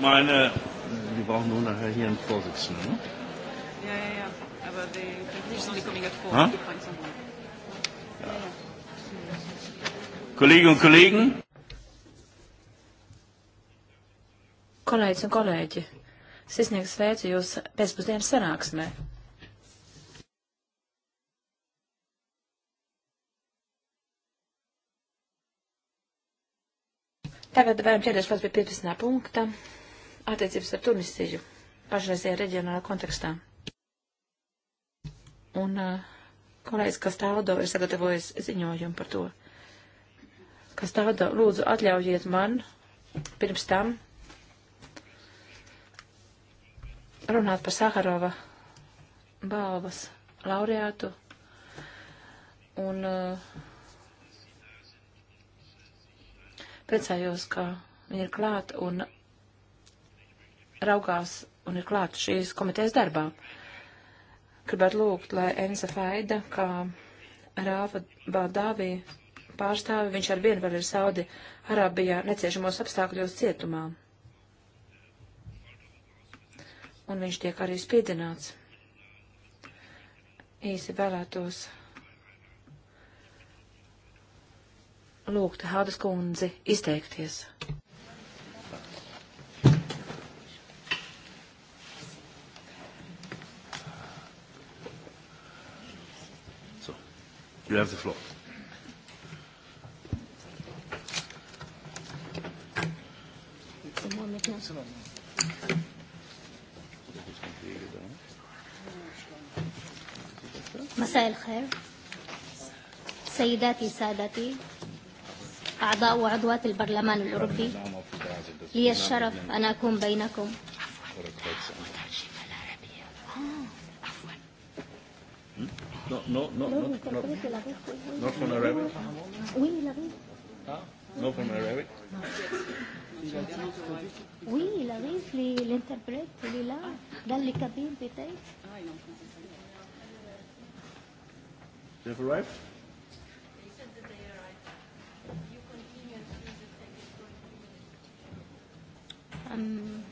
meine. Äh, wir brauchen nur nachher hier einen Vorsitzenden. Ne? Ja, ja, ja. Aber they, they're usually coming at four. Huh? To find someone. Ja. Ja, ja. Kolleginnen und Kollegen. Kolēģis un kolēģi, sisniegs sveicu jūs pēcpusdienas sanāksmē. Tagad varam ķerties pats pie 15. punkta attiecības ar Tunisiju pašreizajā reģionālā kontekstā. Un uh, kolēģis Kastādo ir sagatavojis ziņojumu par to. Kastādo, lūdzu, atļaujiet man pirms tam runāt par Saharova balvas laureātu. Un uh, priecājos, ka viņi ir klāt un raugās un ir klāt šīs komitejas darbā. Gribētu lūgt, lai Enza Faida, kā Rāfa Bādāvī pārstāvi, viņš ar vienu vēl ir Saudi Arābijā neciešamos apstākļos cietumā. Un viņš tiek arī spiedzināts. Īsi vēlētos lūgt Hādas kundzi izteikties. You have the floor. Someone looking at someone. مساء الخير سيداتي سادتي أعضاء وعضوات البرلمان الأوروبي لي الشرف أن أكون بينكم No, no, no, no, no. Not from a rabbit? Oui, il arrive. Ah, not from a rabbit? Oui, il arrive, l'interprète, il est là, dans les cabines peut-être. They've arrived? They said that they arrived. You continue and see the tech is going to be. Um,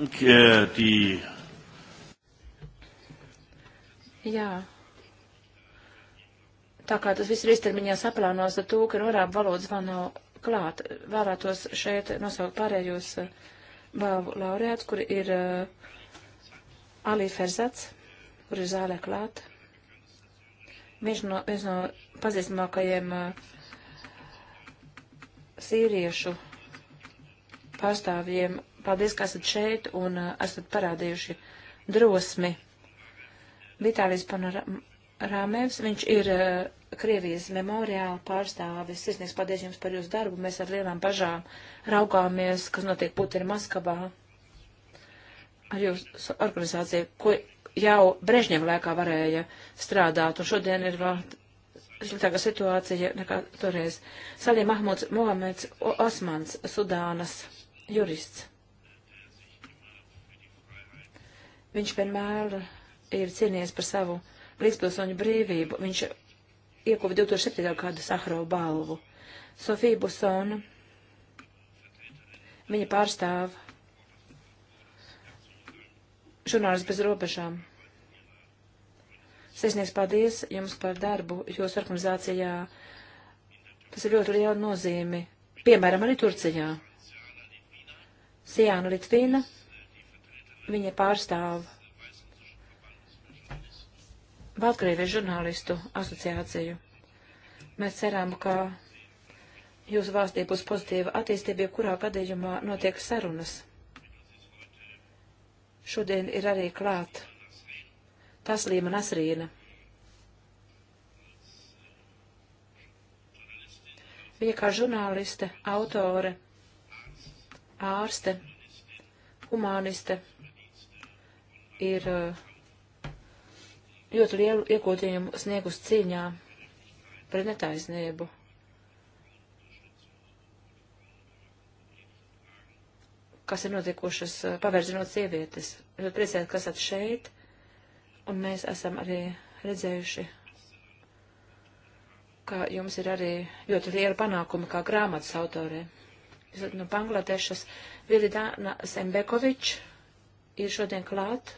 Äh, Jā. Tā kā tas viss ir īstermiņā saplānos ar to, ka norāba valodas vēl nav klāt, vēlētos šeit nosaukt pārējos balvu eh, laureāts, kur ir uh, eh, Alī Ferzats, kur ir zālē klāt. Viņš no, viens no pazīstamākajiem uh, sīriešu pārstāvjiem Paldies, ka esat šeit un uh, esat parādījuši drosmi. Vitālijas Panorāmēvs, viņš ir uh, Krievijas memoriāla pārstāvis. Sirsnieks, paldies jums par jūsu darbu. Mēs ar lielām bažām raugāmies, kas notiek Putina Maskavā ar jūsu organizāciju, ko jau Brežņiem laikā varēja strādāt, un šodien ir vēl sliktāka situācija nekā toreiz. Salim Mahmuds Mohameds Osmans, Sudānas jurists. Viņš vienmēr ir cīnījies par savu līdzpilsoņu brīvību. Viņš ieguva 2007. gada Sahrovu balvu. Sofija Busona, viņa pārstāv žurnālis bez robežām. Sēsnieks, paldies jums par darbu jūsu organizācijā. Tas ir ļoti liela nozīme. Piemēram, arī Turcijā. Sijāna Litvīna viņa pārstāv Baltkrievijas žurnālistu asociāciju. Mēs ceram, ka jūsu valstī būs pozitīva attīstība, jebkurā gadījumā notiek sarunas. Šodien ir arī klāt Taslīma Nasrīna. Viņa kā žurnāliste, autore, ārste, humāniste ir eh, ļoti lielu iekūtījumu sniegus cīņā pret netaisnību. kas ir notikušas eh, pavērdzinot sievietes. Ļoti priecājos, ka esat šeit, un mēs esam arī redzējuši, ka jums ir arī ļoti liela panākuma kā grāmatas autorē. Jūs esat no Bangladešas. Vilidāna Sembekovič ir šodien klāt.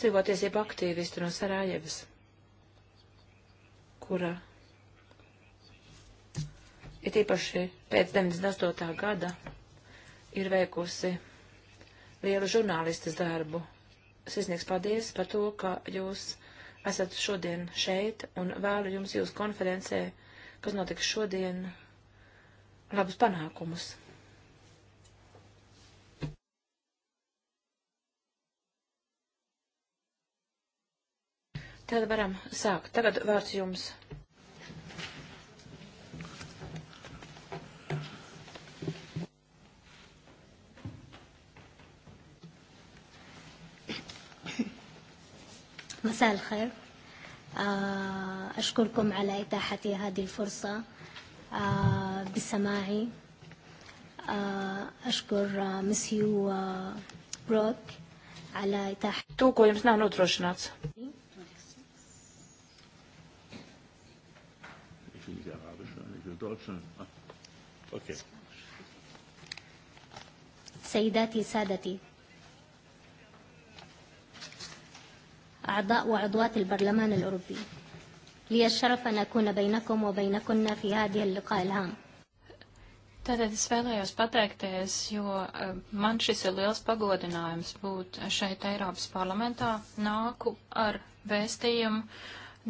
cilvēktiesību aktīvistu no Sarājevas, kura ir īpaši pēc 98. gada ir veikusi lielu žurnālistas darbu. Sisnieks, paldies par to, ka jūs esat šodien šeit un vēlu jums jūsu konferencē, kas notiks šodien, labus panākumus. Tad varam sākt. Tagad vārds jums. مساء الخير أشكركم على إتاحتي هذه الفرصة بسماعي أشكر مسيو بروك على إتاحتي Tūkojums nav nodrošināts. Deutschland. Ah, okay. سيداتي سادتي أعضاء وعضوات البرلمان الأوروبي لي الشرف أن أكون بينكم وبينكن في هذه اللقاء الهام Tātad es vēlējos pateikties, jo eh, man šis ir liels pagodinājums būt šeit Eiropas parlamentā. Nāku ar vēstījumu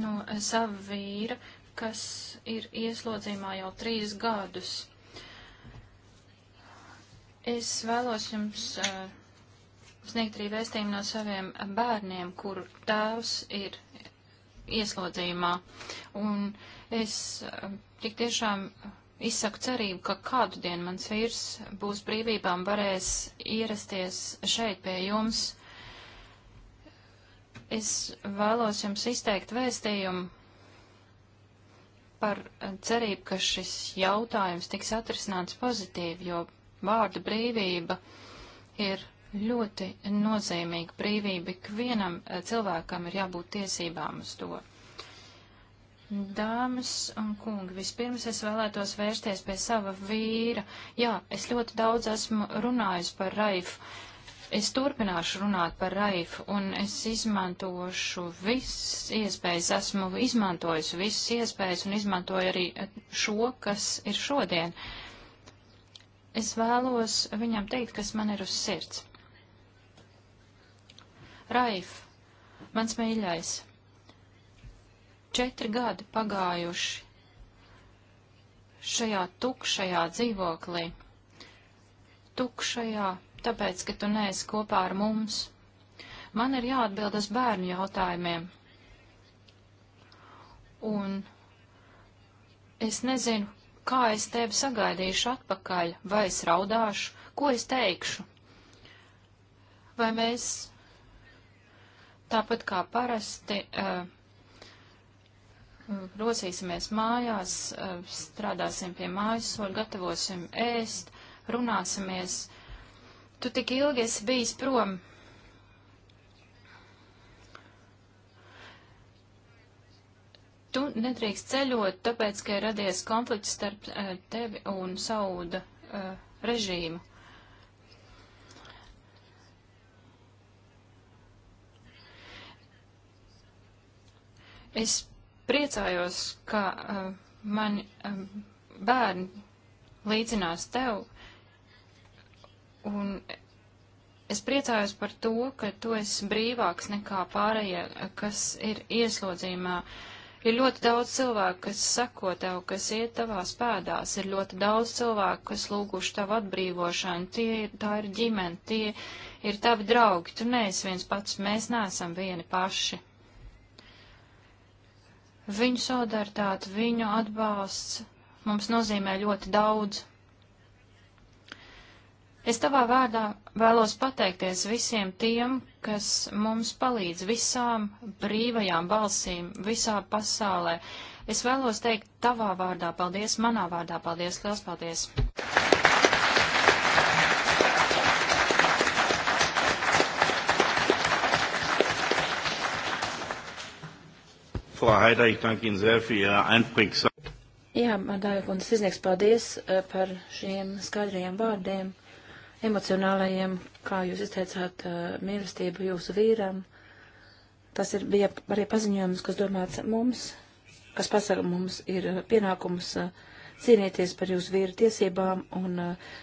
no sava vīra, kas ir ieslodzījumā jau trīs gadus. Es vēlos jums uh, sniegt arī vēstījumu no saviem bērniem, kuru tēvs ir ieslodzījumā. Un es uh, tik tiešām izsaku cerību, ka kādu dienu mans vīrs būs brīvībām varēs ierasties šeit pie jums. Es vēlos jums izteikt vēstījumu par eh, cerību, ka šis jautājums tiks atrisināts pozitīvi, jo vārda brīvība ir ļoti nozīmīga brīvība. Ikvienam eh, cilvēkam ir jābūt tiesībām uz to. Dāmas un kungi, vispirms es vēlētos vērsties pie sava vīra. Jā, es ļoti daudz esmu runājusi par Raifu Es turpināšu runāt par Raifu, un es izmantošu visas iespējas, esmu izmantojusi visas iespējas un izmantoju arī šo, kas ir šodien. Es vēlos viņam teikt, kas man ir uz sirds. Raif, mans mīļais, četri gadi pagājuši šajā tukšajā dzīvoklī, tukšajā tāpēc, ka tu neesi kopā ar mums. Man ir jāatbild uz bērnu jautājumiem. Un es nezinu, kā es tevi sagaidīšu atpakaļ, vai es raudāšu, ko es teikšu. Vai mēs tāpat kā parasti uh, rosīsimies mājās, uh, strādāsim pie mājas, soļ, gatavosim ēst, runāsimies Tu tik ilgi esi bijis prom. Tu nedrīkst ceļot, tāpēc, ka ir radies konflikts starp eh, tevi un Sauda uh, režīmu. Es priecājos, ka uh, mani uh, bērni līdzinās tev Un es priecājos par to, ka tu esi brīvāks nekā pārējie, kas ir ieslodzījumā. Ir ļoti daudz cilvēku, kas sako tev, kas iet tavās pēdās, ir ļoti daudz cilvēku, kas lūguši tavu atbrīvošanu, tie ir, tā ir ģimene, tie ir tavi draugi, tu neesi viens pats, mēs neesam vieni paši. Viņu solidaritāte, viņu atbalsts mums nozīmē ļoti daudz. Es tavā vārdā vēlos pateikties visiem tiem, kas mums palīdz visām brīvajām balsīm visā pasaulē. Es vēlos teikt tavā vārdā paldies, manā vārdā paldies, liels paldies. Frau Heider, ich danke Ihnen sehr für Ihre einprägsam. Jā, man dāja kundas izniegs paldies eh, par šiem skaidriem vārdiem emocionālajiem, kā jūs izteicāt, eh, mīlestību jūsu vīram. Tas ir, bija arī paziņojums, kas domāts mums, kas pasaka mums ir eh, pienākums eh, cīnīties par jūsu vīru tiesībām un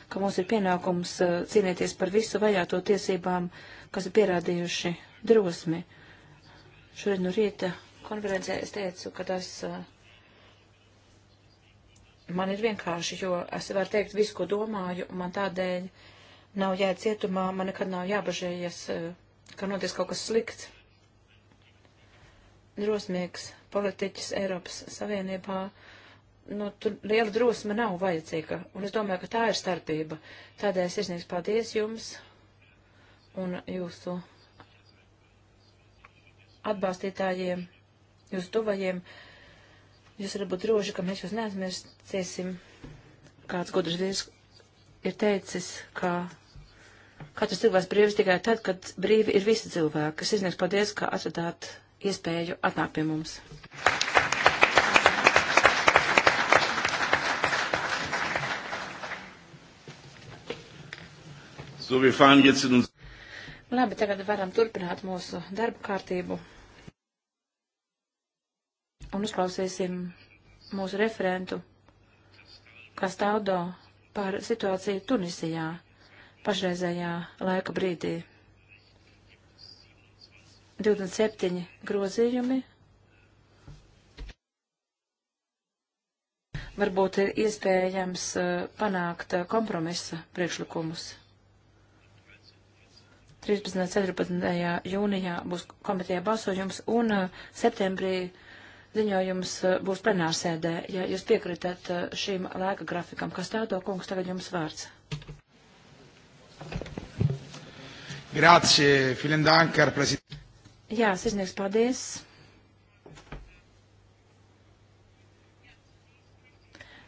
ka mums ir pienākums cīnīties par visu vajāto tiesībām, kas ir pierādījuši drosmi. Šorīt no rīta konferencē es teicu, ka tas man ir vienkārši, jo es varu teikt visu, ko domāju, un man tādēļ nav jāiet cietumā, man nekad nav jābažējies, eh, ka notiks kaut kas slikts. Drosmīgs politiķis Eiropas Savienībā, nu, tur liela drosme nav vajadzīga, un es domāju, ka tā ir starpība. Tādēļ sirsnīgs paldies jums un jūsu atbalstītājiem, jūsu tuvajiem. Jūs varat būt droši, ka mēs jūs neaizmirsīsim. Kāds gudrs vīrs ir teicis, ka Katrs cilvēks brīvis tikai tad, kad brīvi ir visi cilvēki. Es izniegs paldies, ka atradāt iespēju atnākt pie mums. So, wir fahren jetzt in uns. Labi, tagad varam turpināt mūsu darbu kārtību un uzklausīsim mūsu referentu Kastaudo par situāciju Tunisijā pašreizējā laika brīdī. 27 grozījumi varbūt ir iespējams uh, panākt uh, kompromisa priekšlikumus. 13. un 14. jūnijā būs komitejā balsojums un uh, septembrī ziņojums būs plenārsēdē. Ja jūs piekritat šīm laika grafikam, kas tādo kungs tagad jums vārds? Grācie, filen dank, ar prezident. Jā, sirdnieks, paldies.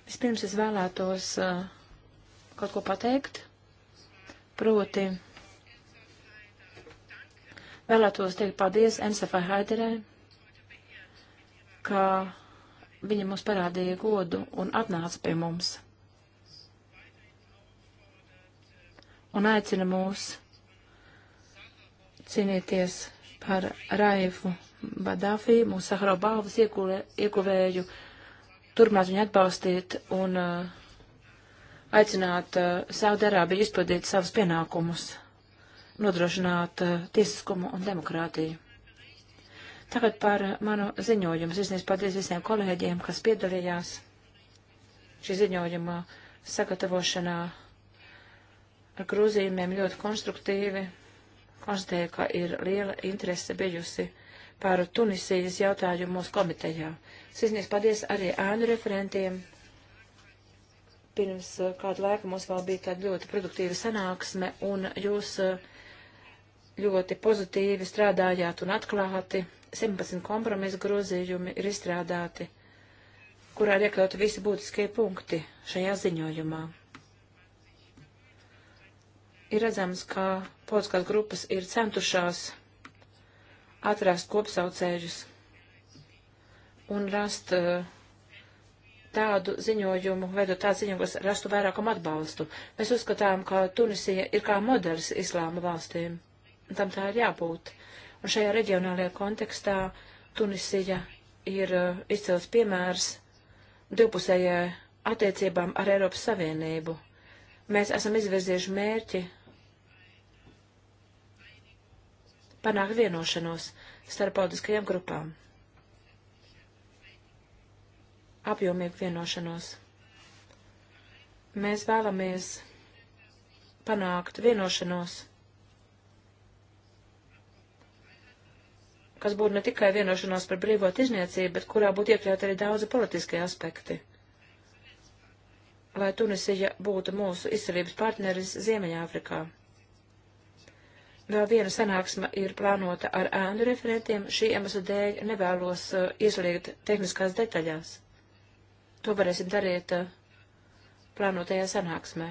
Vispirms es vēlētos uh, kaut ko pateikt, proti vēlētos teikt paldies Ensefai Haiderē, ka viņa mums parādīja godu un atnāca pie mums. un aicina mūs cīnīties par Raifu Badafī, mūsu Sahara balvas ieguvēju, turpināt viņu atbalstīt un uh, aicināt uh, Saudarābiju izpildīt savus pienākumus, nodrošināt uh, tiesiskumu un demokrātiju. Tagad par manu ziņojumu. Es iznies paldies visiem kolēģiem, kas piedalījās šī ziņojuma sagatavošanā grozījumiem ļoti konstruktīvi. Konstatēju, ka ir liela interese bijusi par Tunisijas jautājumu mūsu komitejā. Sisnieks paldies arī ēnu referentiem. Pirms eh, kādu laiku mums vēl bija tāda ļoti produktīva sanāksme, un jūs eh, ļoti pozitīvi strādājāt un atklāti. 17 kompromisa grozījumi ir izstrādāti, kurā ir iekļauti visi būtiskie punkti šajā ziņojumā ir redzams, ka politiskās grupas ir centušās atrast kopsaucējus un rast uh, tādu ziņojumu, veidot tādu ziņojumu, kas rastu vairākam atbalstu. Mēs uzskatām, ka Tunisija ir kā modelis islāma valstīm. Tam tā ir jābūt. Un šajā reģionālajā kontekstā Tunisija ir uh, izcils piemērs divpusējai attiecībām ar Eiropas Savienību. Mēs esam izvirzījuši mērķi panākt vienošanos starp politiskajām grupām. Apjomīgu vienošanos. Mēs vēlamies panākt vienošanos, kas būtu ne tikai vienošanos par brīvo tirzniecību, bet kurā būtu iekļaut arī daudzi politiskie aspekti. Lai Tunisija būtu mūsu izcelības partneris Ziemeņāfrikā. Afrikā Vēl viena sanāksme ir plānota ar ēnu referentiem. Šī iemesla dēļ nevēlos uh, ieslīgt tehniskās detaļās. To varēsim darīt uh, plānotajā sanāksmē.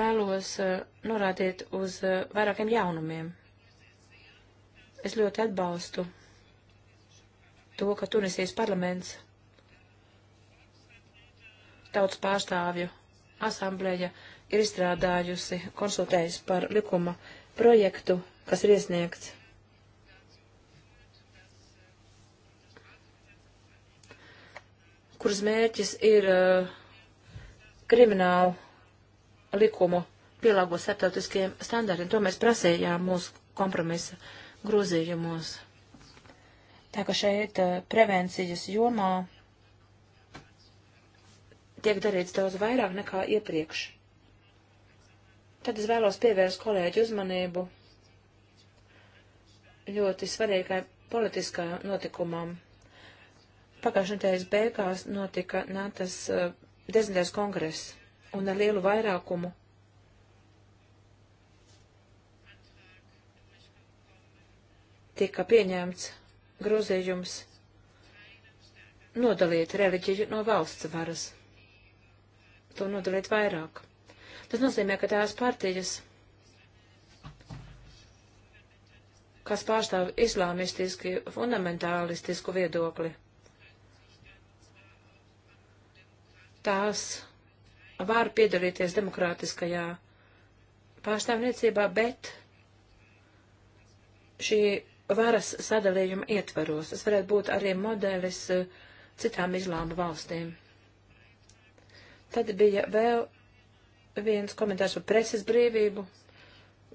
Mēlos uh, norādīt uz uh, vairākiem jaunumiem. Es ļoti atbalstu to, ka Tunisijas parlaments tautas pārstāvju asamblēja uh, ir izstrādājusi, konsultējusi par likuma projektu, kas ir iesniegts. kuras mērķis ir uh, kriminālu likumu pielāgot starptautiskiem standartiem. To mēs prasījām mūsu kompromisa grozījumos. Tā ka šeit uh, prevencijas jomā tiek darīts daudz vairāk nekā iepriekš. Tad es vēlos pievērst kolēģi uzmanību ļoti svarīgai politiskai notikumam. Pagājušajā nedēļas beigās notika NATAS uh, desmitais kongress un ar lielu vairākumu tika pieņemts grozījums nodalīt reliģiju no valsts varas. To nodalīt vairāk. Tas nozīmē, ka tās partijas, kas pārstāv islāmistiski, fundamentālistisku viedokli, tās var piedalīties demokrātiskajā pārstāvniecībā, bet šī varas sadalījuma ietvaros. Tas varētu būt arī modelis eh, citām islāma valstīm. Tad bija vēl Viens komentārs par preses brīvību.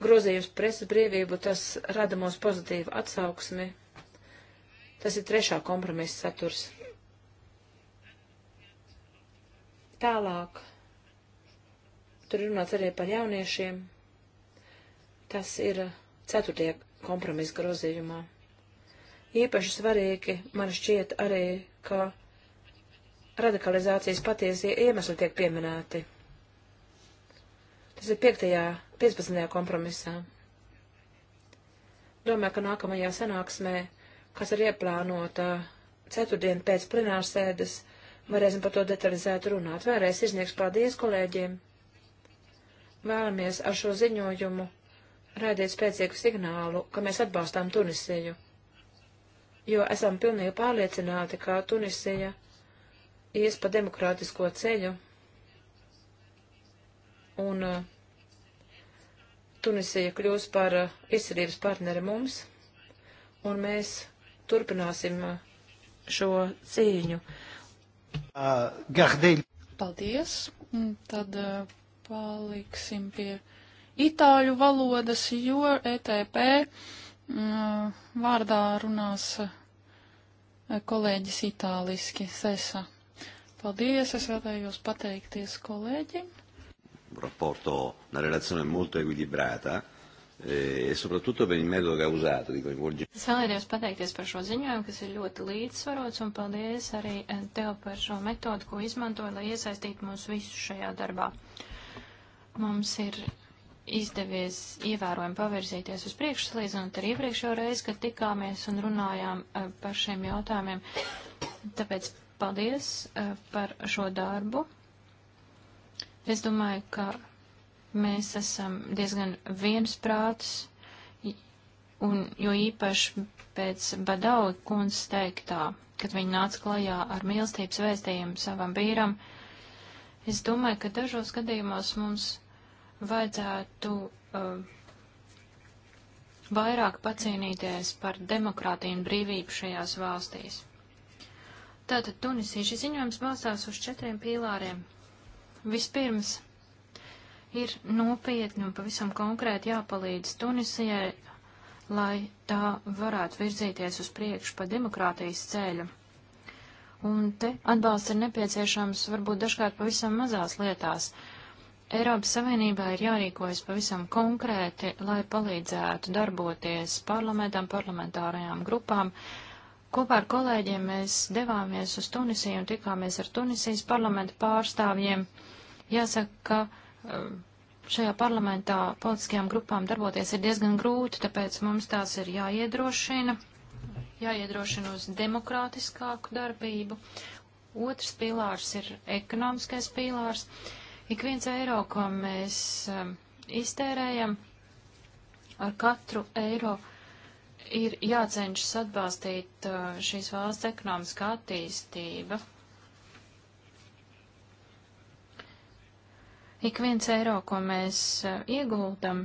Grozījums preses brīvību, tas rada mums pozitīvu atsauksmi. Tas ir trešā kompromisa saturs. Tālāk. Tur runāts arī par jauniešiem. Tas ir ceturtie kompromisa grozījumā. Īpaši svarīgi man šķiet arī, ka radikalizācijas patiesie iemesli tiek pieminēti Tas ir 5. 15. kompromisā. Domāju, ka nākamajā sanāksmē, kas ir ieplānota ceturtdien pēc plenārsēdes, varēsim par to detalizēt runāt. Vēlreiz izniegs paldies kolēģiem. Vēlamies ar šo ziņojumu raidīt spēcīgu signālu, ka mēs atbalstām Tunisiju, jo esam pilnīgi pārliecināti, ka Tunisija ies pa demokrātisko ceļu un eh, Tunisija kļūs par eh, izsadības partneri mums, un mēs turpināsim eh, šo cīņu. Uh, Paldies! Tad uh, paliksim pie itāļu valodas, jo ETP uh, mm, vārdā runās kolēģis itāliski Sesa. Paldies! Es vēlējos pateikties kolēģim un rapporto, una relazione molto equilibrata e, e soprattutto per il metodo che ha usato di coinvolgimento. Es vēlējos pateikties par šo ziņojumu, kas ir ļoti līdzsvarots, un paldies arī eh, tev par šo metodu, ko izmantoji, lai iesaistītu mūs visus šajā darbā. Mums ir izdevies ievērojami pavirzīties uz priekšu, salīdzinot ar iepriekšējo reizi, kad tikāmies un runājām eh, par šiem jautājumiem. Tāpēc paldies par šo darbu. Es domāju, ka mēs esam diezgan viensprātis, un jo īpaši pēc Badauja kundzes teiktā, kad viņa nāca klajā ar mīlestības vēstījumu savam vīram, es domāju, ka dažos gadījumos mums vajadzētu uh, vairāk pacīnīties par demokrātiju un brīvību šajās valstīs. Tātad Tunisija šis ziņojums balstās uz četriem pīlāriem Vispirms ir nopietni un pavisam konkrēti jāpalīdz Tunisijai, lai tā varētu virzīties uz priekšu pa demokrātijas ceļu. Un te atbalsts ir nepieciešams varbūt dažkārt pavisam mazās lietās. Eiropas Savienībā ir jārīkojas pavisam konkrēti, lai palīdzētu darboties parlamentam, parlamentārajām grupām. Kopā ar kolēģiem mēs devāmies uz Tunisiju un tikāmies ar Tunisijas parlamenta pārstāvjiem. Uh, Jāsaka, ka eh, šajā parlamentā politiskajām grupām darboties ir diezgan grūti, tāpēc mums tās ir jāiedrošina, jāiedrošina uz demokrātiskāku darbību. Otrs pīlārs ir ekonomiskais pīlārs. Ik viens eiro, ko mēs eh, iztērējam, ar katru eiro ir jācenšas atbalstīt eh, šīs valsts ekonomiskā attīstība. Ik viens eiro, ko mēs eh, ieguldam,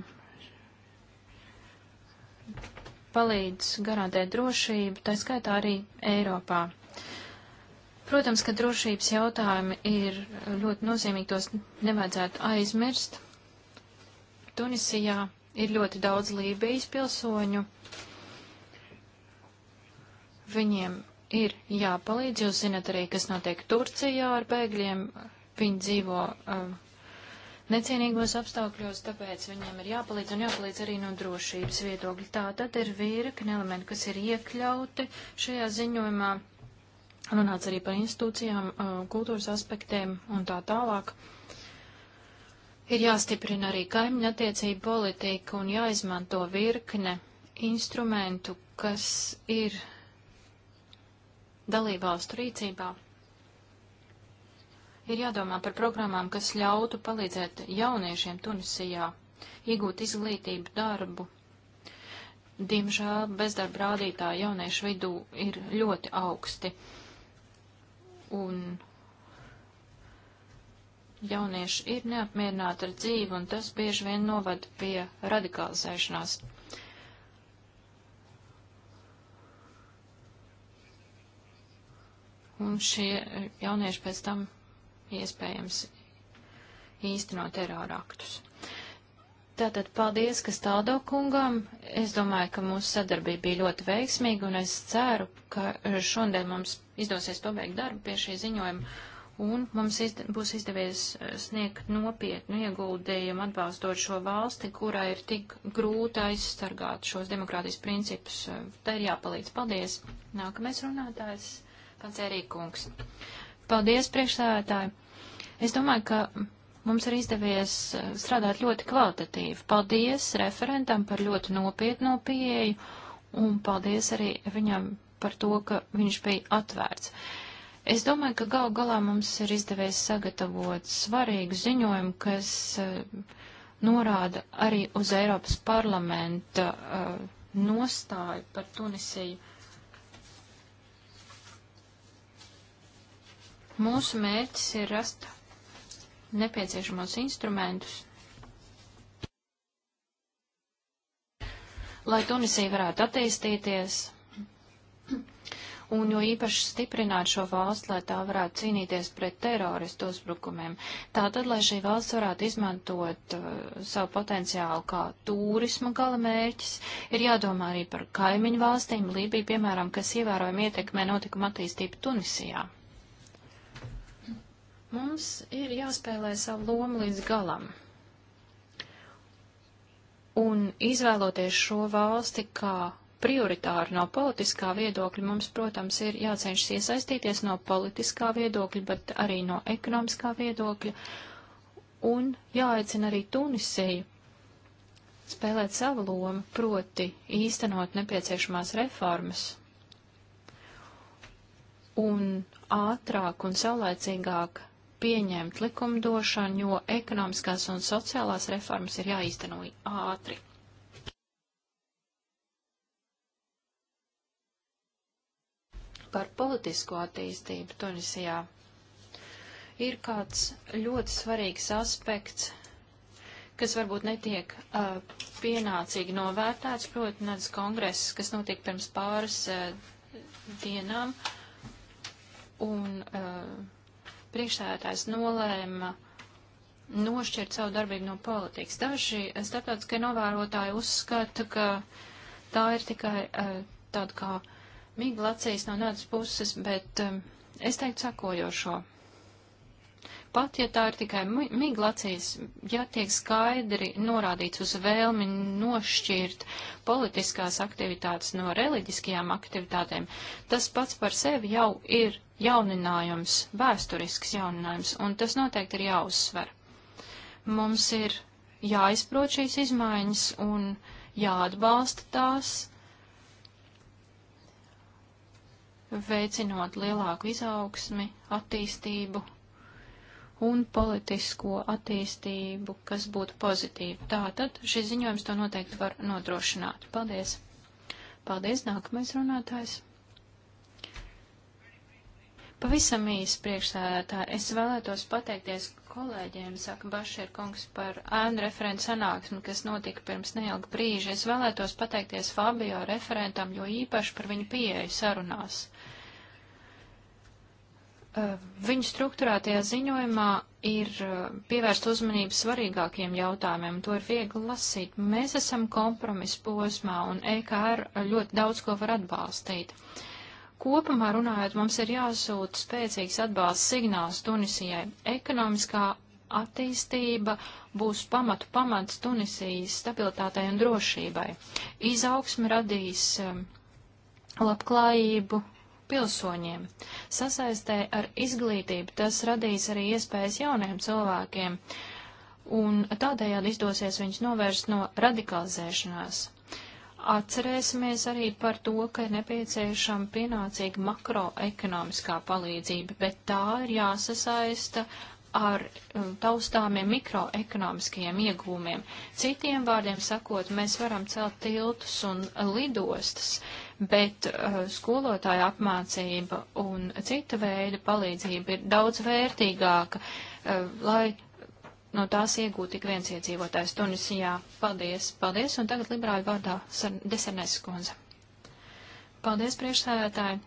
palīdz garantēt drošību, tā skaitā arī Eiropā. Protams, ka drošības jautājumi ir ļoti nozīmīgi, tos nevajadzētu aizmirst. Tunisijā ir ļoti daudz Lībijas pilsoņu. Viņiem ir jāpalīdz, jūs zinat arī, kas notiek Turcijā ar bēgļiem. Viņi dzīvo uh, necienīgos apstākļos, tāpēc viņiem ir jāpalīdz un jāpalīdz arī no drošības viedokļa. Tā tad ir virkni elementi, kas ir iekļauti šajā ziņojumā. Runāts arī par institūcijām, uh, kultūras aspektiem un tā tālāk. Ir jāstiprina arī kaimiņa attiecība politika un jāizmanto virkne instrumentu, kas ir dalībvalstu rīcībā. Ir jādomā par programmām, kas ļautu palīdzēt jauniešiem Tunisijā iegūt izglītību, darbu. Diemžēl bezdarba rādītāji jauniešu vidū ir ļoti augsti. Un jaunieši ir neapmierināti ar dzīvi, un tas bieži vien novad pie radikalizēšanās. Un šie jaunieši pēc tam iespējams īstenot terora aktus. Tātad paldies, kas tādo kungam. Es domāju, ka mūsu sadarbība bija ļoti veiksmīga, un es ceru, ka šodien mums izdosies pabeigt darbu pie šī ziņojuma, un mums izd būs izdevies eh, sniegt nopietnu ieguldījumu atbalstot šo valsti, kurā ir tik grūti aizsargāt šos demokrātijas principus. Eh, Tā ir jāpalīdz. Paldies! Nākamais runātājs. Pats Erīkungs. Paldies, priekšsēdētāji. Es domāju, ka mums ir izdevies eh, strādāt ļoti kvalitatīvi. Paldies referentam par ļoti nopietno pieeju un paldies arī viņam par to, ka viņš bija atvērts. Es domāju, ka gal galā mums ir izdevies sagatavot svarīgu ziņojumu, kas uh, norāda arī uz Eiropas parlamenta uh, nostāju par Tunisiju. Mūsu mērķis ir rast nepieciešamos instrumentus, lai Tunisija varētu attīstīties un jo īpaši stiprināt šo valstu, lai tā varētu cīnīties pret teroristu uzbrukumiem. Tātad, lai šī valsts varētu izmantot uh, savu potenciālu kā turisma gala mērķis, ir jādomā arī par kaimiņu valstīm, Lībiju, piemēram, kas ievērojami ietekmē notikuma attīstību Tunisijā. Mums ir jāspēlē savu lomu līdz galam. Un izvēloties šo valsti kā prioritāri no politiskā viedokļa, mums, protams, ir jācenšas iesaistīties no politiskā viedokļa, bet arī no ekonomiskā viedokļa. Un jāaicina arī Tunisiju spēlēt savu lomu, proti īstenot nepieciešamās reformas. Un ātrāk un saulēcīgāk pieņemt likumdošanu, jo ekonomiskās un sociālās reformas ir jāīsteno ātri. Par politisko attīstību Tunisijā ir kāds ļoti svarīgs aspekts, kas varbūt netiek uh, pienācīgi novērtēts, proti, nedz kongress, kas notiek pirms pāris uh, dienām. Un, uh, priekšsēdētājs nolēma nošķirt savu darbību no politikas. Daži starptautiskie novērotāji uzskata, ka tā ir tikai uh, tāda kā miglacīs no vienas puses, bet uh, es teiktu sakojošo. Pat ja tā ir tikai miglacīs, ja tiek skaidri norādīts uz vēlmi nošķirt politiskās aktivitātes no reliģiskajām aktivitātēm, tas pats par sevi jau ir jauninājums, vēsturisks jauninājums, un tas noteikti ir jāuzsver. Mums ir jāizprot šīs izmaiņas un jāatbalsta tās, veicinot lielāku izaugsmi, attīstību un politisko attīstību, kas būtu pozitīva. Tātad šis ziņojums to noteikti var nodrošināt. Paldies! Paldies, nākamais runātājs! Pavisam īsi priekšsēdētāji, es vēlētos pateikties kolēģiem, saka Bašir kungs, par ēnu referentu sanāksmi, kas notika pirms neilga brīža. Es vēlētos pateikties Fabio referentam, jo īpaši par viņu pieeju sarunās. Viņu struktūrētajā ziņojumā ir uh, pievērst uzmanību svarīgākiem jautājumiem, to ir viegli lasīt. Mēs esam kompromisu posmā un EKR ļoti daudz ko var atbalstīt. Kopumā runājot, mums ir jāsūta spēcīgs atbalsts signāls Tunisijai. Ekonomiskā attīstība būs pamatu pamats Tunisijas stabilitātei un drošībai. Izaugsme radīs um, labklājību pilsoņiem. Sasaistē ar izglītību tas radīs arī iespējas jauniem cilvēkiem, un tādējādi izdosies viņus novērst no radikalizēšanās. Atcerēsimies arī par to, ka ir nepieciešama pienācīga makroekonomiskā palīdzība, bet tā ir jāsasaista ar um, taustāmiem mikroekonomiskajiem iegūmiem. Citiem vārdiem sakot, mēs varam celt tiltus un lidostas, bet uh, skolotāja apmācība un cita veida palīdzība ir daudz vērtīgāka, uh, lai no tās iegūtu tik viens iedzīvotājs Tunisijā. Paldies, paldies, un tagad liberāļu vārdā Desernēs skundze. Paldies, priekšsēdētāji!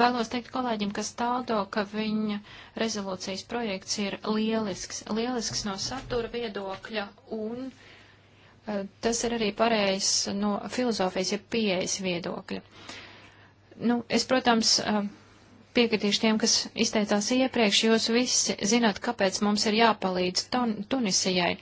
Vēlos teikt kolēģim, kas tādo, ka viņa rezolūcijas projekts ir lielisks, lielisks no satura viedokļa un uh, Tas ir arī pareizs no filozofijas, ja pieejas viedokļa. Nu, es, protams, piekritīšu tiem, kas izteicās iepriekš, jūs visi zināt, kāpēc mums ir jāpalīdz Tun Tunisijai.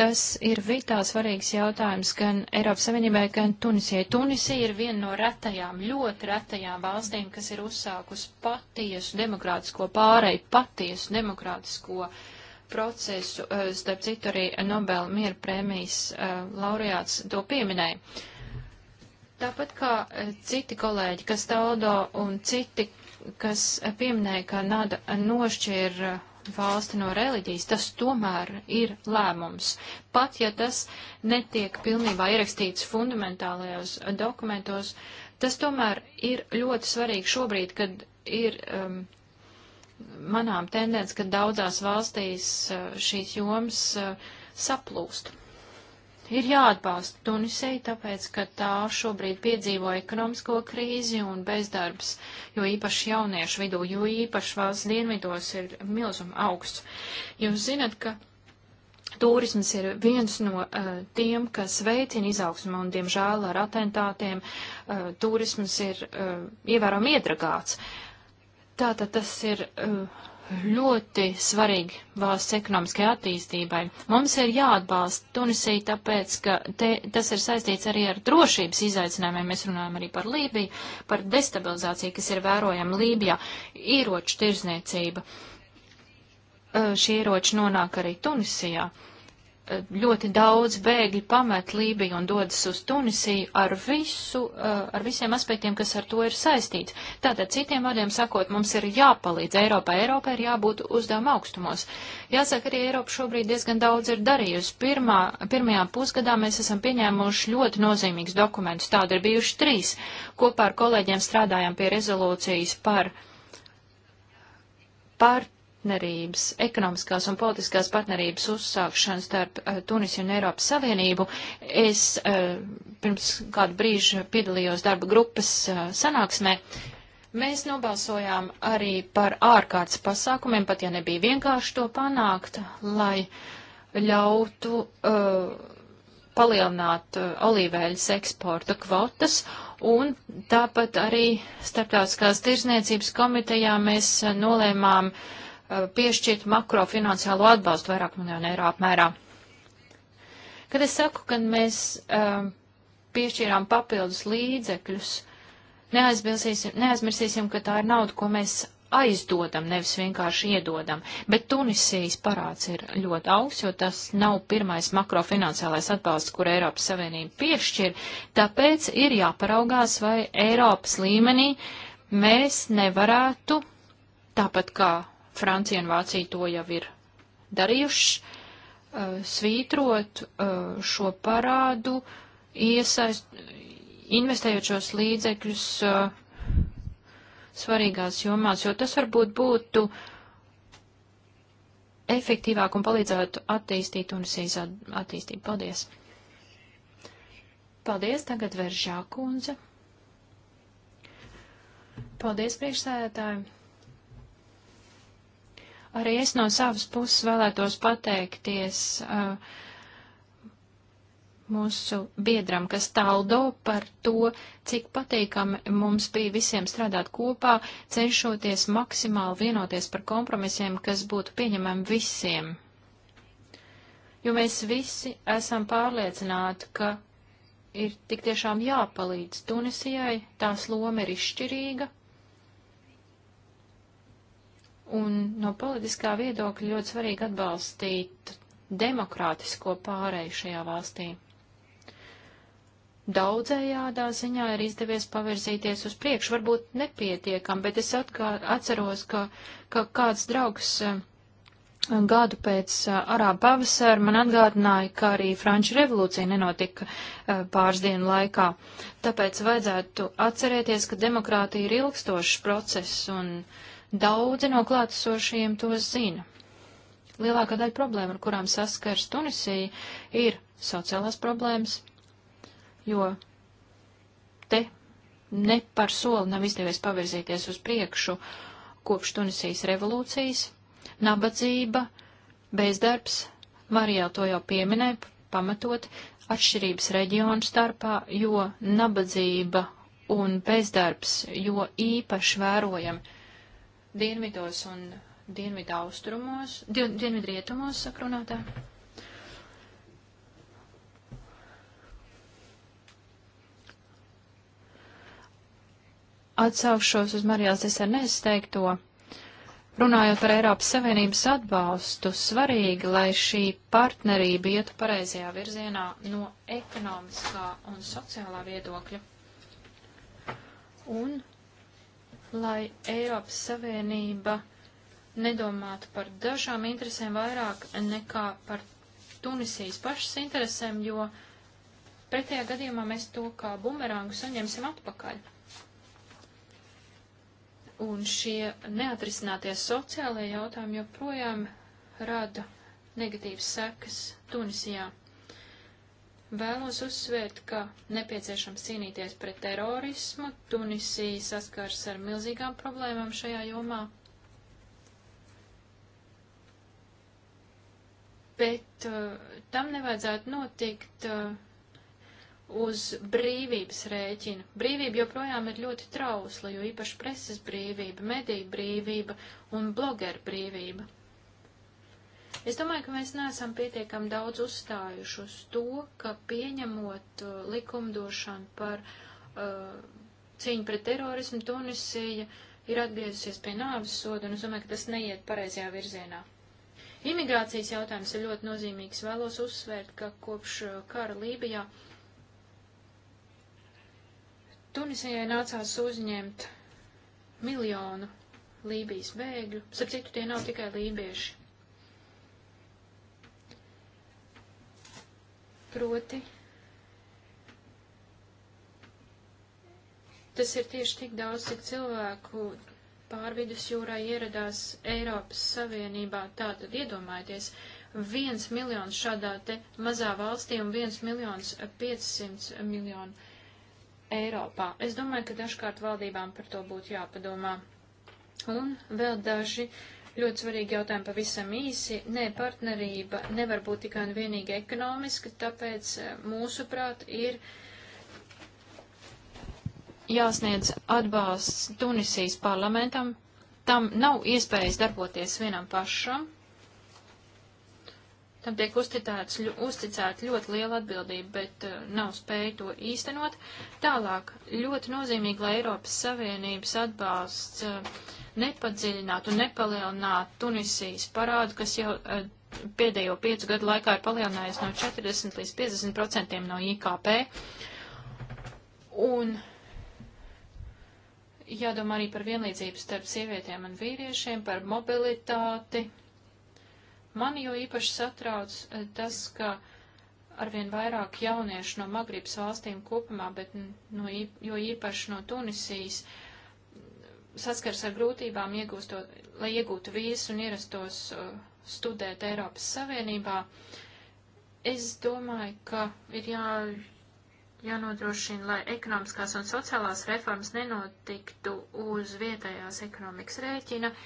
Tas ir vitāli svarīgs jautājums gan Eiropas Savienībai, gan Tunisijai. Tunisija ir viena no retajām, ļoti retajām valstīm, kas ir uzsākusi patiesu demokrātisko pārēju, patiesu demokrātisko uh, procesu. Eh, starp citu, arī Nobel miera prēmijas eh, laureāts to pieminēja. Tāpat kā eh, citi kolēģi, kas taudo un citi, kas pieminēja, ka nada nošķir valsti no reliģijas, tas tomēr ir lēmums. Pat ja tas netiek pilnībā ierakstīts fundamentālajos dokumentos, tas tomēr ir ļoti svarīgi šobrīd, kad ir. Um, manām tendence, ka daudzās valstīs eh, šīs jomas eh, saplūst. Ir jāatbalsta Tunisija, tāpēc, ka tā šobrīd piedzīvo ekonomisko krīzi un bezdarbs, jo īpaši jauniešu vidū, jo īpaši valsts dienvidos ir milzuma augsts. Jūs zinat, ka turisms ir viens no uh, tiem, kas veicina izaugsmu un, diemžēl, ar atentātiem uh, turisms ir uh, ievērojami iedragāts. Uh, Tātad tas ir uh, ļoti svarīgi valsts ekonomiskajai attīstībai. Mums ir jāatbalsta Tunisija, tāpēc, ka te, tas ir saistīts arī ar drošības izaicinājumiem. Mēs runājam arī par Lībiju, par destabilizāciju, kas ir vērojama Lībijā, ieroču tirzniecība. Uh, šie ieroči nonāk arī Tunisijā. Uh, ļoti daudz bēgļi pamet Lībiju un dodas uz Tunisiju ar, visu, eh, ar visiem aspektiem, kas ar to ir saistīts. Tātad, citiem vārdiem sakot, mums ir jāpalīdz Eiropai. Eiropai ir jābūt uzdevuma augstumos. Jāsaka, arī Eiropa šobrīd diezgan daudz ir darījusi. Pirmā, pirmajā pusgadā mēs esam pieņēmuši ļoti nozīmīgus dokumentus. Tādi ir bijuši trīs. Kopā ar kolēģiem strādājām pie rezolūcijas par, par partnerības, ekonomiskās un politiskās partnerības uzsākšanu starp eh, Tunisiju un Eiropas Savienību. Es eh, pirms kādu brīžu piedalījos darba grupas eh, sanāksmē. Mēs nobalsojām arī par ārkārtas pasākumiem, pat ja nebija vienkārši to panākt, lai ļautu uh, palielināt uh, olīveļas eksporta kvotas, un tāpat arī starptautiskās tirzniecības komitejā mēs uh, nolēmām uh, Uh, piešķirt makrofinanciālo atbalstu vairāk miljonu eiro apmērā. Kad es saku, ka mēs uh, piešķīrām papildus līdzekļus, neaizmirsīsim, ka tā ir nauda, ko mēs aizdodam, nevis vienkārši iedodam. Bet Tunisijas parāds ir ļoti augsts, jo tas nav pirmais makrofinanciālais atbalsts, kur Eiropas Savienība piešķir. Tāpēc ir jāparaugās, vai Eiropas līmenī mēs nevarētu, tāpat kā Francija un Vācija to jau ir darījušas, eh, svītrot eh, šo parādu, iesaist, investējot šos līdzekļus eh, svarīgās jomās, jo tas varbūt būtu efektīvāk un palīdzētu attīstīt Tunisijas attīstību. Paldies! Paldies, tagad veržā kundze. Paldies, priekšsēdētāji! Arī es no savas puses vēlētos pateikties uh, mūsu biedram, kas taldo par to, cik patīkami mums bija visiem strādāt kopā, cenšoties maksimāli vienoties par kompromisiem, kas būtu pieņemami visiem. Jo mēs visi esam pārliecināti, ka ir tik tiešām jāpalīdz Tunisijai, tās loma ir izšķirīga, Un no politiskā viedokļa ļoti svarīgi atbalstīt demokrātisko pārēju šajā valstī. Daudzējādā ziņā ir izdevies pavirzīties uz priekšu, varbūt nepietiekam, bet es atgā, atceros, ka, ka kāds draugs eh, gadu pēc eh, arāba pavasara man atgādināja, ka arī Franču revolūcija nenotika eh, pāris dienu laikā. Tāpēc vajadzētu atcerēties, ka demokrātija ir ilgstošs process un uh, Daudzi no klātesošajiem to zina. Lielākā daļa problēma, ar kurām saskars Tunisija, ir sociālās problēmas, jo te ne par soli nav izdevies pavirzīties uz priekšu kopš Tunisijas revolūcijas. Nabadzība, bezdarbs, Marijā to jau pieminēja, pamatot atšķirības reģionu starpā, jo nabadzība un bezdarbs, jo īpaši vērojami dienvidos un dienvidu austrumos, dien, dienvidu rietumos, saka runātā. Atsaukšos uz Marijās Desernēs teikto. Runājot par Eiropas Savienības atbalstu, svarīgi, lai šī partnerība ietu pareizajā virzienā no ekonomiskā un sociālā viedokļa. Un lai Eiropas Savienība nedomātu par dažām interesēm vairāk nekā par Tunisijas pašas interesēm, jo pretējā gadījumā mēs to kā bumerangu saņemsim atpakaļ. Un šie neatrisinātie sociālajie jautājumi joprojām rada negatīvas sekas Tunisijā. Vēlos uzsvērt, ka nepieciešams cīnīties pret terorismu. Tunisija saskars ar milzīgām problēmām šajā jomā. Bet uh, tam nevajadzētu notikt uh, uz brīvības rēķina. Brīvība joprojām ir ļoti trausla, jo īpaši preses brīvība, mediju brīvība un blogeru brīvība. Es domāju, ka mēs neesam pietiekami daudz uzstājuši uz to, ka pieņemot uh, likumdošanu par uh, cīņu pret terorismu, Tunisija ir atgriezusies pie nāves soda, un es domāju, ka tas neiet pareizajā virzienā. Imigrācijas jautājums ir ļoti nozīmīgs. Vēlos uzsvērt, ka kopš uh, kara Lībijā Tunisijai nācās uzņemt miljonu Lībijas bēgļu. Starp citu, tie nav tikai lībieši. Proti, tas ir tieši tik daudz, cik cilvēku pārvidus jūrā ieradās Eiropas Savienībā. Tātad iedomājieties, viens miljons šādā te mazā valstī un viens miljons piecsimts miljonu Eiropā. Es domāju, ka dažkārt valdībām par to būtu jāpadomā. Un vēl daži uh, Ļoti svarīgi jautājumi pavisam īsi. Nē, partnerība nevar būt tikai un vienīgi ekonomiska, tāpēc eh, mūsuprāt ir jāsniedz atbalsts Tunisijas parlamentam. Tam nav iespējas darboties vienam pašam, tam tiek uzticēts, uzticēta ļoti liela atbildība, bet uh, nav spēja to īstenot. Tālāk, ļoti nozīmīgi, lai Eiropas Savienības atbalsts uh, nepadziļinātu un nepalielinātu Tunisijas parādu, kas jau uh, pēdējo piecu gadu laikā ir palielinājies no 40 līdz 50 procentiem no IKP. Un jādomā arī par vienlīdzību starp sievietēm un vīriešiem, par mobilitāti Mani jau īpaši satrauc eh, tas, ka arvien vairāk jauniešu no Magribas valstīm kopumā, bet no, jo īpaši no Tunisijas, saskars ar grūtībām, iegūstot, lai iegūtu vīzu un ierastos uh, studēt Eiropas Savienībā. Es domāju, ka ir jā, jānodrošina, lai ekonomiskās un sociālās reformas nenotiktu uz vietējās ekonomikas rēķina. Uh,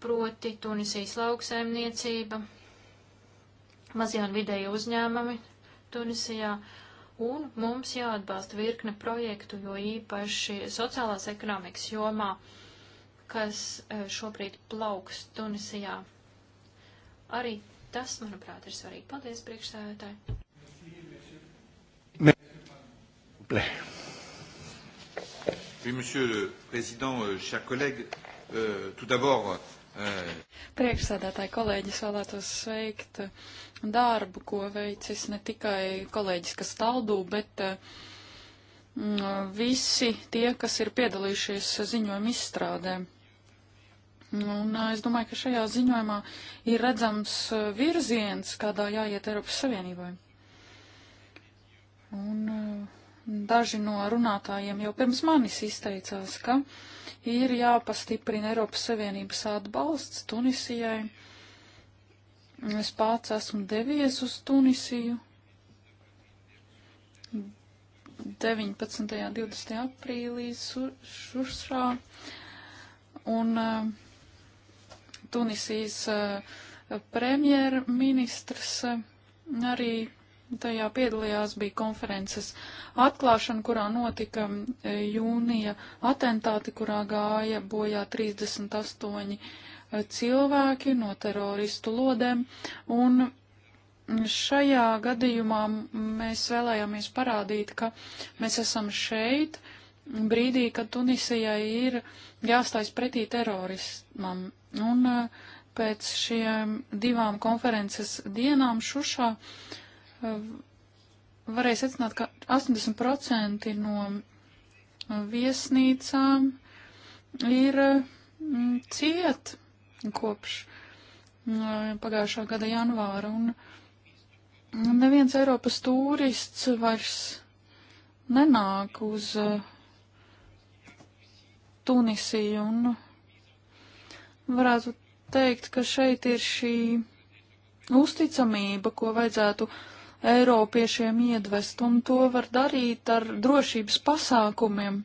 proti Tunisijas lauksaimniecība, mazie un vidēji uzņēmumi Tunisijā, un mums jāatbalsta virkne projektu, jo īpaši sociālās ekonomikas jomā, kas eh, šobrīd plauks Tunisijā. Arī tas, manuprāt, ir svarīgi. Paldies, priekšsēdētāji! Oui, Monsieur le Président, euh, chers collègues, euh, tout d'abord, euh, Priekšsēdētāji kolēģis vēlētos sveikt darbu, ko veicis ne tikai kolēģis, kas taldū, bet mm, visi tie, kas ir piedalījušies ziņojuma izstrādē. Un es domāju, ka šajā ziņojumā ir redzams virziens, kādā jāiet Eiropas Savienībai. Un daži no runātājiem jau pirms manis izteicās, ka uh, ir jāpastiprina Eiropas Savienības atbalsts Tunisijai. Es pats esmu devies uz Tunisiju 19. un 20. aprīlī Šušrā. Un uh, eh, Tunisijas uh, premjerministrs uh, arī Tajā piedalījās bija konferences atklāšana, kurā notika e, jūnija atentāti, kurā gāja bojā 38 e, cilvēki no teroristu lodēm. Un šajā gadījumā mēs vēlējāmies parādīt, ka mēs esam šeit brīdī, kad Tunisijai ir jāstājas pretī terorismam. Un e, pēc šiem divām konferences dienām šušā uh, Eh, varēja secināt, ka 80% no eh, viesnīcām ir mm, ciet kopš eh, pagājušā gada janvāra, un neviens Eiropas turists vairs nenāk uz Tunisiju, un varētu teikt, ka šeit ir šī uzticamība, ko vajadzētu uh, Eiropiešiem iedvest, un to var darīt ar drošības pasākumiem.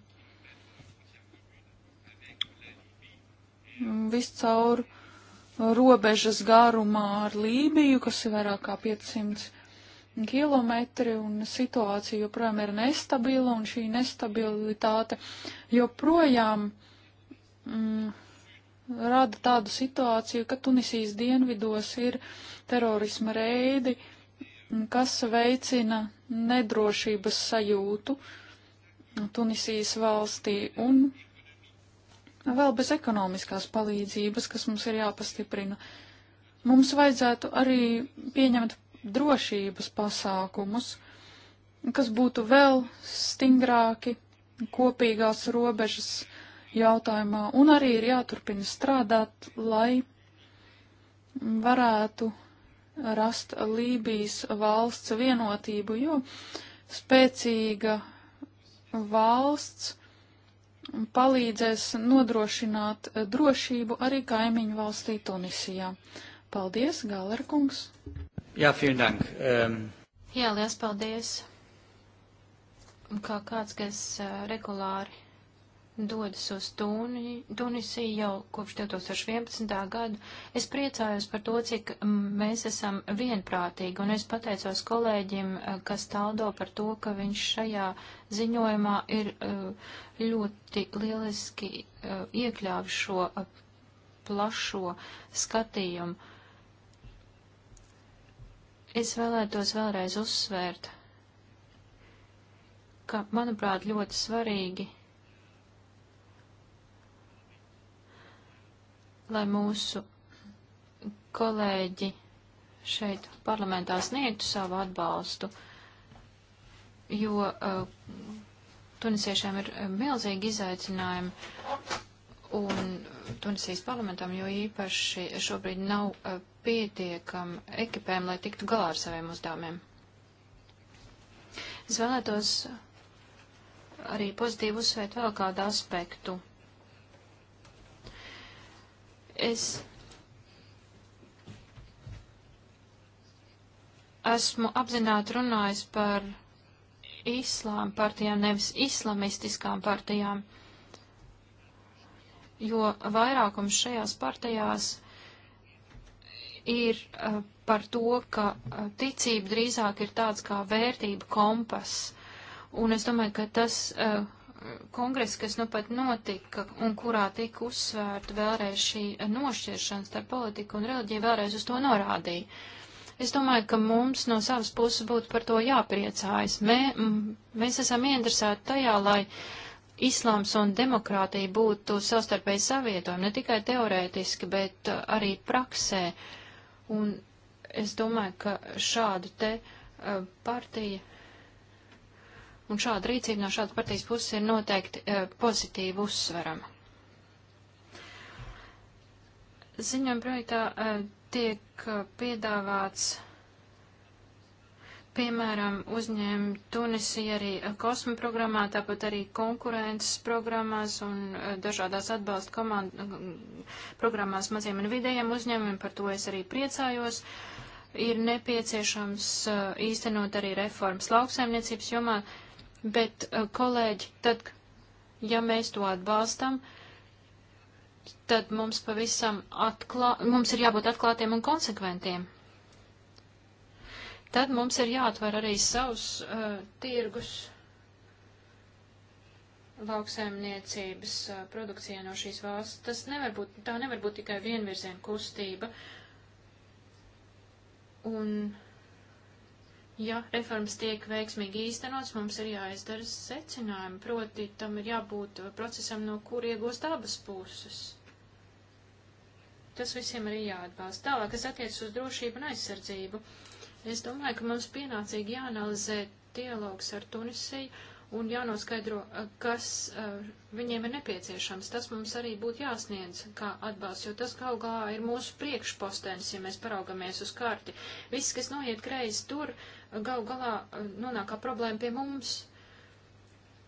Viscaur robežas garumā ar Lībiju, kas ir vairāk kā 500 kilometri, un situācija joprojām ir nestabila, un šī nestabilitāte joprojām mm, rada tādu situāciju, ka Tunisijas dienvidos ir terorisma reidi, uh, kas veicina nedrošības sajūtu Tunisijas valstī un vēl bez ekonomiskās palīdzības, kas mums ir jāpastiprina. Mums vajadzētu arī pieņemt drošības pasākumus, kas būtu vēl stingrāki kopīgās robežas jautājumā, un arī ir jāturpina strādāt, lai varētu rast Lībijas valsts vienotību, jo spēcīga valsts palīdzēs nodrošināt drošību arī kaimiņu valstī Tunisijā. Paldies, Galerkungs! Jā, vielen dank! Um... Jā, liels paldies! Kā kāds, kas eh, regulāri dodas uz Tuni, Tunisiju jau kopš 2011. gadu. Es priecājos par to, cik mēs esam vienprātīgi, un es pateicos kolēģim, eh, kas taldo par to, ka viņš šajā ziņojumā ir eh, ļoti lieliski eh, iekļāvis šo plašo skatījumu. Es vēlētos vēlreiz uzsvērt, ka, manuprāt, ļoti svarīgi lai mūsu kolēģi šeit parlamentā sniegtu savu atbalstu, jo uh, tunisiešiem ir uh, milzīgi izaicinājumi un Tunisijas parlamentam, jo īpaši šobrīd nav uh, pietiekam ekipēm, lai tiktu galā ar saviem uzdevumiem. Es vēlētos arī pozitīvi uzsvērt vēl kādu aspektu Es esmu apzināti runājis par islāma partijām, nevis islamistiskām partijām, jo vairākums šajās partijās ir uh, par to, ka uh, ticība drīzāk ir tāds kā vērtība kompas, un es domāju, ka tas uh, kongresa, kas nu pat notika un kurā tika uzsvērta vēlreiz šī nošķiršana starp politiku un reliģiju, vēlreiz uz to norādīja. Es domāju, ka mums no savas puses būtu par to jāpriecājas. Mē, mēs esam ieinteresēti tajā, lai islāms un demokrātija būtu savstarpēji savietojumi, ne tikai teorētiski, bet uh, arī praksē. Un es domāju, ka šādu te uh, partija Un šāda rīcība no šādas partijas puses ir noteikti e, pozitīvi uzsverama. Ziņojuma projektā e, tiek e, piedāvāts, piemēram, uzņēma Tunisija arī e, kosma programmā, tāpat arī konkurences programmās un e, dažādās atbalsta komandu e, programmās maziem un vidējiem uzņēmumiem, par to es arī priecājos ir nepieciešams īstenot arī reformas lauksaimniecības jomā. Uh, Bet, eh, kolēģi, tad, ja mēs to atbalstam, tad mums pavisam atklā, mums ir jābūt atklātiem un konsekventiem. Tad mums ir jāatver arī savus uh, tirgus lauksaimniecības uh, produkcijā no šīs valsts. Tas nevar būt, tā nevar būt tikai vienvirziena kustība. Un uh, Ja reformas tiek veiksmīgi īstenots, mums ir jāizdara secinājumi, proti tam ir jābūt procesam, no kur iegūst abas puses. Tas visiem ir jāatbalsta. Tālāk, kas attiecas uz drošību un aizsardzību, es domāju, ka mums pienācīgi jāanalizē dialogs ar Tunisiju un jānoskaidro, eh, kas eh, viņiem ir nepieciešams. Tas mums arī būtu jāsniedz kā atbalsts, jo tas gal galā ir mūsu priekšpostens, ja mēs paraugamies uz karti. Viss, kas noiet greizi tur, eh, gal galā nonāk kā problēma pie mums.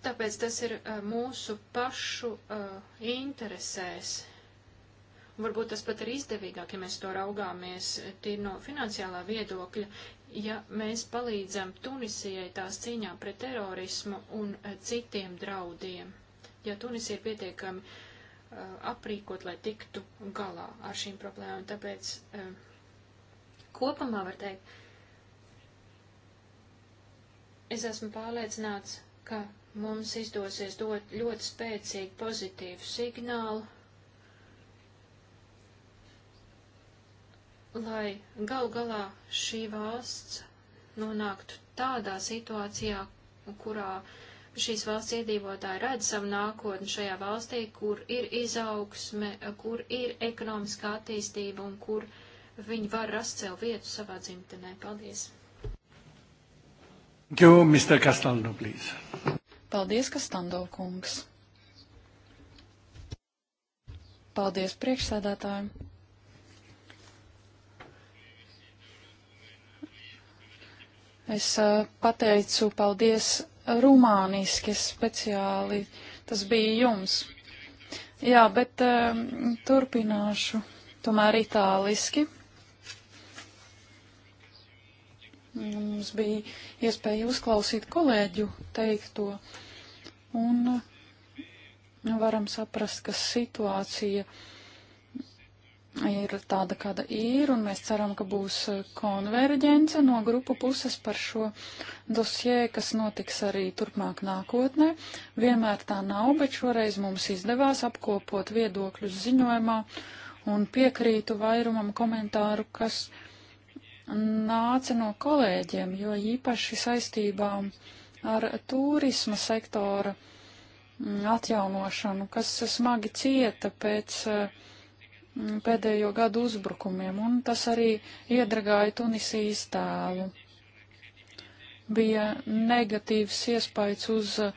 Tāpēc tas ir mūsu pašu interesēs Varbūt tas pat ir izdevīgāk, ja mēs to raugāmies tīri no finansiālā viedokļa, ja mēs palīdzam Tunisijai tās cīņā pret terorismu un e, citiem draudiem. Ja Tunisija ir pietiekami uh, aprīkot, lai tiktu galā ar šīm problēmām, tāpēc uh, kopumā var teikt, es esmu pārliecināts, ka mums izdosies dot ļoti spēcīgu pozitīvu signālu lai gal galā šī valsts nonāktu tādā situācijā, kurā šīs valsts iedzīvotāji redz savu nākotni šajā valstī, kur ir izaugsme, kur ir ekonomiskā attīstība un kur viņi var rast sev vietu savā dzimtenē. Paldies! You, Mr. Castaldo, please. Paldies, Kastaldo kungs! Paldies priekšsēdētājiem! Es pateicu paldies rumāniski speciāli. Tas bija jums. Jā, bet turpināšu tomēr itāliski. Mums bija iespēja uzklausīt kolēģu teikto, un varam saprast, ka situācija uh, ir tāda, kāda ir, un mēs ceram, ka būs uh, konverģence no grupu puses par šo dosie, kas notiks arī turpmāk nākotnē. Vienmēr tā nav, bet šoreiz mums izdevās apkopot viedokļus ziņojumā un piekrītu vairumam komentāru, kas nāca no kolēģiem, jo īpaši saistībā ar turisma sektora mm, atjaunošanu, kas smagi cieta pēc uh, Mm, pēdējo gadu uzbrukumiem, un tas arī iedragāja Tunisijas tēlu. Bija negatīvs iespējas uz uh,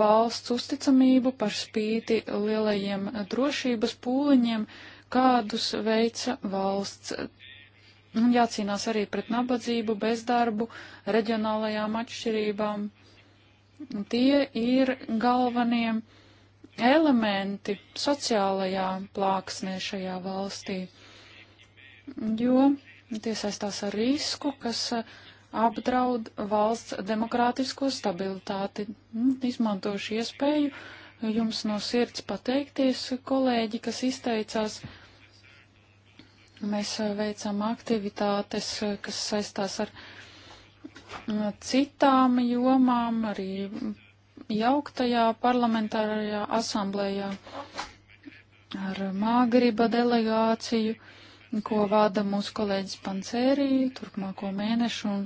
valsts uzticamību par spīti lielajiem drošības pūliņiem, kādus veica valsts. Un jācīnās arī pret nabadzību, bezdarbu, reģionālajām atšķirībām. Tie ir galvenie elementi sociālajā plāksnē šajā valstī, jo tie saistās ar risku, kas eh, apdraud valsts demokrātisko stabilitāti. Nu, izmantošu iespēju jums no sirds pateikties, kolēģi, kas izteicās. Mēs eh, veicam aktivitātes, eh, kas saistās ar mm, citām jomām, arī jauktajā parlamentārajā asamblējā ar Māgriba delegāciju, ko vada mūsu kolēģis Pancērī turpmāko mēnešu un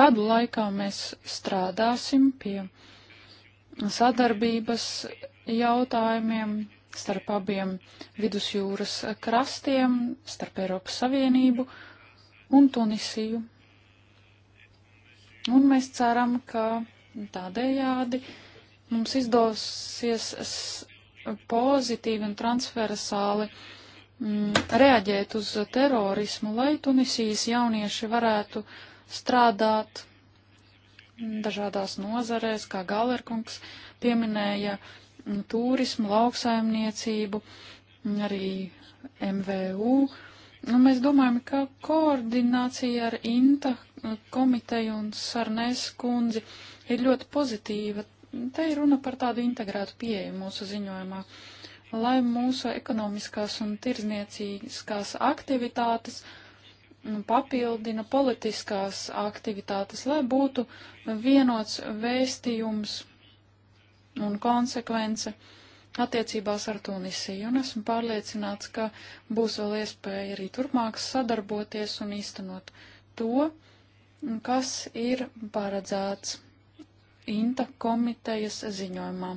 gadu laikā mēs strādāsim pie sadarbības jautājumiem starp abiem vidusjūras krastiem, starp Eiropas Savienību un Tunisiju. Un mēs ceram, ka tādējādi uh, mums izdosies pozitīvi un transversāli mm, reaģēt uz terorismu, lai Tunisijas jaunieši varētu strādāt dažādās nozarēs, kā Galerkungs pieminēja mm, turismu, lauksaimniecību, arī MVU. Un nu, mēs domājam, ka koordinācija ar INTA komiteju un Sarnēs kundzi ir ļoti pozitīva Te ir runa par tādu integrētu pieeju mūsu ziņojumā, lai mūsu ekonomiskās un tirzniecīskās aktivitātes papildina politiskās aktivitātes, lai būtu vienots vēstījums un konsekvence attiecībās ar Tunisiju, un esmu pārliecināts, ka būs vēl iespēja arī turpmāk sadarboties un īstenot to, kas ir paredzēts INTA komitejas ziņojumā.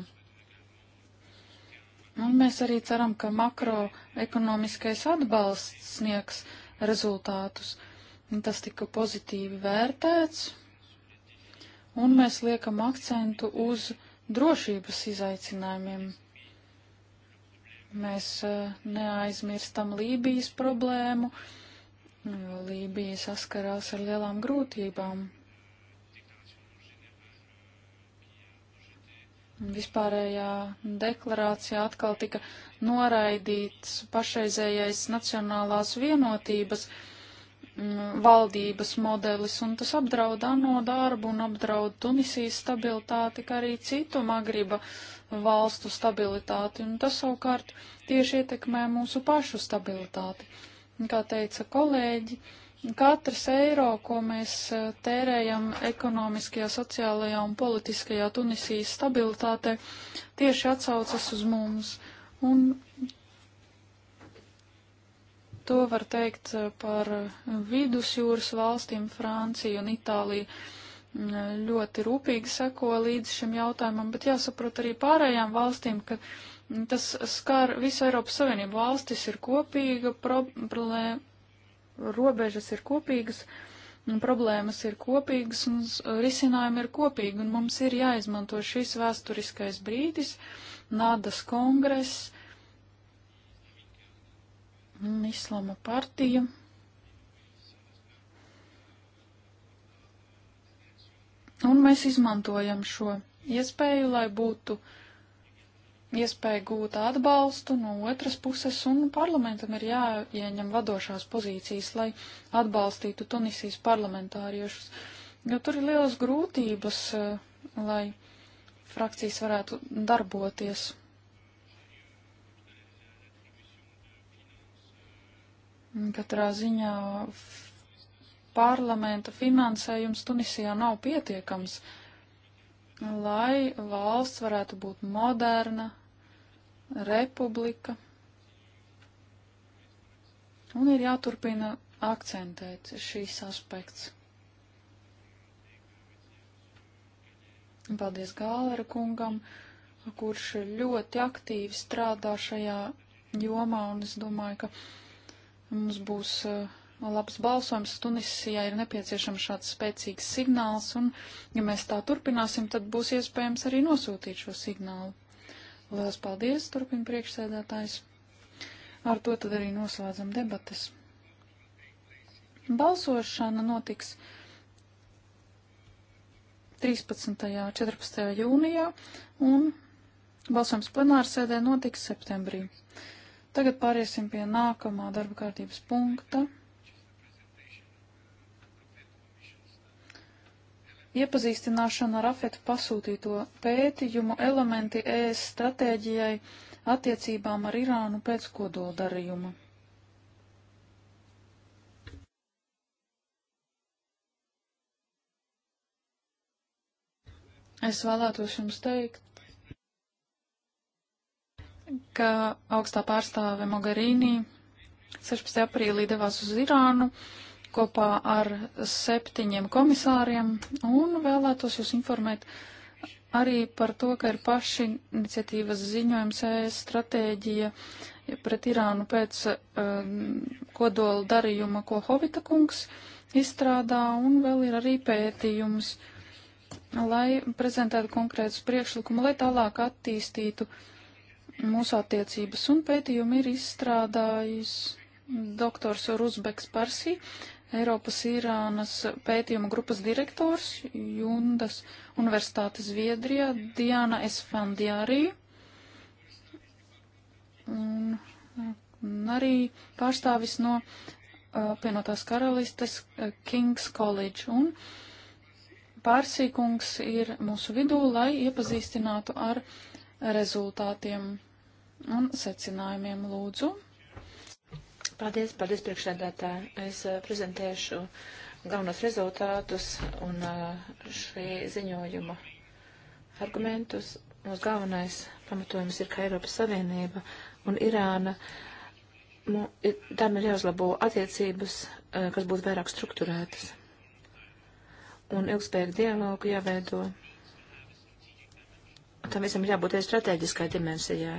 Un mēs arī ceram, ka makroekonomiskais atbalsts sniegs rezultātus. Un tas tika pozitīvi vērtēts, un mēs liekam akcentu uz drošības izaicinājumiem. Mēs eh, neaizmirstam Lībijas problēmu, jo Lībija saskarās ar lielām grūtībām. Vispārējā deklarācijā atkal tika noraidīts pašreizējais nacionālās vienotības mm, valdības modelis, un tas apdraud ANO darbu un apdraud Tunisijas stabilitāti, kā arī citu Magriba valstu stabilitāti, un tas savukārt tieši ietekmē mūsu pašu stabilitāti. Kā teica kolēģi, uh, Katrs eiro, ko mēs e, tērējam ekonomiskajā, sociālajā un politiskajā Tunisijas stabilitātē, tieši atsaucas uz mums. Un to var teikt e, par vidusjūras valstīm Franciju un Itāliju mm, e, ļoti rūpīgi seko līdz šim jautājumam, bet jāsaprot arī pārējām valstīm, ka mm, tas skar visu Eiropas Savienību. Valstis ir kopīga problēma robežas ir kopīgas, problēmas ir kopīgas un risinājumi ir kopīgi, un mums ir jāizmanto šis vēsturiskais brīdis, Nādas kongress, Islama partija. Un mēs izmantojam šo iespēju, lai būtu uh, iespēja gūt atbalstu no otras puses, un parlamentam ir jāieņem vadošās pozīcijas, lai atbalstītu Tunisijas parlamentāriešus, jo tur ir lielas grūtības, eh, lai frakcijas varētu darboties. Katrā ziņā parlamenta finansējums Tunisijā nav pietiekams, lai valsts varētu būt moderna, republika. Un ir jāturpina akcentēt šīs aspekts. Paldies Gālera kungam, kurš ļoti aktīvi strādā šajā jomā, un es domāju, ka mums būs uh, labs balsojums. Tunisijā ir nepieciešams šāds spēcīgs signāls, un ja mēs tā turpināsim, tad būs iespējams arī nosūtīt šo signālu. Lielas paldies, turpina priekšsēdētājs. Ar to tad arī noslēdzam debatas. Balsošana notiks 13. 14. jūnijā un balsojums plenārsēdē notiks septembrī. Tagad pāriesim pie nākamā darba kārtības punkta. Iepazīstināšana ar afetu pasūtīto pētījumu elementi ES stratēģijai attiecībām ar Irānu pēc kodoldarījuma. Es vēlētos jums teikt, ka augstā pārstāve Mogherini 16. aprīlī devās uz Irānu, kopā ar septiņiem komisāriem un vēlētos jūs informēt arī par to, ka ir paši iniciatīvas ziņojums ES stratēģija pret Irānu pēc um, kodola darījuma, ko Hovita kungs izstrādā, un vēl ir arī pētījums, lai prezentētu konkrētus priekšlikumu, lai tālāk attīstītu mūsu attiecības, un pētījumu ir izstrādājis doktors Ruzbeks Parsī, Eiropas Irānas pētījuma grupas direktors Jundas Universitātes Zviedrijā Diana Esfandiārī. Un, un arī pārstāvis no uh, apvienotās uh, karalistes uh, King's College. Un pārsīkungs ir mūsu vidū, lai iepazīstinātu ar rezultātiem un secinājumiem lūdzu. Paldies, paldies priekšsēdētāji. Es uh, prezentēšu galvenos rezultātus un uh, šī ziņojuma argumentus. Mūsu galvenais pamatojums ir, ka Eiropas Savienība un Irāna, mu, ir, tam ir jāuzlabo attiecības, uh, kas būtu vairāk strukturētas. Un ilgspējīgu dialogu jāveido. Tam visam jābūt arī strateģiskai dimensijai,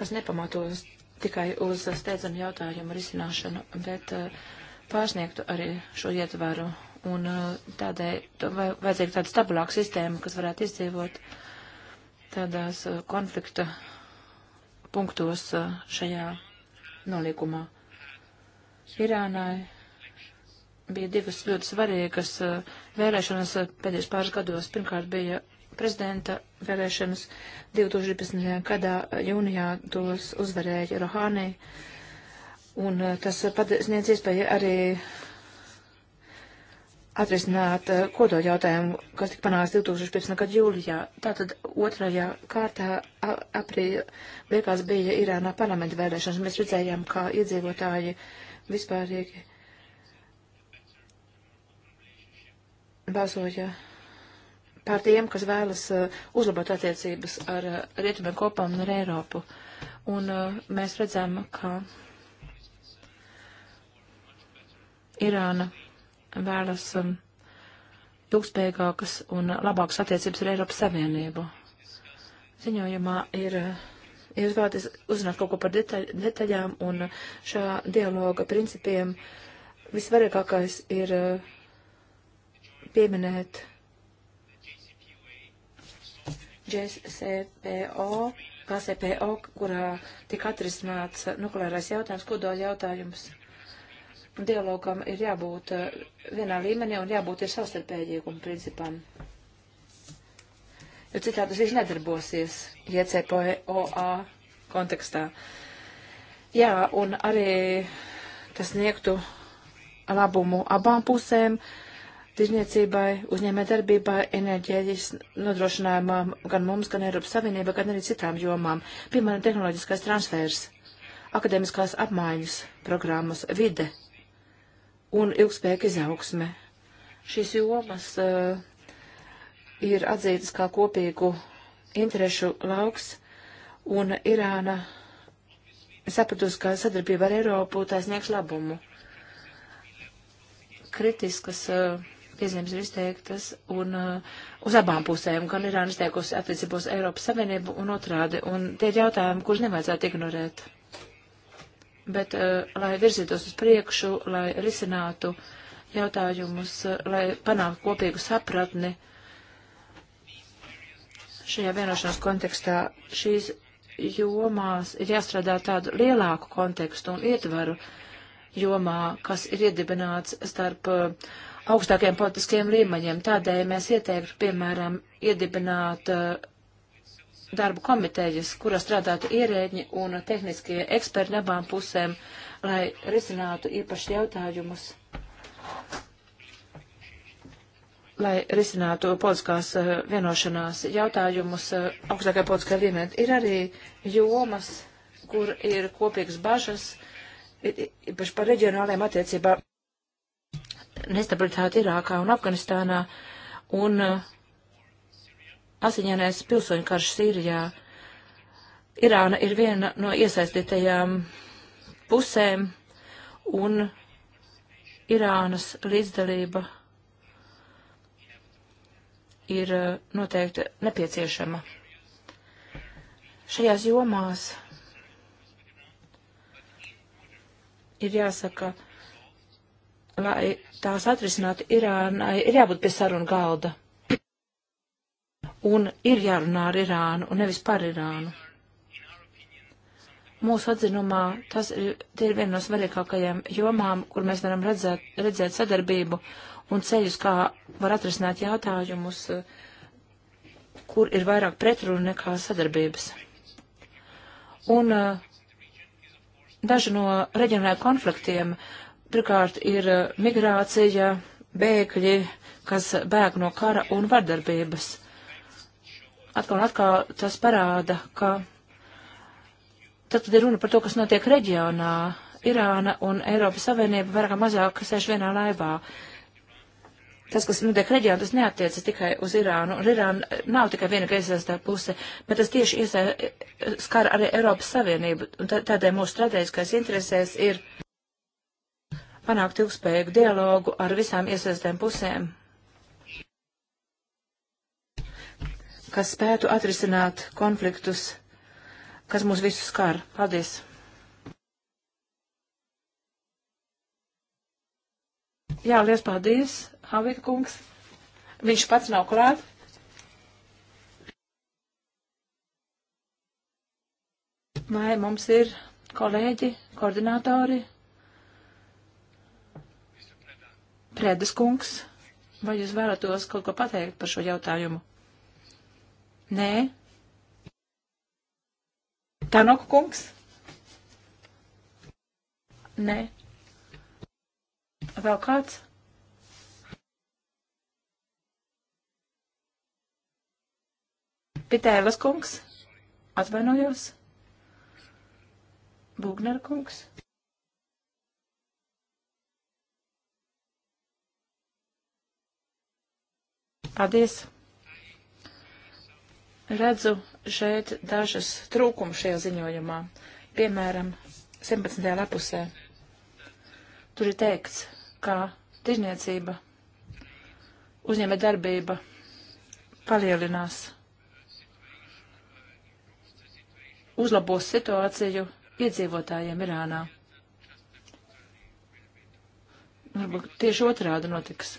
kas nepamatojas tikai uz steidzamu jautājumu risināšanu, bet eh, pārsniegtu arī šo ietvaru. Un eh, tādēļ vajadzīga tāda stabilāka sistēma, kas varētu izdzīvot tādās eh, konflikta punktos šajā nolīgumā. Irānai bija divas ļoti svarīgas vēlēšanas pēdējos pāris gados. Pirmkārt bija prezidenta vēlēšanas 2015. gadā eh, jūnijā tos uzvarēja Rohānī, un eh, tas sniedz iespēju arī atrisināt eh, kodoļu jautājumu, kas tika panāks 2015. gada jūlijā. Tātad otrajā kārtā aprīļa beigās bija Irānā parlamenta vēlēšanas. Mēs redzējām, kā iedzīvotāji vispārīgi balsoja. Ja pār tiem, kas vēlas uh, uzlabot attiecības ar uh, rietumiem kopām un ar Eiropu. Un uh, mēs redzam, ka Irāna vēlas um, ilgspējīgākas un labākas attiecības ar Eiropas Savienību. Ziņojumā ir, ja jūs vēlaties uzzināt kaut ko par detaļ, detaļām un šā dialoga principiem, visvarīgākais ir pieminēt JCPO, e KCPO, e kurā tika atrisināts nukleārais jautājums, kodola jautājums. Dialogam ir jābūt eh, vienā līmenī un jābūt ir savstarpējīguma principam. Jo citādi tas viņš nedarbosies JCPOA e kontekstā. Jā, un arī tas sniegtu labumu abām pusēm. Uh, tirzniecībai, uzņēmē darbībai, enerģēģis nodrošinājumam gan mums, gan Eiropas Savienībai, gan arī citām jomām, piemēram, tehnoloģiskais transfers, akadēmiskās apmaiņas programmas, vide un ilgspējīga izaugsme. Šīs jomas uh, ir atzītas kā kopīgu interešu lauks, un Irāna sapratusi, ka sadarbība ar Eiropu tā sniegs labumu. Kritiskas uh, piezīmes ir izteiktas un uh, uz abām pusēm, gan Irāna izteikusi attiecībos Eiropas Savienību un otrādi, un tie ir jautājumi, kurus nevajadzētu ignorēt. Bet, uh, lai virzītos uz priekšu, lai risinātu jautājumus, uh, lai panāktu kopīgu sapratni šajā vienošanās kontekstā, šīs jomās ir jāstrādā tādu lielāku kontekstu un ietvaru jomā, kas ir iedibināts starp uh, augstākiem politiskiem līmeņiem. Tādēļ mēs ieteiktu, piemēram, iedibināt uh, darbu komitejas, kurā strādātu ierēģi un tehniskie eksperti abām pusēm, lai risinātu īpaši jautājumus, lai risinātu politiskās uh, vienošanās jautājumus uh, augstākajā politiskajā līmenī. Ir arī jomas, kur ir kopīgas bažas, īpaši par reģionāliem attiecībām nestabilitāti Irākā un Afganistānā un uh, asiņainais pilsoņu karš Sīrijā. Irāna ir viena no iesaistītajām pusēm un Irānas līdzdalība ir uh, noteikti nepieciešama. Šajās jomās ir jāsaka, ka lai tās atrisinātu Irānai, ir jābūt pie sarunu galda. Un ir jārunā ar Irānu, un nevis par Irānu. Mūsu atzinumā tas ir, ir viena no svarīgākajām jomām, kur mēs varam redzēt, redzēt sadarbību un ceļus, kā var atrisināt jautājumus, kur ir vairāk pretrunu nekā sadarbības. Un eh, daži no reģionālajiem konfliktiem uh, Pirmkārt ir eh, migrācija, bēgļi, kas bēg no kara un vardarbības. Atkal un atkal tas parāda, ka tad, kad ir runa par to, kas notiek reģionā, Irāna un Eiropas Savienība vairāk mazāk sēž vienā laivā. Tas, kas notiek reģionā, tas neatiecas tikai uz Irānu. Un Irāna eh, nav tikai viena iesaistā puse, bet tas tieši iesa, eh, skar arī Eiropas Savienību. Un tādēļ mūsu strateģiskais interesēs ir panākt ilgspējīgu dialogu ar visām iesaistēm pusēm, kas spētu atrisināt konfliktus, kas mūs visus skar. Paldies! Jā, liels paldies, Havita kungs. Viņš pats nav klāt. Vai mums ir kolēģi, koordinātori? Prēdas kungs, vai jūs vēlatos kaut ko pateikt par šo jautājumu? Nē? Tanoku kungs? Nē. Vēl kāds? Pitēlas kungs? Atvainojos. Būgnera kungs? Paldies! Redzu šeit dažas trūkumus šajā ziņojumā. Piemēram, 17. lapusē. Tur ir teikts, ka tirzniecība, uzņēmē darbība palielinās, uzlabos situāciju iedzīvotājiem Irānā. Varbūt tieši otrādi notiks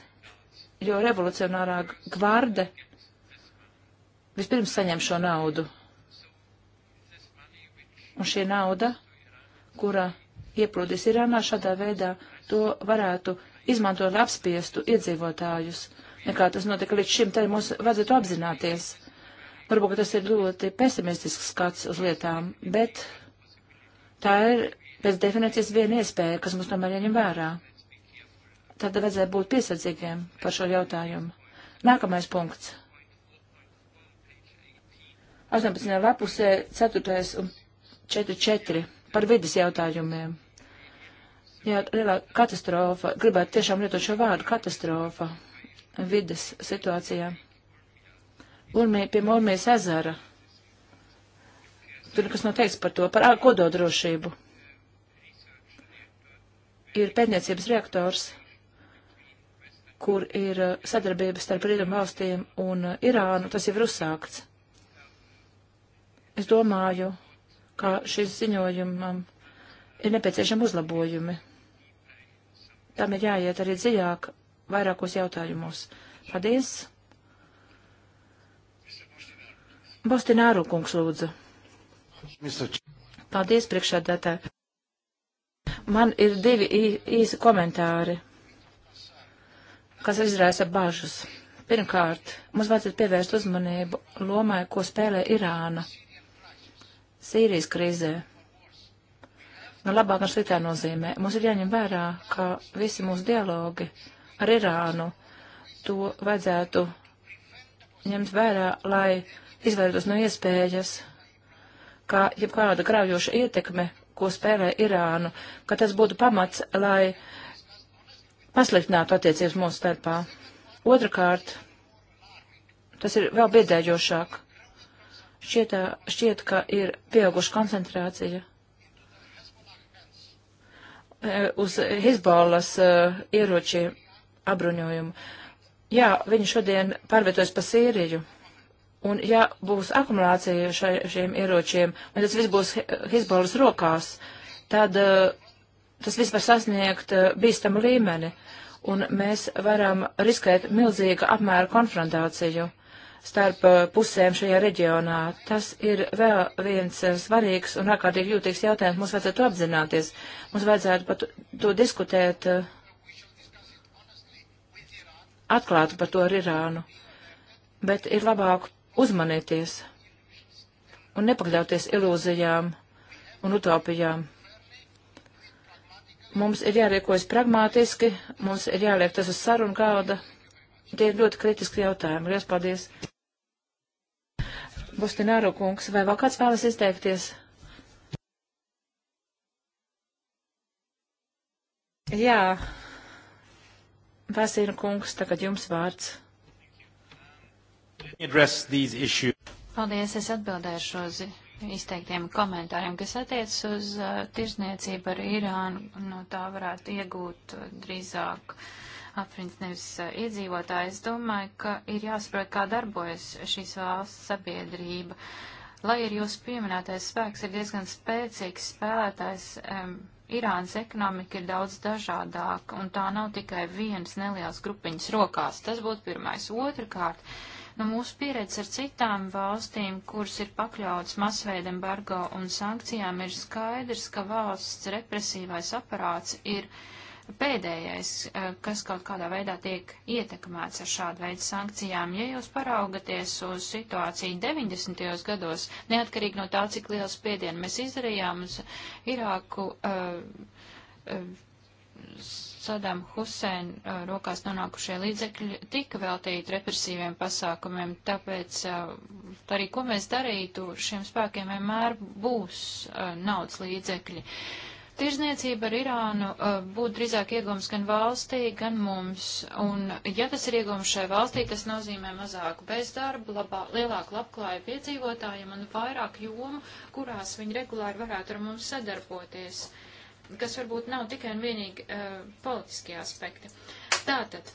jo revolucionārā gvarde vispirms saņem šo naudu. Un šī nauda, kura ieplūdīs Irānā šādā veidā, to varētu izmantot, lai apspiestu iedzīvotājus. Nekā tas notika līdz šim, tad mums vajadzētu apzināties. Varbūt tas ir ļoti pesimistisks skats uz lietām, bet tā ir pēc definīcijas viena iespēja, kas mums tomēr jāņem vērā. Tad vajadzēja būt piesardzīgiem par šo jautājumu. Nākamais punkts. 18. lapusē 4. un 4.4. par vidas jautājumiem. Jā, lielā katastrofa. Gribētu tiešām lietot šo vārdu katastrofa vidas situācijā. Urmī, pie Mormijas ezera. Tur nekas nav teiks par to, par kododrošību. Ir pētniecības reaktors kur ir eh, sadarbības starp Rietumu valstīm un eh, Irānu, tas jau ir uzsākts. Es domāju, ka šis ziņojumam ir nepieciešami uzlabojumi. Tam ir jāiet arī dziļāk vairākos jautājumos. Paldies! Bostināru kungs lūdzu. Paldies priekšādātā. Man ir divi īsi komentāri kas izraisa bažas. Pirmkārt, mums vajadzētu pievērst uzmanību lomai, ko spēlē Irāna Sīrijas krīzē. Nu, labāk un no sliktā nozīmē. Mums ir jāņem vērā, ka visi mūsu dialogi ar Irānu to vajadzētu ņemt vērā, lai izvairītos no iespējas, ka jebkāda graujoša ietekme, ko spēlē Irānu, ka tas būtu pamats, lai uh, pasliktinātu attiecības mūsu starpā. Otrakārt, tas ir vēl biedējošāk. Šķiet, šķiet, ka ir pieauguša koncentrācija e, uz Hizbolas uh, ieroči apbruņojumu. Jā, viņi šodien pārvietojas pa Sīriju. Un ja būs akumulācija šai, šiem ieročiem, un tas viss būs Hizbolas rokās, tad uh, tas viss var sasniegt eh, bīstamu līmeni, un mēs varam riskēt milzīga apmēra konfrontāciju starp eh, pusēm šajā reģionā. Tas ir vēl viens eh, svarīgs un ārkārtīgi jūtīgs jautājums. Mums vajadzētu apzināties, mums vajadzētu par to diskutēt atklāti par to ar Irānu, bet ir labāk uzmanīties un nepakļauties ilūzijām un utopijām. Mums ir jārīkojas pragmātiski, mums ir jāliek tas uz sarunu galda. Tie ir ļoti kritiski jautājumi. Lielas paldies! Bustināru kungs, vai vēl kāds vēlas izteikties? Jā, Vasīna kungs, tagad jums vārds. Paldies, es atbildēšu uz izteiktiem komentāriem, kas attiec uz uh, tirzniecību ar Irānu, no nu, tā varētu iegūt uh, drīzāk apriņas nevis uh, iedzīvotāji. Es domāju, ka ir jāsaprot, kā darbojas šīs valsts sabiedrība. Lai ir jūsu pieminētais spēks, ir diezgan spēcīgs spēlētājs. Um, Irānas ekonomika ir daudz dažādāka, un tā nav tikai vienas nelielas grupiņas rokās. Tas būtu pirmais. Otrakārt, uh, No nu, mūsu pieredzes ar citām valstīm, kuras ir pakļautas masveida embargo un sankcijām, ir skaidrs, ka valsts represīvais aparāts ir pēdējais, eh, kas kaut kādā veidā tiek ietekmēts ar šādu veidu sankcijām. Ja jūs paraugaties uz situāciju 90. gados, neatkarīgi no tā, cik liels spiedienu mēs izdarījām uz Irāku, uh, uh, Sadam Huseina eh, rokās nonākušie līdzekļi tika veltīti represīviem pasākumiem, tāpēc eh, arī ko mēs darītu, šiem spēkiem vienmēr būs eh, naudas līdzekļi. Tirzniecība ar Irānu būtu drīzāk iegums gan valstī, gan mums, un ja tas ir iegums šai valstī, tas nozīmē mazāku bezdarbu, labā, lielāku labklājību iedzīvotājiem un vairāk jomu, kurās viņi regulāri varētu ar mums sadarboties kas varbūt nav tikai un vienīgi uh, politiskie aspekti. Tātad,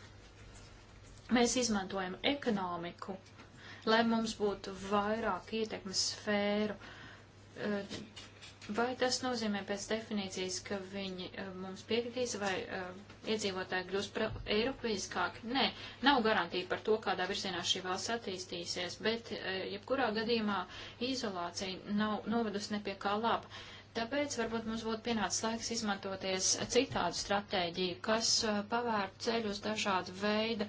mēs izmantojam ekonomiku, lai mums būtu vairāk ietekmes sfēru. Uh, vai tas nozīmē pēc definīcijas, ka viņi uh, mums piekritīs vai uh, iedzīvotāji kļūs eiropeiskāki? Nē, nav garantija par to, kādā virzienā šī valsts attīstīsies, bet jebkurā gadījumā izolācija nav novedusi ne pie kā laba. Tāpēc varbūt mums būtu pienācis laiks izmantoties citādu stratēģiju, kas uh, pavērtu ceļu uz dažādu veidu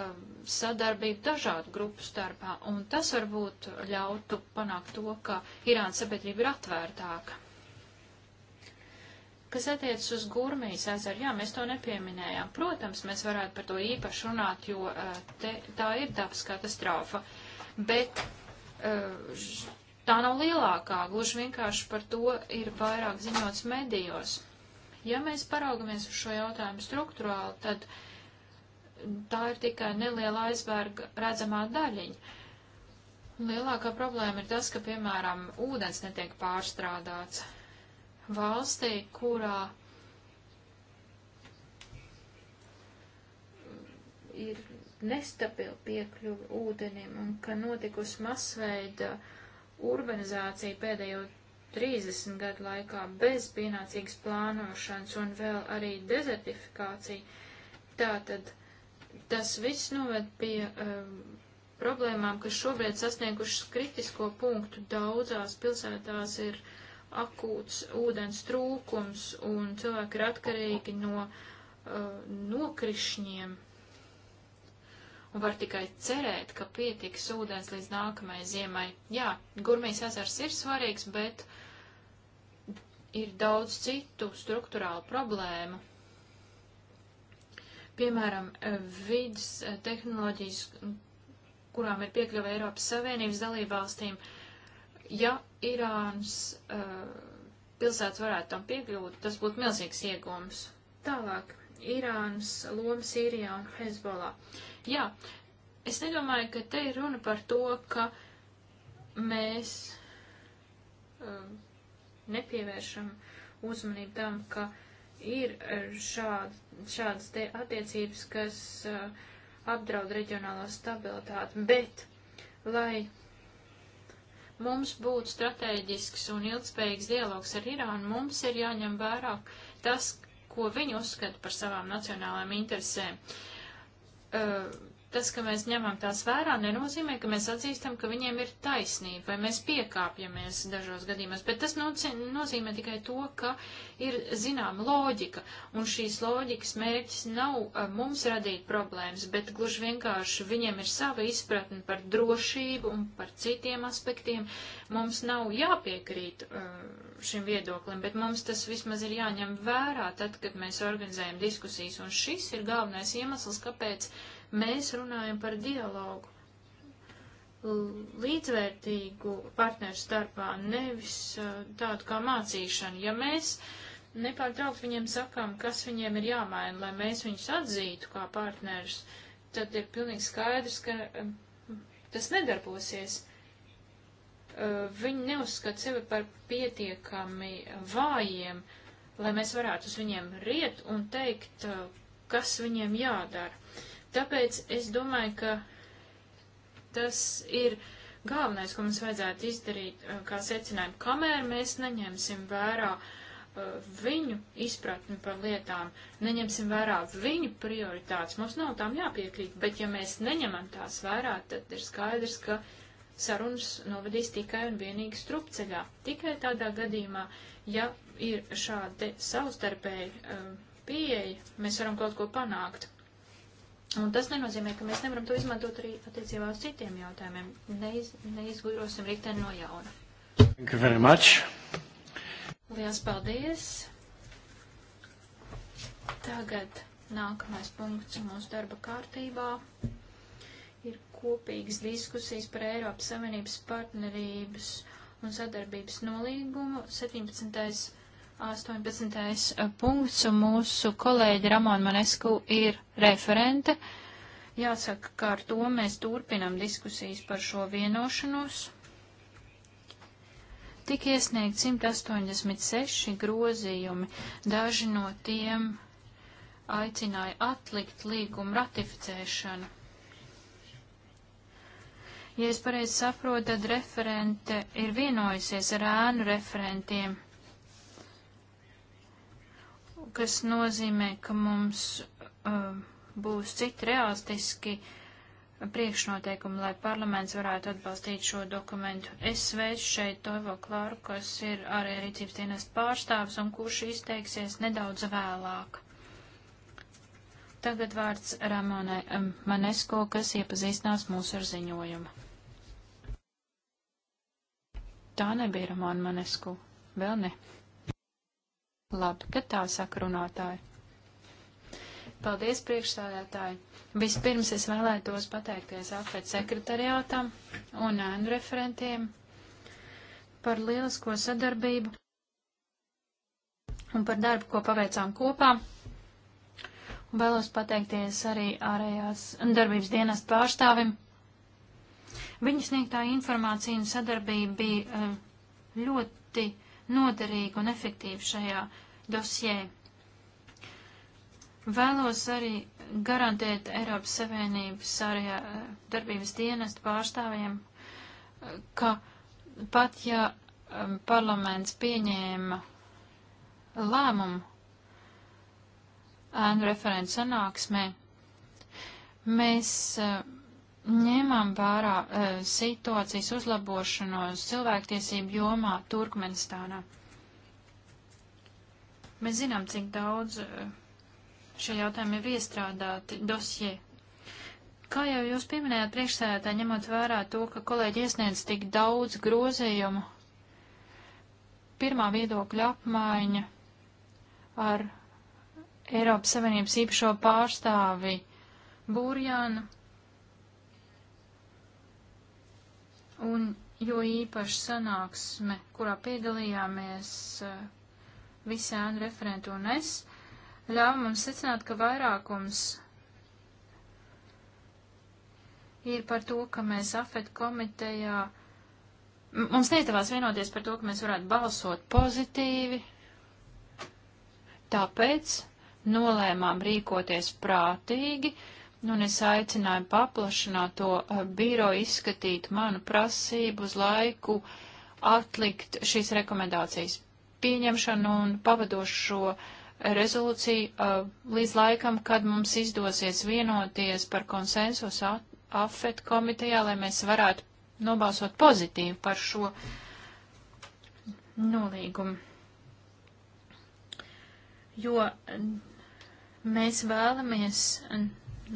um, sadarbību dažādu grupu starpā, un tas varbūt ļautu panākt to, ka Irānas sabiedrība ir atvērtāka. Kas attiecas uz Gurmijas ezeru, jā, mēs to nepieminējām. Protams, mēs varētu par to īpaši runāt, jo uh, te, tā ir dabas katastrofa. Bet uh, tā nav lielākā, gluži vienkārši par to ir vairāk ziņots medijos. Ja mēs paraugamies uz šo jautājumu struktūrāli, tad tā ir tikai neliela aizvērga redzamā daļiņa. Lielākā problēma ir tas, ka, piemēram, ūdens netiek pārstrādāts. Valstī, kurā ir nestabila piekļuva ūdenim un ka notikusi masveida uh, urbanizācija pēdējo 30 gadu laikā bez pienācīgas plānošanas un vēl arī dezertifikācija, tātad tas viss noved pie um, problēmām, kas šobrīd sasniegušas kritisko punktu. Daudzās pilsētās ir akūts ūdens trūkums un cilvēki ir atkarīgi no uh, nokrišņiem, Var tikai cerēt, ka pietiks ūdens līdz nākamajai ziemai. Jā, Gurmijas ezers ir svarīgs, bet ir daudz citu struktūrālu problēmu. Piemēram, vidas tehnoloģijas, kurām ir piekļuva Eiropas Savienības dalībvalstīm, ja Irānas uh, eh, pilsētas varētu tam piekļūt, tas būtu milzīgs iegums. Tālāk. Irānas loma Sīrijā un Hezbollah. Jā, es nedomāju, ka te ir runa par to, ka mēs um, nepievēršam uzmanību tam, ka ir uh, šād, šādas te attiecības, kas uh, apdraud reģionālo stabilitāti, bet, lai mums būtu strateģisks un ilgspējīgs dialogs ar Irānu, mums ir jāņem vērā tas, ko viņi uzskata par savām nacionālajām interesēm. Uh, Tas, ka mēs ņemam tās vērā, nenozīmē, ka mēs atzīstam, ka viņiem ir taisnība, vai mēs piekāpjamies dažos gadījumos, bet tas nozīmē tikai to, ka ir zinām loģika, un šīs loģikas mērķis nav uh, mums radīt problēmas, bet gluži vienkārši viņiem ir sava izpratne par drošību un par citiem aspektiem. Mums nav jāpiekrīt uh, šim viedoklim, bet mums tas vismaz ir jāņem vērā tad, kad mēs organizējam diskusijas, un šis ir galvenais iemesls, kāpēc Mēs runājam par dialogu līdzvērtīgu partneru starpā, nevis tādu kā mācīšanu. Ja mēs nepārtraukt viņiem sakām, kas viņiem ir jāmaina, lai mēs viņus atzītu kā partnerus, tad ir pilnīgi skaidrs, ka tas nedarbosies. Viņi neuzskata sevi par pietiekami vājiem, lai mēs varētu uz viņiem riet un teikt, kas viņiem jādara. Tāpēc es domāju, ka tas ir galvenais, ko mums vajadzētu izdarīt, uh, kā secinājumu, kamēr mēs neņemsim vērā uh, viņu izpratni par lietām, neņemsim vērā viņu prioritātes, mums nav tām jāpiekrīt, bet ja mēs neņemam tās vērā, tad ir skaidrs, ka sarunas novadīs tikai un vienīgi strupceļā. Tikai tādā gadījumā, ja ir šāda savstarpēja uh, pieeja, mēs varam kaut ko panākt. Un tas nenozīmē, ka mēs nevaram to izmantot arī attiecībā uz citiem jautājumiem. Neiz, neizgudrosim rikteni no jauna. Thank you very much. Lielas paldies. Tagad nākamais punkts mūsu darba kārtībā ir kopīgas diskusijas par Eiropas Savienības partnerības un sadarbības nolīgumu 17. 18. Eh, punkts, un mūsu kolēģi Ramona Manesku ir referente. Jāsaka, ka ar to mēs turpinam diskusijas par šo vienošanos. Tik iesniegt 186 grozījumi, daži no tiem aicināja atlikt līgumu ratificēšanu. Ja es pareizi saprotu, tad referente ir vienojusies ar ēnu referentiem kas nozīmē, ka mums uh, būs citi realistiski priekšnoteikumi, lai parlaments varētu atbalstīt šo dokumentu. Es sveicu šeit Toivo Klāru, kas ir arī rīcības dienas pārstāvs un kurš izteiksies nedaudz vēlāk. Tagad vārds Ramonai um, Manesko, kas iepazīstinās mūs ar ziņojumu. Tā nebija Ramona Manesku. Vēl ne. Labi, ka tā saka runātāji. Paldies, priekšstādātāji. Vispirms es vēlētos pateikties apvēt sekretariātam un ēnu referentiem par lielisko sadarbību un par darbu, ko paveicām kopā. Un vēlos pateikties arī ārējās darbības dienas pārstāvim. Viņa sniegtā informācija un sadarbība bija eh, ļoti noderīga un efektīva šajā dosjē. Vēlos arī garantēt Eiropas Savienības arī eh, darbības dienestu pārstāvjiem, eh, ka pat ja eh, parlaments pieņēma lēmumu ēnu referents sanāksmē, mēs uh, ņēmām vērā e, situācijas uzlabošanos cilvēktiesību jomā Turkmenistānā. Mēs zinām, cik daudz e, šie jautājumi ir iestrādāti dosjē. Kā jau jūs pieminējāt priekšsēdētāji, ņemot vērā to, ka kolēģi iesniedz tik daudz grozījumu, pirmā viedokļa apmaiņa ar Eiropas Savienības īpašo pārstāvi Būrjānu un jo īpaši sanāksme, kurā piedalījāmies eh, visi ēnu referenti un es, ļāva mums secināt, ka vairākums ir par to, ka mēs afet komitejā, mums neizdevās vienoties par to, ka mēs varētu balsot pozitīvi, tāpēc nolēmām rīkoties prātīgi, uh, Nu, un es aicināju paplašināt to uh, biro izskatīt manu prasību uz laiku atlikt šīs rekomendācijas pieņemšanu un pavadošo rezolūciju uh, līdz laikam, kad mums izdosies vienoties par konsensus AFET komitejā, lai mēs varētu nobalsot pozitīvi par šo nolīgumu. Jo mm, mēs vēlamies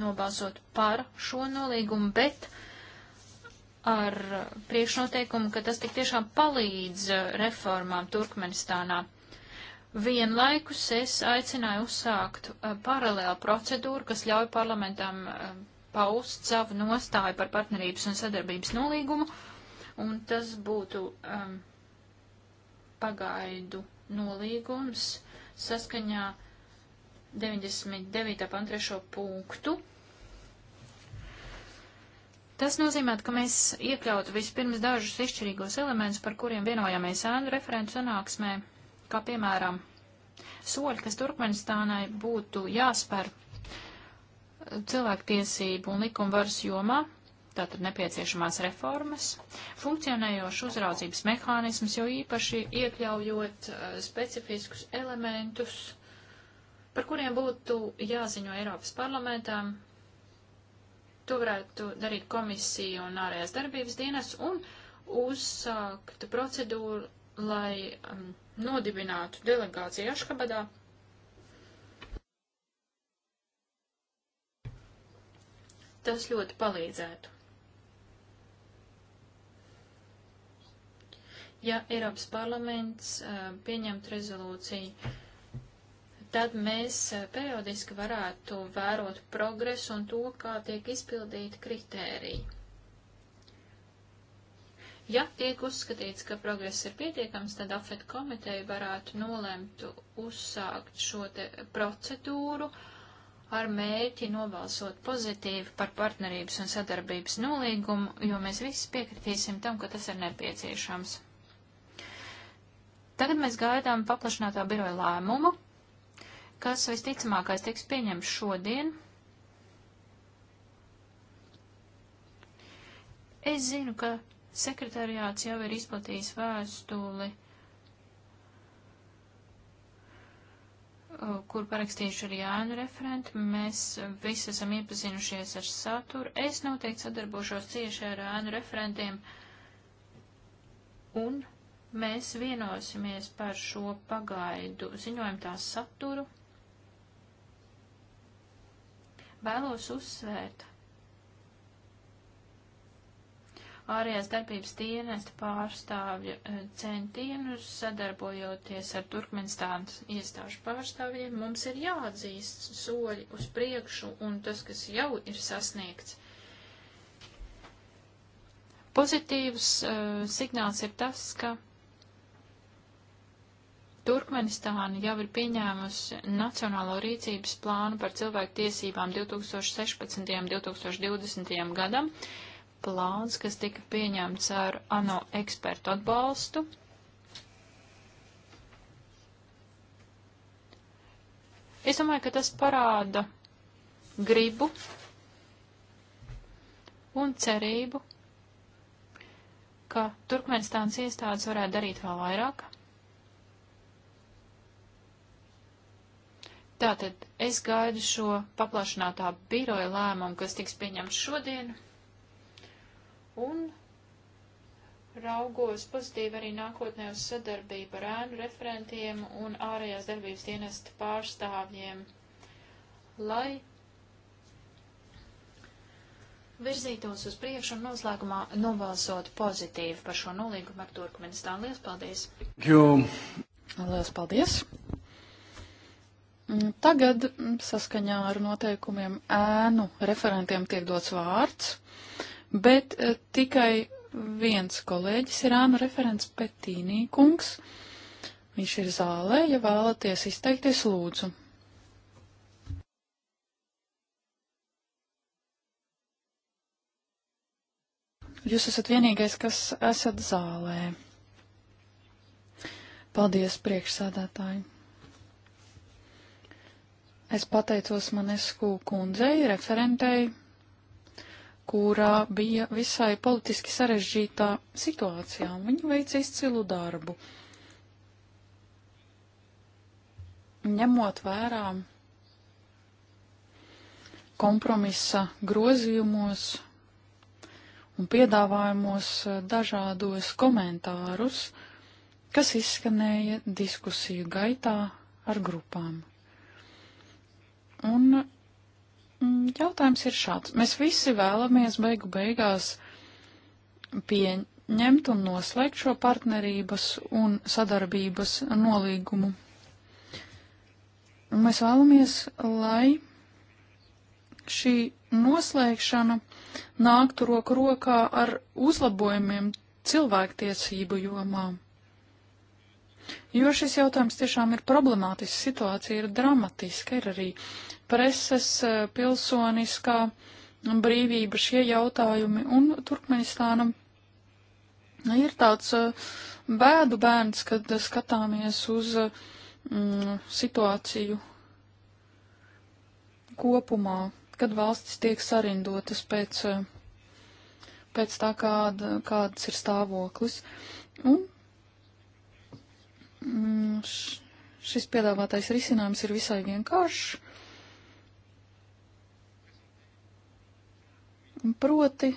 nobalsot par šo nolīgumu, bet ar priekšnoteikumu, ka tas tik tiešām palīdz uh, reformām Turkmenistānā. Vienlaikus es aicināju uzsākt uh, paralēlu procedūru, kas ļauj parlamentam uh, paust savu nostāju par partnerības un sadarbības nolīgumu, un tas būtu um, pagaidu nolīgums saskaņā 99. pan 3. punktu. Tas nozīmē, ka mēs iekļautu vispirms dažus izšķirīgos elementus, par kuriem vienojāmies ēnu referentu sanāksmē, kā piemēram soļi, kas Turkmenistānai būtu jāspēr cilvēktiesību un likumvaras jomā, tātad nepieciešamās reformas, funkcionējošu uzraudzības mehānismus, jo īpaši iekļaujot uh, specifiskus elementus par kuriem būtu jāziņo Eiropas parlamentām. To varētu darīt komisija un ārējās darbības dienas un uzsākt procedūru, lai um, nodibinātu delegāciju Aškabadā. Tas ļoti palīdzētu. Ja Eiropas parlaments uh, pieņemtu rezolūciju tad mēs eh, periodiski varētu vērot progresu un to, kā tiek izpildīti kritēriji. Ja tiek uzskatīts, ka progress ir pietiekams, tad afet komiteja varētu nolēmt uzsākt šo te procedūru ar mērķi nobalsot pozitīvi par partnerības un sadarbības nolīgumu, jo mēs visi piekritīsim tam, ka tas ir nepieciešams. Tagad mēs gaidām paplašinātā biroja lēmumu, kas visticamākais tiks pieņemts šodien. Es zinu, ka sekretariāts jau ir izplatījis vēstuli, uh, kur parakstījuši arī ēnu referenti. Mēs visi esam iepazinušies ar saturu. Es noteikti sadarbošos cieši ar ēnu referentiem. Un mēs vienosimies par šo pagaidu ziņojumu tās saturu. Vēlos uzsvērt ārējās darbības dienesta pārstāvju eh, centienus, sadarbojoties ar Turkmenistānas iestāžu pārstāvjiem, mums ir jāatzīst soļi uz priekšu un tas, kas jau ir sasniegts. Pozitīvs uh, signāls ir tas, ka Turkmenistāna jau ir pieņēmusi Nacionālo rīcības plānu par cilvēku tiesībām 2016. un 2020. gadam, plāns, kas tika pieņemts ar ANO ekspertu atbalstu. Es domāju, ka tas parāda gribu un cerību, ka Turkmenistānas iestādes varētu darīt vēl vairāk. Tātad es gaidu šo paplašinātā biroja lēmumu, kas tiks pieņemts šodien, un raugos pozitīvi arī nākotnē uz sadarbību ar ēnu referentiem un ārējās darbības dienesta pārstāvjiem, lai virzītos uz priekšu un noslēgumā nobalsot pozitīvi par šo nolīgumu ar Turkmenistānu. Lielas paldies! Jū. Lielas paldies! Mm, tagad mm, saskaņā ar noteikumiem ēnu referentiem tiek dots vārds, bet eh, tikai viens kolēģis ir ēnu referents Petīnī kungs. Viņš ir zālē, ja vēlaties izteikties lūdzu. Jūs esat vienīgais, kas esat zālē. Paldies, priekšsādātāji! Es pateicos Manesku kundzei, referentei, kurā bija visai politiski sarežģītā situācijā, un viņa veica izcilu darbu. Ņemot vērā kompromisa grozījumos un piedāvājumos dažādos komentārus, kas izskanēja diskusiju gaitā ar grupām. Un mm, jautājums ir šāds. Mēs visi vēlamies beigu beigās pieņemt un noslēgt šo partnerības un sadarbības nolīgumu. Un mēs vēlamies, lai šī noslēgšana nāktu roku rokā ar uzlabojumiem cilvēktiesību jomām. Jo šis jautājums tiešām ir problemātisks, situācija ir dramatiska, ir arī preses, e, pilsoniskā brīvība šie jautājumi, un Turkmenistānam e, ir tāds e, bēdu bērns, kad skatāmies uz mm, situāciju kopumā, kad valstis tiek sarindotas pēc, pēc tā, kāda, kāds ir stāvoklis. Un Nu, šis piedāvātais risinājums ir visai vienkāršs. Proti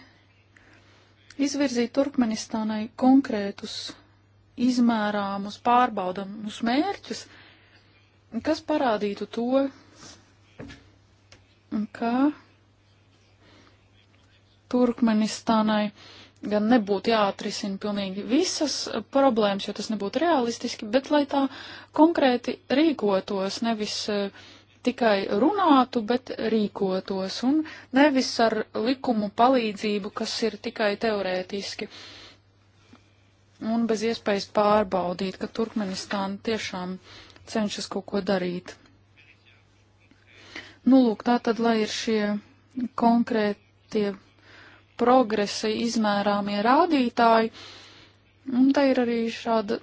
izvirzīt Turkmenistānai konkrētus izmērāmus, pārbaudamus mērķus, kas parādītu to, ka Turkmenistānai uh, gan nebūtu jāatrisina pilnīgi visas problēmas, jo tas nebūtu realistiski, bet lai tā konkrēti rīkotos, nevis eh, tikai runātu, bet rīkotos, un nevis ar likumu palīdzību, kas ir tikai teorētiski. Un bez iespējas pārbaudīt, ka Turkmenistāna tiešām cenšas kaut ko darīt. Nu, lūk, tā tad, lai ir šie konkrētie progresa izmērāmie rādītāji, un te ir arī šāda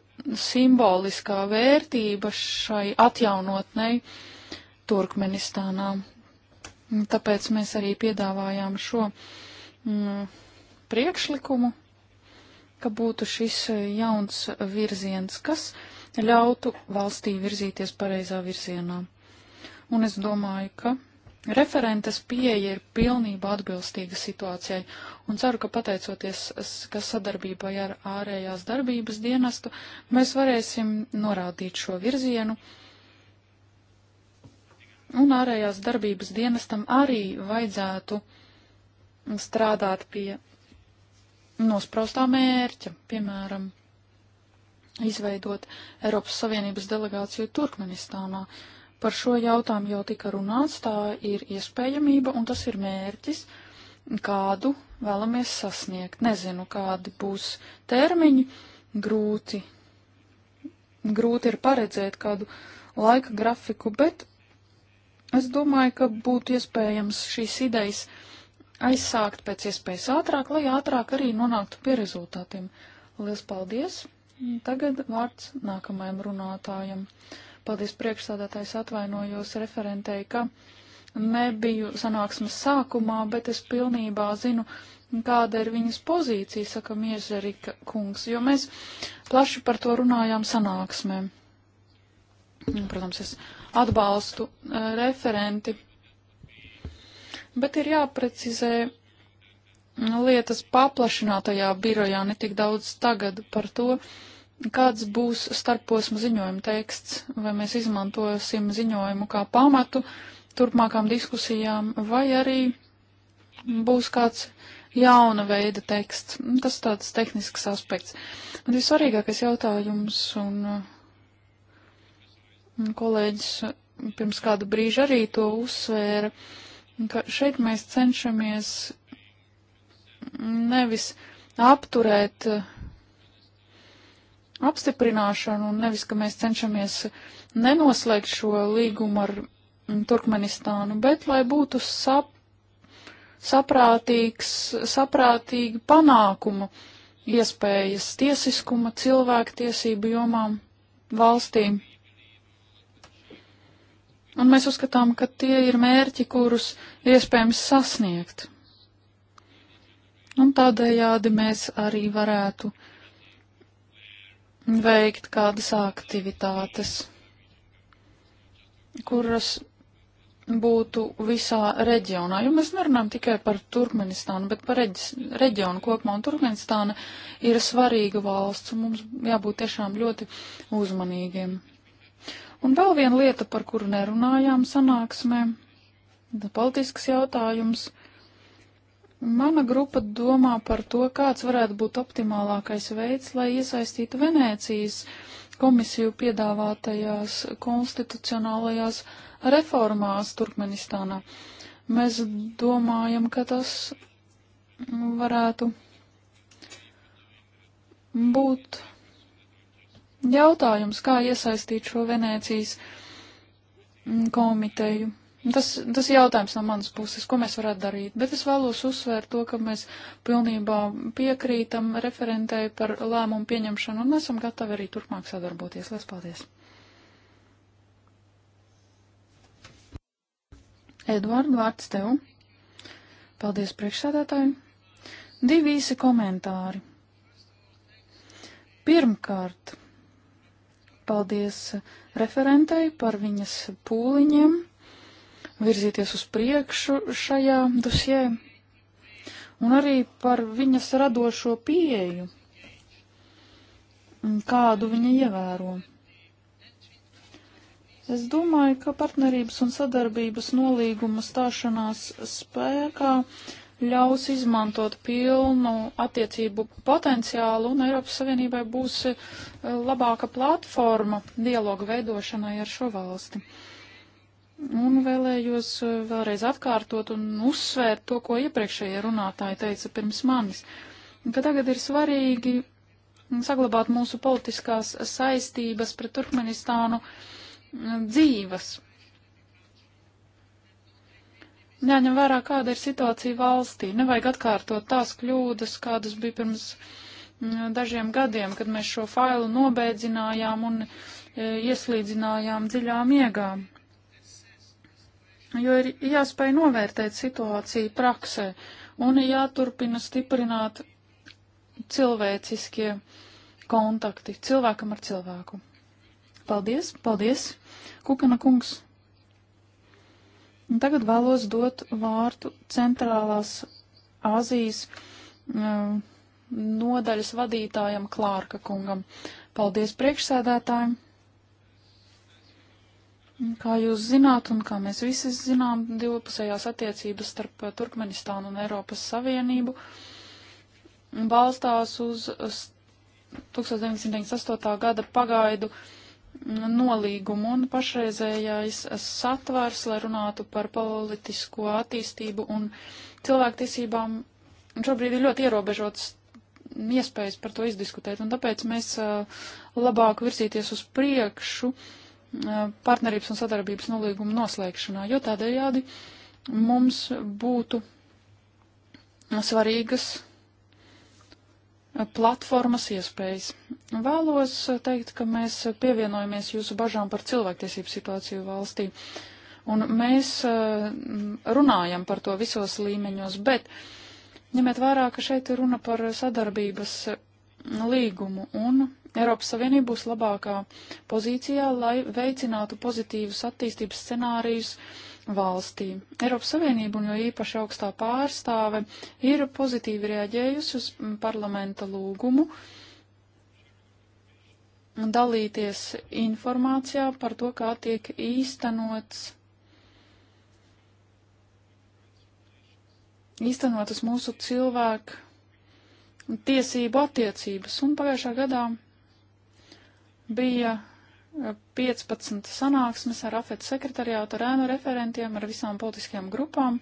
simboliskā vērtība šai atjaunotnei Turkmenistānā. Tāpēc mēs arī piedāvājām šo mm, priekšlikumu, ka būtu šis jauns virziens, kas ļautu valstī virzīties pareizā virzienā. Un es domāju, ka Referentes pieeja ir pilnībā atbilstīga situācijai, un ceru, ka pateicoties ka sadarbībai ar ārējās darbības dienestu, mēs varēsim norādīt šo virzienu. Un ārējās darbības dienestam arī vajadzētu strādāt pie nospraustā mērķa, piemēram, izveidot Eiropas Savienības delegāciju Turkmenistānā. Uh, Par šo jautājumu jau tika runāts, tā ir iespējamība un tas ir mērķis, kādu vēlamies sasniegt. Nezinu, kādi būs termiņi, grūti, grūti ir paredzēt kādu laika grafiku, bet es domāju, ka būtu iespējams šīs idejas aizsākt pēc iespējas ātrāk, lai ātrāk arī nonāktu pie rezultātiem. Lielas paldies! Tagad vārds nākamajam runātājam. Paldies priekšsādātājs atvainojos referentei, ka nebiju sanāksmes sākumā, bet es pilnībā zinu, kāda ir viņas pozīcija, saka Miežerika kungs, jo mēs plaši par to runājām sanāksmē. Nu, protams, es atbalstu uh, referenti, bet ir jāprecizē nu, lietas paplašinātajā birojā, ne tik daudz tagad par to, uh, Kāds būs starposmu ziņojuma teksts, vai mēs izmantosim ziņojumu kā pamatu turpmākām diskusijām, vai arī būs kāds jauna veida teksts. Tas tāds tehnisks aspekts. Bet vissvarīgākais jautājums, un kolēģis pirms kāda brīža arī to uzsvēra, ka šeit mēs cenšamies nevis apturēt uh, apstiprināšanu, un nevis, ka mēs cenšamies nenoslēgt šo līgumu ar Turkmenistānu, bet lai būtu sap, saprātīgs, saprātīgi panākumu iespējas tiesiskuma, cilvēktiesību jomām valstīm. Un mēs uzskatām, ka tie ir mērķi, kurus iespējams sasniegt. Un tādējādi mēs arī varētu uh, veikt kādas aktivitātes, kuras būtu visā reģionā, jo mēs nerunājam tikai par Turkmenistānu, bet par reģis, reģionu kopumā, un Turkmenistāna ir svarīga valsts, un mums jābūt tiešām ļoti uzmanīgiem. Un vēl viena lieta, par kuru nerunājām sanāksmē, politisks jautājums Mana grupa domā par to, kāds varētu būt optimālākais veids, lai iesaistītu Venēcijas komisiju piedāvātajās konstitucionālajās reformās Turkmenistānā. Mēs domājam, ka tas varētu būt jautājums, kā iesaistīt šo Venēcijas komiteju Nu, tas, tas jautājums no manas puses, ko mēs varētu darīt, bet es vēlos uzsvērt to, ka mēs pilnībā piekrītam referentei par lēmumu pieņemšanu un esam gatavi arī turpmāk sadarboties. Lielas paldies! Edvard, vārds tev. Paldies priekšsādātāji. Divi īsi komentāri. Pirmkārt, paldies referentei par viņas pūliņiem virzīties uz priekšu šajā dosjē, un arī par viņas radošo pieeju, kādu viņa ievēro. Es domāju, ka partnerības un sadarbības nolīguma stāšanās spēkā ļaus izmantot pilnu attiecību potenciālu, un Eiropas Savienībai būs eh, labāka platforma dialogu veidošanai ar šo valsti. Un vēlējos eh, vēlreiz atkārtot un uzsvērt to, ko iepriekšējie runātāji teica pirms manis, ka tagad ir svarīgi saglabāt mūsu politiskās saistības pret Turkmenistānu eh, dzīvas. Jāņem vērā, kāda ir situācija valstī. Nevajag atkārtot tās kļūdas, kādas bija pirms mm, dažiem gadiem, kad mēs šo failu nobeidzinājām un eh, ieslīdzinājām dziļām iegām jo ir jāspēj novērtēt situāciju praksē un jāturpina stiprināt cilvēciskie kontakti cilvēkam ar cilvēku. Paldies, paldies, Kukana kungs. Un tagad vēlos dot vārtu centrālās Āzijas um, e, nodaļas vadītājam Klārka kungam. Paldies priekšsēdētājiem! Kā jūs zināt, un kā mēs visi zinām, divpusējās attiecības starp Turkmenistānu un Eiropas Savienību balstās uz 1998. gada pagaidu nolīgumu un pašreizējais satvars, lai runātu par politisko attīstību un cilvēktiesībām. Un šobrīd ir ļoti ierobežots iespējas par to izdiskutēt, un tāpēc mēs labāk virzīties uz priekšu. Uh, partnerības un sadarbības nolīguma noslēgšanā, jo tādējādi mums būtu svarīgas platformas iespējas. Vēlos teikt, ka mēs pievienojamies jūsu bažām par cilvēktiesību situāciju valstī. Un mēs runājam par to visos līmeņos, bet ņemiet vērā, ka šeit ir runa par sadarbības līgumu, un Eiropas Savienība būs labākā pozīcijā, lai veicinātu pozitīvus attīstības scenārijus valstī. Eiropas Savienība un jo īpaši augstā pārstāve ir pozitīvi reaģējusi uz parlamenta lūgumu dalīties informācijā par to, kā tiek īstenots īstenotas mūsu cilvēku tiesību attiecības. Un pagājušā gadā bija 15 eh, sanāksmes ar afetu sekretariātu, ar ēnu referentiem, ar visām politiskajām grupām.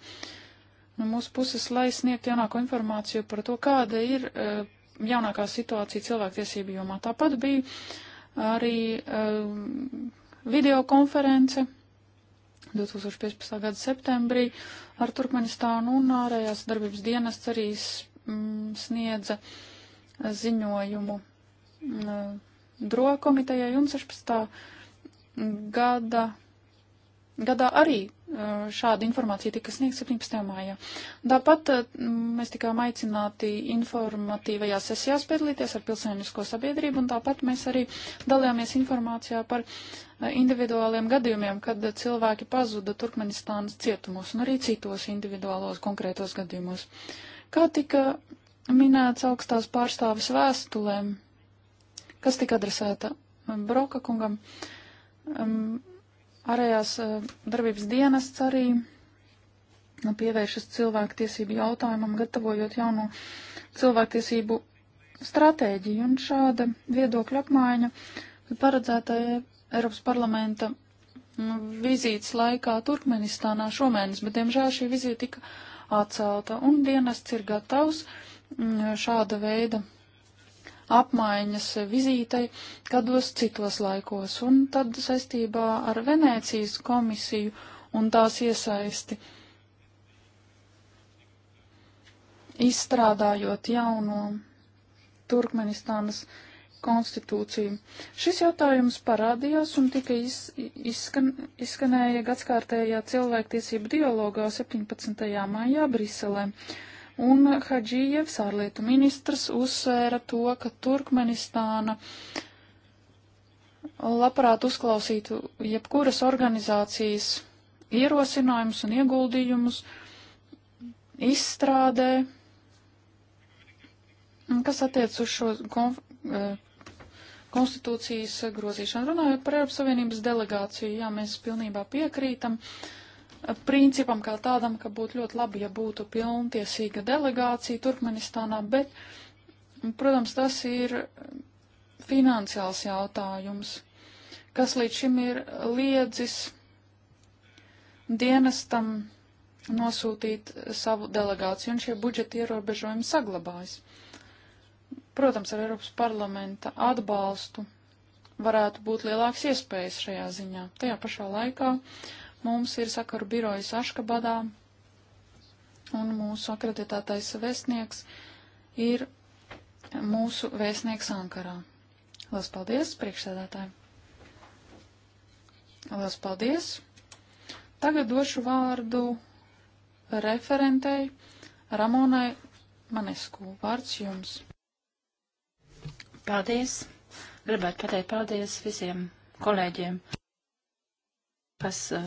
No mūsu puses, lai sniegtu jaunāko informāciju par to, kāda ir eh, jaunākā situācija cilvēktiesību jomā. Tāpat bija arī eh, videokonference 2015. gada septembrī ar Turkmenistānu un ārējās darbības dienas arī mm, sniedza ziņojumu mm, droga komitejai un 16. gada. Gadā arī mm, šāda informācija tika sniegta 17. mājā. Tāpat mm, mēs tikām aicināti informatīvajā sesijās piedalīties ar pilsēnisko sabiedrību, un tāpat mēs arī dalījāmies informācijā par mm, individuāliem gadījumiem, kad cilvēki pazuda Turkmenistānas cietumos un arī citos individuālos konkrētos gadījumos. Uh, Kā tika minēts augstās pārstāvis vēstulēm, kas tika adresēta um, Broka kungam, um, arējās uh, darbības dienests arī nu, pievēršas cilvēktiesību jautājumam, gatavojot jauno cilvēktiesību stratēģiju, un šāda viedokļa apmaiņa paredzēta Eiropas parlamenta nu, vizītes laikā Turkmenistānā šomēnes, bet, diemžēl, šī vizīte tika atcelta, un dienests ir gatavs mm, šāda veida apmaiņas vizītei kādos citos laikos, un tad saistībā ar Venēcijas komisiju un tās iesaisti. Izstrādājot jauno Turkmenistānas uh, konstitūciju. Šis jautājums parādījās un tika iz, izskan, izskanēja gadskārtējā cilvēktiesību dialogā 17. maijā Briselē. Un Hadžījevs, ārlietu ministrs, uzsvēra to, ka Turkmenistāna labprāt uzklausītu jebkuras organizācijas ierosinājumus un ieguldījumus izstrādē, kas attiec uz šo konf eh, konstitūcijas grozīšanu. Runājot par Eiropas Savienības delegāciju, jā, mēs pilnībā piekrītam principam kā tādam, ka būtu ļoti labi, ja būtu pilntiesīga delegācija Turkmenistānā, bet, protams, tas ir finansiāls jautājums, kas līdz šim ir liedzis dienestam nosūtīt savu delegāciju, un šie budžeta ierobežojumi saglabājas. Protams, ar Eiropas parlamenta atbalstu varētu būt lielāks iespējas šajā ziņā. Tajā pašā laikā mums ir sakaru birojas Aškabadā, un mūsu akreditētais vēstnieks ir mūsu vēstnieks Ankarā. Lielas paldies, priekšsēdētāji! Lielas paldies! Tagad došu vārdu referentei Ramonai Manesku. Vārds jums! Paldies! Gribētu pateikt paldies visiem kolēģiem, kas uh,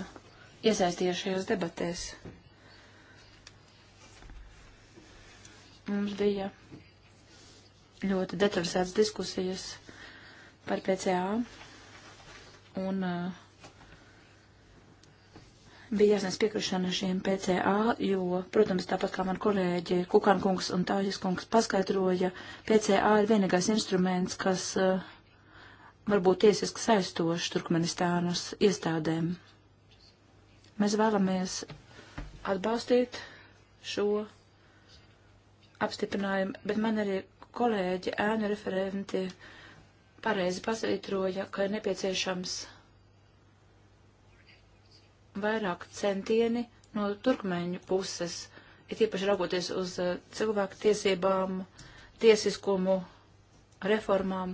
iesaistījušies šajās debatēs. Mums bija ļoti detalizētas diskusijas par PCA un uh, bija jāsniedz piekrišana šiem PCA, jo, protams, tāpat kā man kolēģi Kukan kungs un Tājas kungs paskaidroja, PCA ir vienīgais instruments, kas uh, varbūt tiesiski saistošs Turkmenistānas iestādēm. Mēs vēlamies atbalstīt šo apstiprinājumu, bet man arī kolēģi, ēnu referenti pareizi pasvītroja, ka ir nepieciešams vairāk centieni no turkmeņu puses, ir tiepaši raugoties uz uh, cilvēku tiesībām, tiesiskumu, reformām.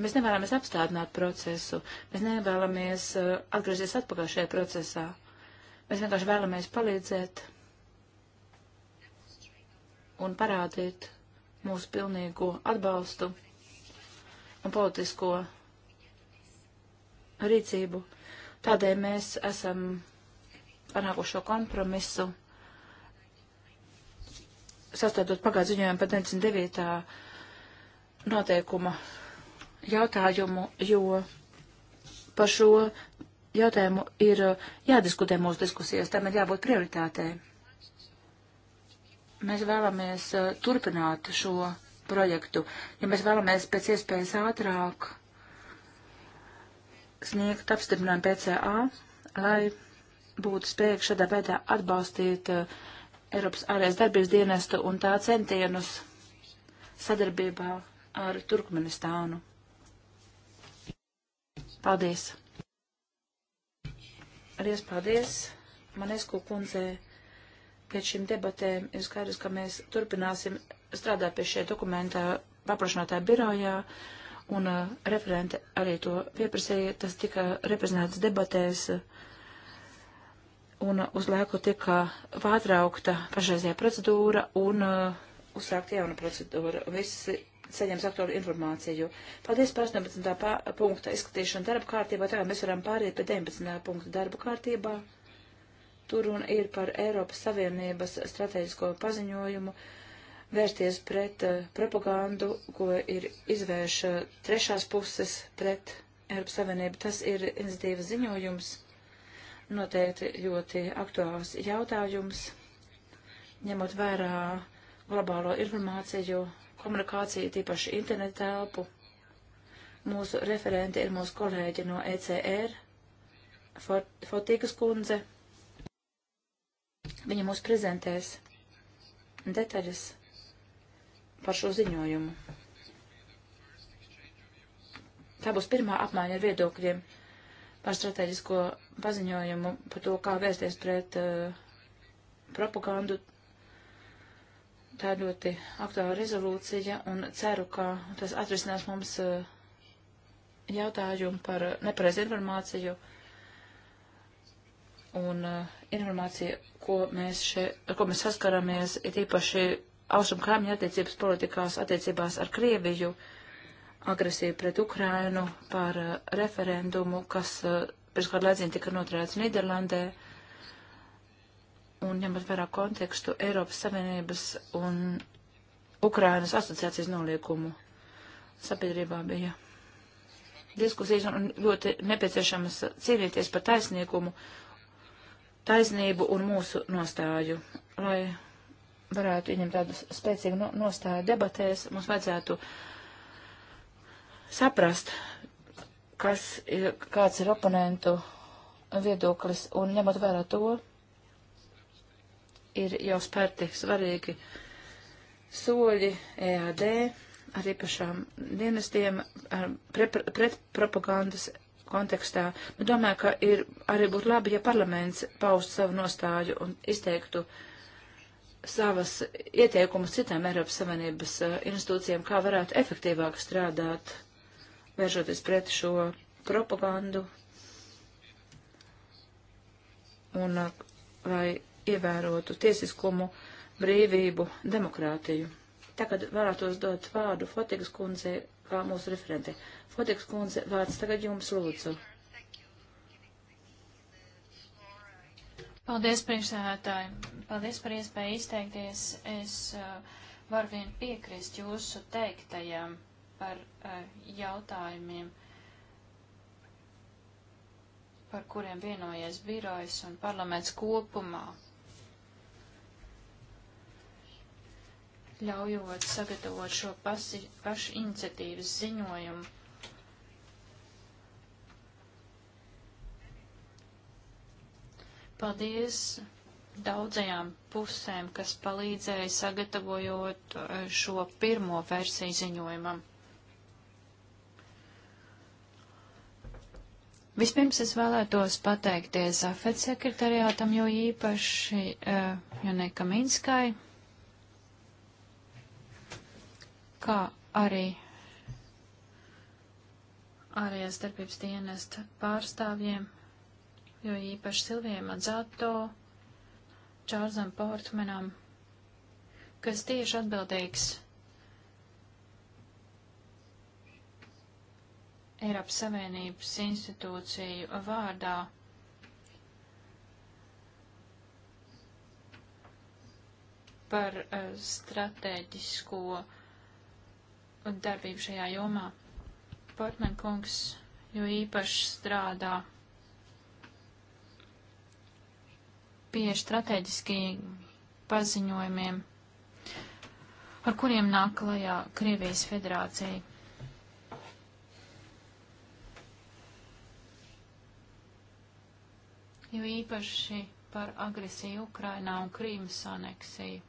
Mēs nevēlamies apstādināt procesu, mēs nevēlamies uh, atgriezties atpakaļ šajā procesā. Mēs vienkārši vēlamies palīdzēt un parādīt mūsu pilnīgo atbalstu un politisko rīcību. Tādēļ mēs esam panākušo kompromisu, sastādot pagājušā ziņojumu par 99. noteikuma jautājumu, jo par šo jautājumu ir uh, jādiskutē mūsu diskusijas, tam ir jābūt prioritātē. Mēs vēlamies uh, turpināt šo projektu, ja mēs vēlamies pēc iespējas ātrāk sniegt apstiprinājumu PCA, lai būtu spējīgi šādā veidā atbalstīt uh, Eiropas ārējās darbības dienestu un tā centienus sadarbībā ar Turkmenistānu. Paldies! Arī es paldies Manesko kundzei pēc šīm debatēm ir skaidrs, ka mēs turpināsim strādāt pie šie dokumenta paplašinātāja birojā un uh, referente arī to pieprasīja, tas tika reprezentēts debatēs, uh, un uz laiku tika pārtraukta pašreizējā procedūra un uh, uzsākt jauna procedūra. Visi saņems aktuālu informāciju. Paldies par 18. Pā, punkta izskatīšanu darba kārtībā. Tagad mēs varam pāriet pie 19. punkta darba kārtībā. Tur un ir par Eiropas Savienības strateģisko paziņojumu vērsties pret uh, propagandu, ko ir izvērš uh, trešās puses pret Eiropas Savienību. Tas ir iniciatīvas ziņojums, noteikti ļoti aktuāls jautājums, ņemot vērā globālo informāciju, komunikāciju, tīpaši internetu telpu. Mūsu referenti ir mūsu kolēģi no ECR, Fotīgas kundze. Viņa mūs prezentēs detaļas par šo ziņojumu. Tā būs pirmā apmaiņa ar viedokļiem par strateģisko paziņojumu, par to, kā vērsties pret uh, propagandu. Tā ir ļoti aktuāla rezolūcija un ceru, ka tas atrisinās mums uh, jautājumu par uh, nepareizu informāciju un uh, informāciju, ko mēs, še, ko mēs saskaramies, ir īpaši austrumu kaimiņu attiecības politikās, attiecībās ar Krieviju, agresiju pret Ukrainu, par uh, referendumu, kas uh, pirms kādu laicinu tika noturēts Nīderlandē. Un ņemot vērā kontekstu Eiropas Savienības un Ukrainas asociācijas noliekumu sabiedrībā bija diskusijas un ļoti nepieciešams cīnīties par taisnīgumu, taisnību un mūsu nostāju, lai varētu ieņemt tādu spēcīgu no, nostāju debatēs, mums vajadzētu saprast, kas ir, kāds ir oponentu viedoklis, un ņemot vērā to, ir jau spērti svarīgi soļi EAD ar īpašām dienestiem, ar pre, pretpropagandas kontekstā. Nu, domāju, ka ir arī būtu labi, ja parlaments paustu savu nostāju un izteiktu uh, savas ieteikumus citām Eiropas Savienības eh, institūcijām, kā varētu efektīvāk strādāt, vēršoties pret šo propagandu un eh, lai ievērotu tiesiskumu, brīvību, demokrātiju. Tagad vēlētos dot vārdu Fotigas kundzei kā mūsu referentei. Fotigas kundze, vārds tagad jums lūdzu. Paldies, priekšsēdētāji. Paldies par iespēju izteikties. Es uh, varu vien piekrist jūsu teiktajam par uh, jautājumiem, par kuriem vienojies birojas un parlaments kopumā. Ļaujot sagatavot šo paši, pašu iniciatīvas ziņojumu Paldies daudzajām pusēm, kas palīdzēja sagatavojot e, šo pirmo versiju ziņojumam. Vispirms es vēlētos pateikties AFED sekretariātam, jo īpaši uh, e, Joneka Minskai, kā arī ārējās darbības dienesta pārstāvjiem jo īpaši Silvijai Madzato, Čārzam Portmenam, kas tieši atbildīgs Eiropas Savienības institūciju vārdā par eh, stratēģisko darbību šajā jomā. Portman kungs jo īpaši strādā pie strateģiskiem paziņojumiem, ar kuriem nāk klajā Krievijas federācija. Jo īpaši par agresiju Ukrainā un Krīmas aneksiju.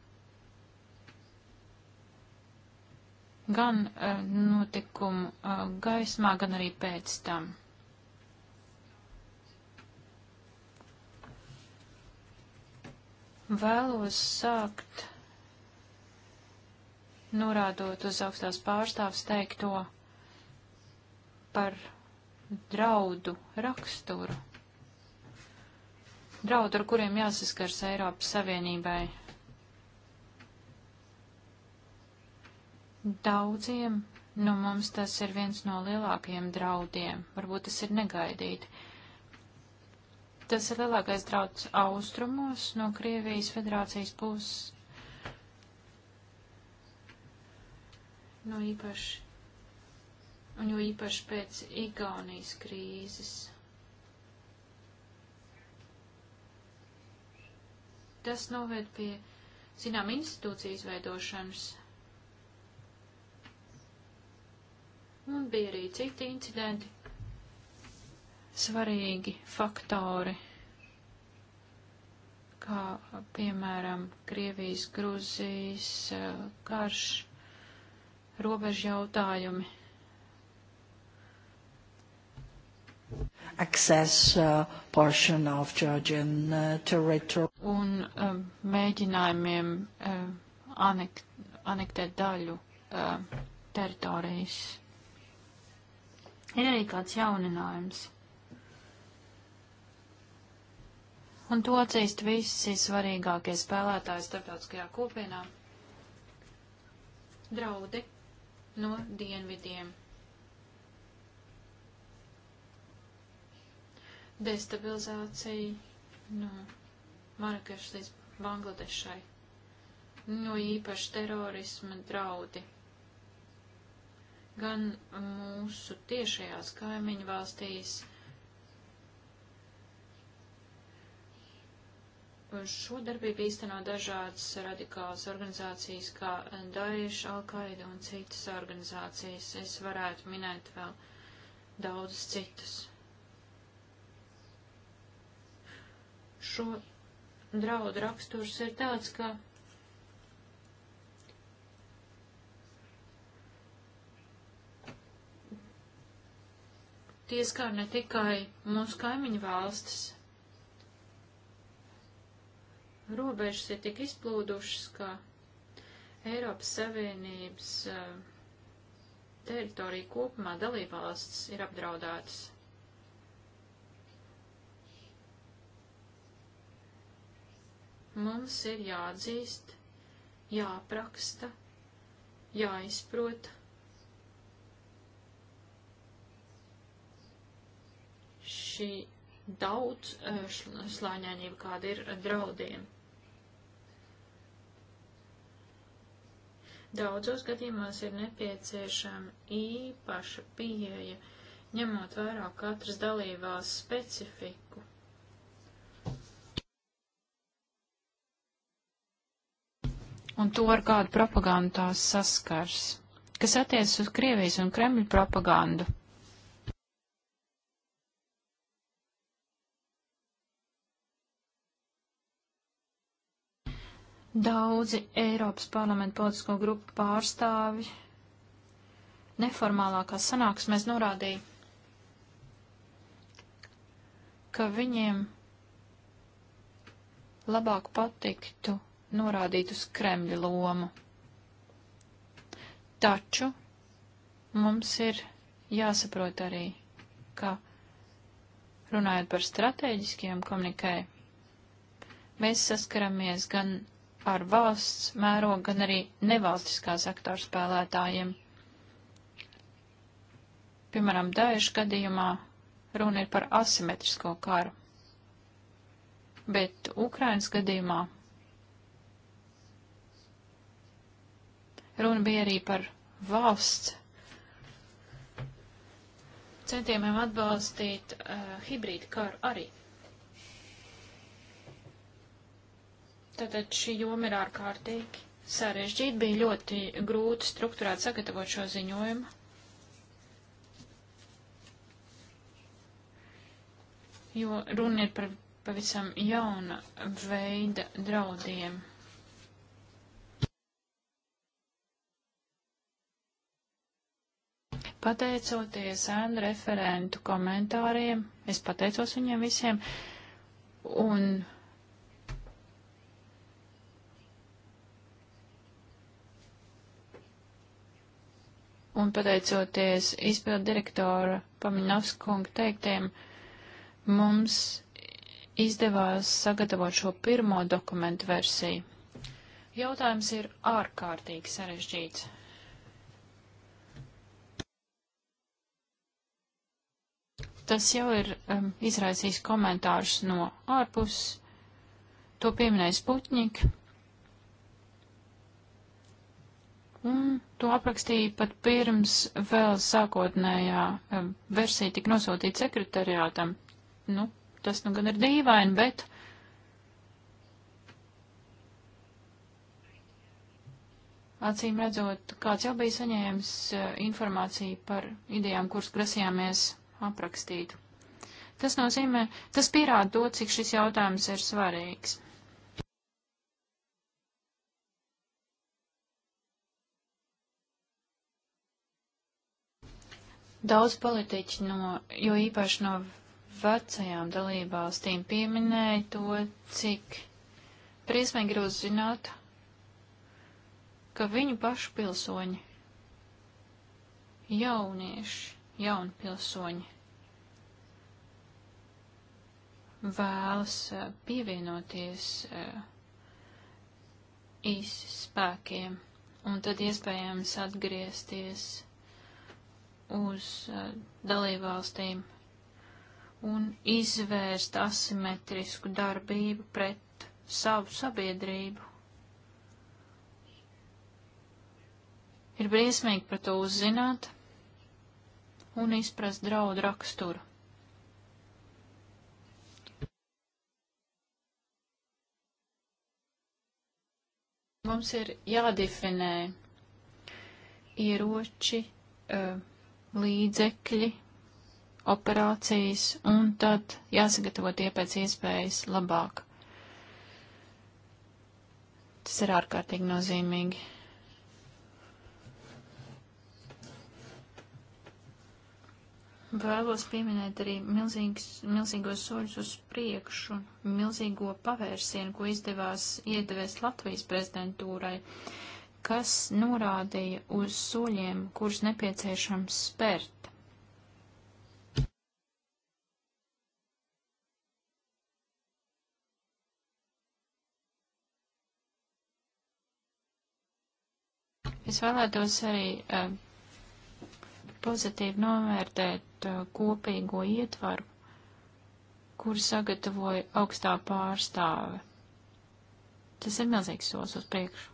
Gan uh, notikumu uh, gaismā, gan arī pēc tam. Vēlos sākt norādot uz augstās pārstāvs teikto par draudu raksturu. Draudu, ar kuriem jāsaskars Eiropas Savienībai. Daudziem no nu, mums tas ir viens no lielākajiem draudiem, varbūt tas ir negaidīti. Tas ir lielākais drauds austrumos no Krievijas federācijas puses. Nu, no īpaši, un jo īpaši pēc Igaunijas krīzes. Tas noved pie, zinām, institūciju izveidošanas. Un bija arī citi incidenti, svarīgi faktori, kā piemēram Krievijas, Gruzijas eh, karš, robežu jautājumi. Access, uh, eh, portion of Georgian uh, territory. Un um, mēģinājumiem um, anek anektēt daļu um, teritorijas. Ir arī kāds jauninājums. un to atzīst visi svarīgākie spēlētāji starptautiskajā kopienā. Draudi no dienvidiem. Destabilizācija no Marakešas līdz Bangladešai, no nu, īpaši terorisma draudi. Gan mūsu tiešajās kaimiņu valstīs, šo darbību īsteno dažādas radikālas organizācijas, kā Daesh, Al-Qaida un citas organizācijas. Es varētu minēt vēl daudzus citus. Šo draudu raksturs ir tāds, ka tie skar ne tikai mūsu kaimiņu valstis, robežas ir tik izplūdušas, ka Eiropas Savienības eh, teritorija kopumā dalībvalsts ir apdraudētas. Mums ir jāatzīst, jāapraksta, jāizprot šī daudz eh, slāņainība, kāda ir eh, draudiem. Daudzos gadījumos ir nepieciešama īpaša pieeja, ņemot vērā katras dalībās specifiku. Un to, ar kādu propagandu tās saskars, kas attiecas uz Krievijas un Kremļa propagandu. Daudzi Eiropas parlamenta politisko grupu pārstāvi neformālākā sanāksmēs norādīja, ka viņiem labāk patiktu norādīt uz Kremļa lomu. Taču mums ir jāsaprot arī, ka runājot par strateģiskiem komunikē, mēs saskaramies gan ar valsts mērogu, gan arī nevalstiskā sektora spēlētājiem. Piemēram, Daešu gadījumā runa ir par asimetrisko karu, bet Ukrainas gadījumā runa bija arī par valsts centiemiem atbalstīt uh, eh, hibrīdu karu arī. Tātad šī joma ir ārkārtīgi sarežģīta. Bija ļoti grūti struktūrēt sagatavot šo ziņojumu. Jo runa ir par pavisam jauna veida draudiem. Pateicoties ēnu referentu komentāriem, es pateicos viņiem visiem, un un pateicoties izpildu direktora Pamiņovskunga teiktiem, mums izdevās sagatavot šo pirmo dokumentu versiju. Jautājums ir ārkārtīgi sarežģīts. Tas jau ir um, izraisījis komentārus no ārpus. To pieminēja Sputņika, Un to aprakstīja pat pirms vēl sākotnējā eh, versija tika nosūtīta sekretariātam. Nu, tas nu gan ir dīvaini, bet. Acīm redzot, kāds jau bija saņēmis eh, informāciju par idejām, kuras grasījāmies aprakstīt. Tas nozīmē, tas pierāda to, cik šis jautājums ir svarīgs. Daudz politiķi, no, jo īpaši no vecajām dalībvalstīm, pieminēja to, cik briesmīgi ir uzzināt, ka viņu pašu pilsoņi, jaunieši, jauni pilsoņi, vēlas eh, pievienoties eh, īsi spēkiem un tad iespējams atgriezties uz eh, dalībvalstīm un izvērst asimetrisku darbību pret savu sabiedrību. Ir briesmīgi par to uzzināt un izprast draudu raksturu. Mums ir jādefinē ieroči, uh, līdzekļi, operācijas, un tad jāsagatavo tie pēc iespējas labāk. Tas ir ārkārtīgi nozīmīgi. Vēlos pieminēt arī milzīgs, milzīgos soļus uz priekšu, milzīgo pavērsienu, ko izdevās iedevēs Latvijas prezidentūrai. Uh, kas norādīja uz soļiem, kurus nepieciešams spērt. Es vēlētos arī uh, pozitīvi novērtēt uh, kopīgo ietvaru, kuru sagatavoja augstā pārstāve. Tas ir milzīgs solis uz priekšu.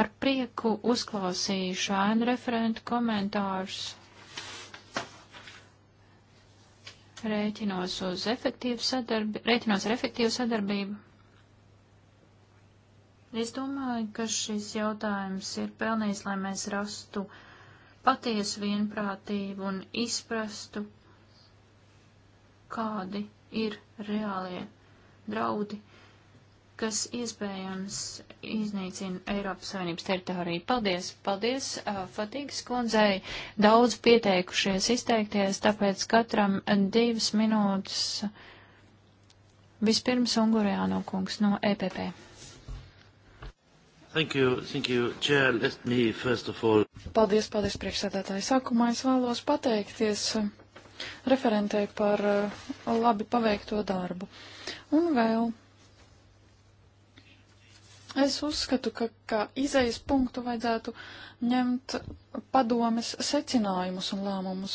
Ar prieku uzklausīšu ēnu referentu komentārus. Rēķinos uz efektīvu sadarbību, rēķinos ar efektīvu sadarbību. Es domāju, ka šis jautājums ir pelnījis, lai mēs rastu patiesu vienprātību un izprastu, kādi ir reālie draudi kas iespējams iznīcina Eiropas Savienības teritoriju. Paldies, paldies uh, Fatīgas kundzei. Daudz pieteikušies izteikties, tāpēc katram divas minūtes. Vispirms Ungurjāno kungs no EPP. Thank you, thank you, Chair. Let me first of all. Paldies, paldies, priekšsēdētāji. Sākumā es vēlos pateikties uh, referentei par uh, labi paveikto darbu. Un vēl Es uzskatu, ka kā izejas punktu vajadzētu ņemt padomes secinājumus un lēmumus.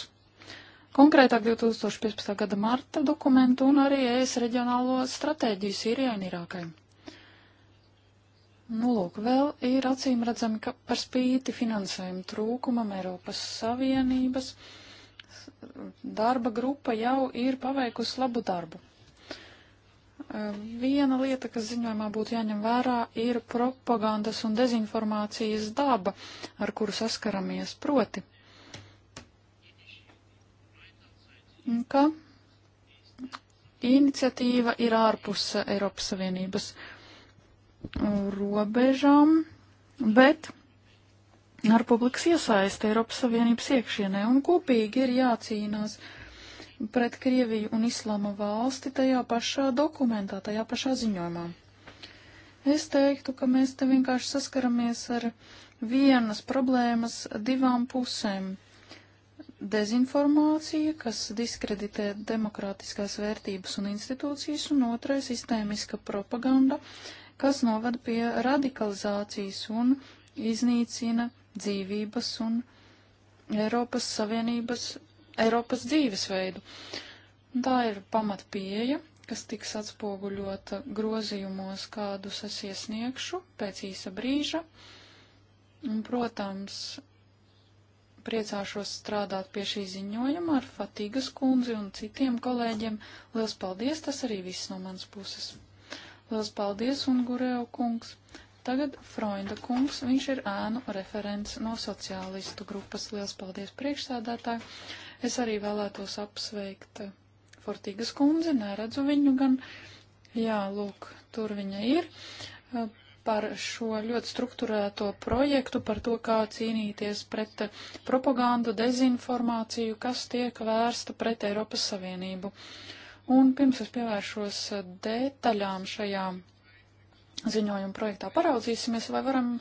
Konkrētāk 2015. gada marta dokumentu un arī ES reģionālo stratēģiju Sīrijai un Irākai. Nu, lūk, vēl ir acīm redzami, ka par spīti finansējuma trūkumam Eiropas Savienības darba grupa jau ir paveikusi labu darbu viena lieta, kas ziņojumā būtu jāņem vērā, ir propagandas un dezinformācijas daba, ar kuru saskaramies proti. Ka iniciatīva ir ārpus Eiropas Savienības robežām, bet ar publikas iesaisti Eiropas Savienības iekšienē un kopīgi ir jācīnās uh, pret Krieviju un Islama valsti tajā pašā dokumentā, tajā pašā ziņojumā. Es teiktu, ka mēs te vienkārši saskaramies ar vienas problēmas divām pusēm. Dezinformācija, kas diskreditē demokrātiskās vērtības un institūcijas, un otrais - sistēmiska propaganda, kas novada pie radikalizācijas un iznīcina dzīvības un Eiropas Savienības Eiropas dzīvesveidu. Un tā ir pamatpieeja, kas tiks atspoguļota grozījumos, kādus es iesniegšu pēc īsa brīža. Un, protams, priecāšos strādāt pie šī ziņojuma ar Fatīgas kundzi un citiem kolēģiem. Lielas paldies, tas arī viss no manas puses. Lielas paldies, Ungureo kungs. Tagad Freunda kungs, viņš ir ēnu referents no sociālistu grupas. Lielas paldies priekšsādātāji. Es arī vēlētos apsveikt Fortīgas kundzi, neredzu viņu gan. Jā, lūk, tur viņa ir. Par šo ļoti struktūrēto projektu, par to, kā cīnīties pret propagandu, dezinformāciju, kas tiek vērsta pret Eiropas Savienību. Un pirms es pievēršos detaļām šajā ziņojuma projektā paraudzīsimies, vai varam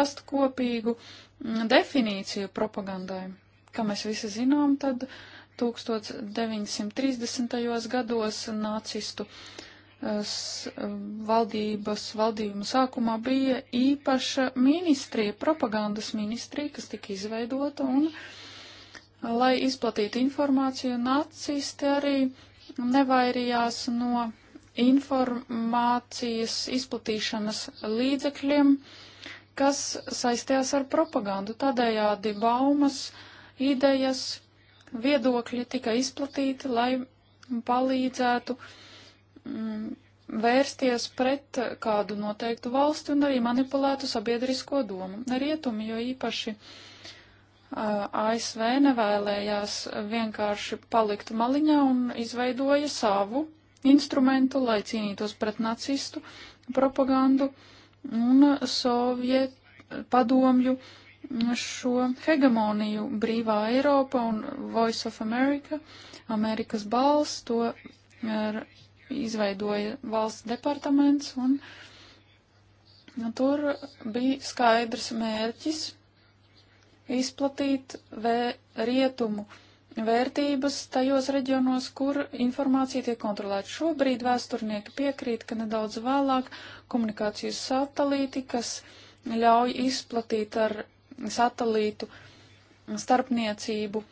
rast kopīgu definīciju propagandai. Kā mēs visi zinām, tad 1930. gados nacistu valdības valdījuma sākumā bija īpaša ministrija, propagandas ministrija, kas tika izveidota, un, lai izplatītu informāciju, nacisti arī nevairījās no informācijas izplatīšanas līdzekļiem, kas saistījās ar propagandu. Tādējādi baumas uh, idejas, viedokļi tika izplatīti, lai palīdzētu mm, vērsties pret kādu noteiktu valsti un arī manipulētu sabiedrisko domu. Rietumi, jo īpaši uh, ASV nevēlējās vienkārši palikt maliņā un izveidoja savu instrumentu, lai cīnītos pret nacistu propagandu un soviet padomju uh, šo hegemoniju brīvā Eiropa un Voice of America, Amerikas balss, to ar, er, izveidoja valsts departaments un tur bija skaidrs mērķis izplatīt vē, rietumu vērtības tajos reģionos, kur informācija tiek kontrolēta. Šobrīd vēsturnieki piekrīt, ka nedaudz vēlāk komunikācijas satelīti, kas ļauj izplatīt ar satelītu starpniecību,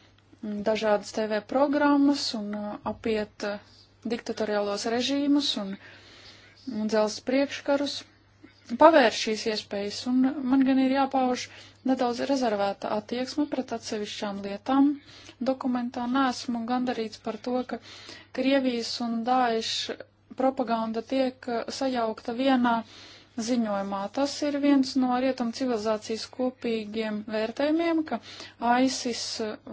dažādas TV programmas un uh, apiet uh, diktatoriālos režīmus un, un dzelzs priekškarus. Pavērš šīs iespējas, un man gan ir jāpauž nedaudz rezervēta attieksme pret atsevišķām lietām. Dokumentā neesmu gandarīts par to, ka Krievijas un Dāiša propaganda tiek uh, sajaukta vienā uh, ziņojumā. Tas ir viens no rietumu civilizācijas kopīgiem vērtējumiem, ka ISIS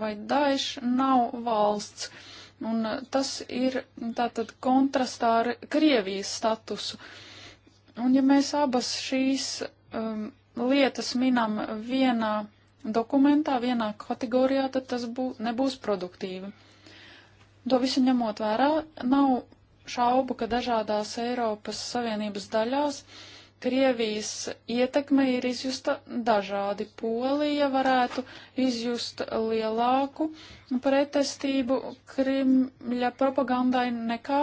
vai Daesh nav valsts. Un uh, tas ir tātad kontrastā ar Krievijas statusu. Un ja mēs abas šīs um, lietas minam vienā dokumentā, vienā kategorijā, tad tas bū, nebūs produktīvi. To visu ņemot vērā, nav šaubu, ka dažādās Eiropas Savienības daļās uh, Krievijas ietekme ir izjusta dažādi. Polija varētu izjust lielāku pretestību Krimļa propagandai nekā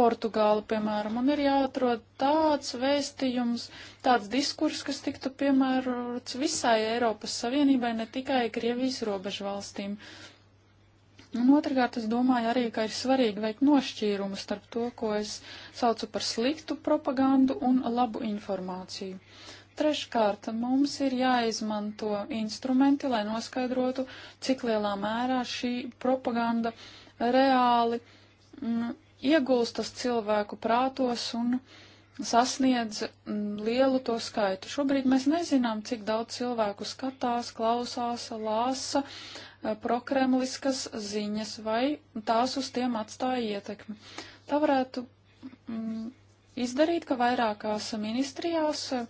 Portugāla, piemēram, un ir jāatrod tāds vēstījums, tāds diskurs, kas tiktu piemērots visai Eiropas Savienībai, ne tikai Krievijas robežvalstīm. valstīm. Un otrkārt, es domāju arī, ka ir svarīgi veikt nošķīrumu starp to, ko es saucu par sliktu propagandu un labu informāciju. Treškārt, mums ir jāizmanto instrumenti, lai noskaidrotu, cik lielā mērā šī propaganda reāli m, mm, iegulstas cilvēku prātos un sasniedz m, mm, lielu to skaitu. Šobrīd mēs nezinām, cik daudz cilvēku skatās, klausās, lāsa Eh, prokremliskas ziņas, vai tās uz tiem atstāja ietekmi. Tā varētu mm, izdarīt, ka vairākās ministrijās, eh,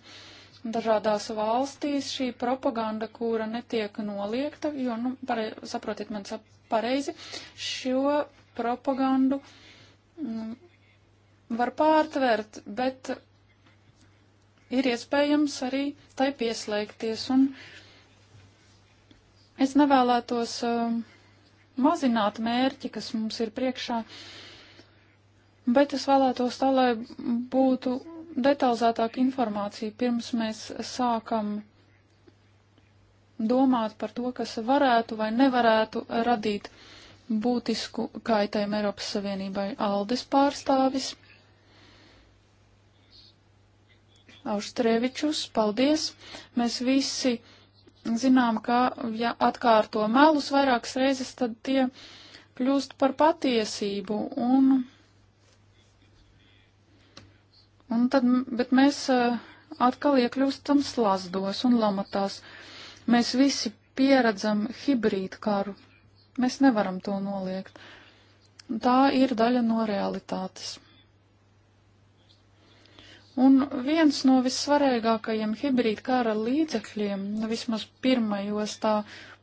dažādās valstīs šī propaganda, kura netiek noliekta, jo, nu, pare, saprotiet man pareizi, šo propagandu mm, var pārtvert, bet ir iespējams arī tai pieslēgties un uh, Es nevēlētos uh, mazināt mērķi, kas mums ir priekšā, bet es vēlētos tā, lai būtu detalizētāka informācija pirms mēs sākam domāt par to, kas varētu vai nevarētu radīt būtisku kaitējumu Eiropas Savienībai Aldis pārstāvis. Auštrēvičus, paldies! Mēs visi zinām, ka ja atkārto melus vairākas reizes, tad tie kļūst par patiesību un, un tad, bet mēs eh, atkal iekļūstam slazdos un lamatās. Mēs visi pieredzam hibrīdu karu. Mēs nevaram to noliegt. Tā ir daļa no realitātes. Un viens no vissvarīgākajiem hibrīdkara līdzekļiem, nu, vismaz pirmajos tā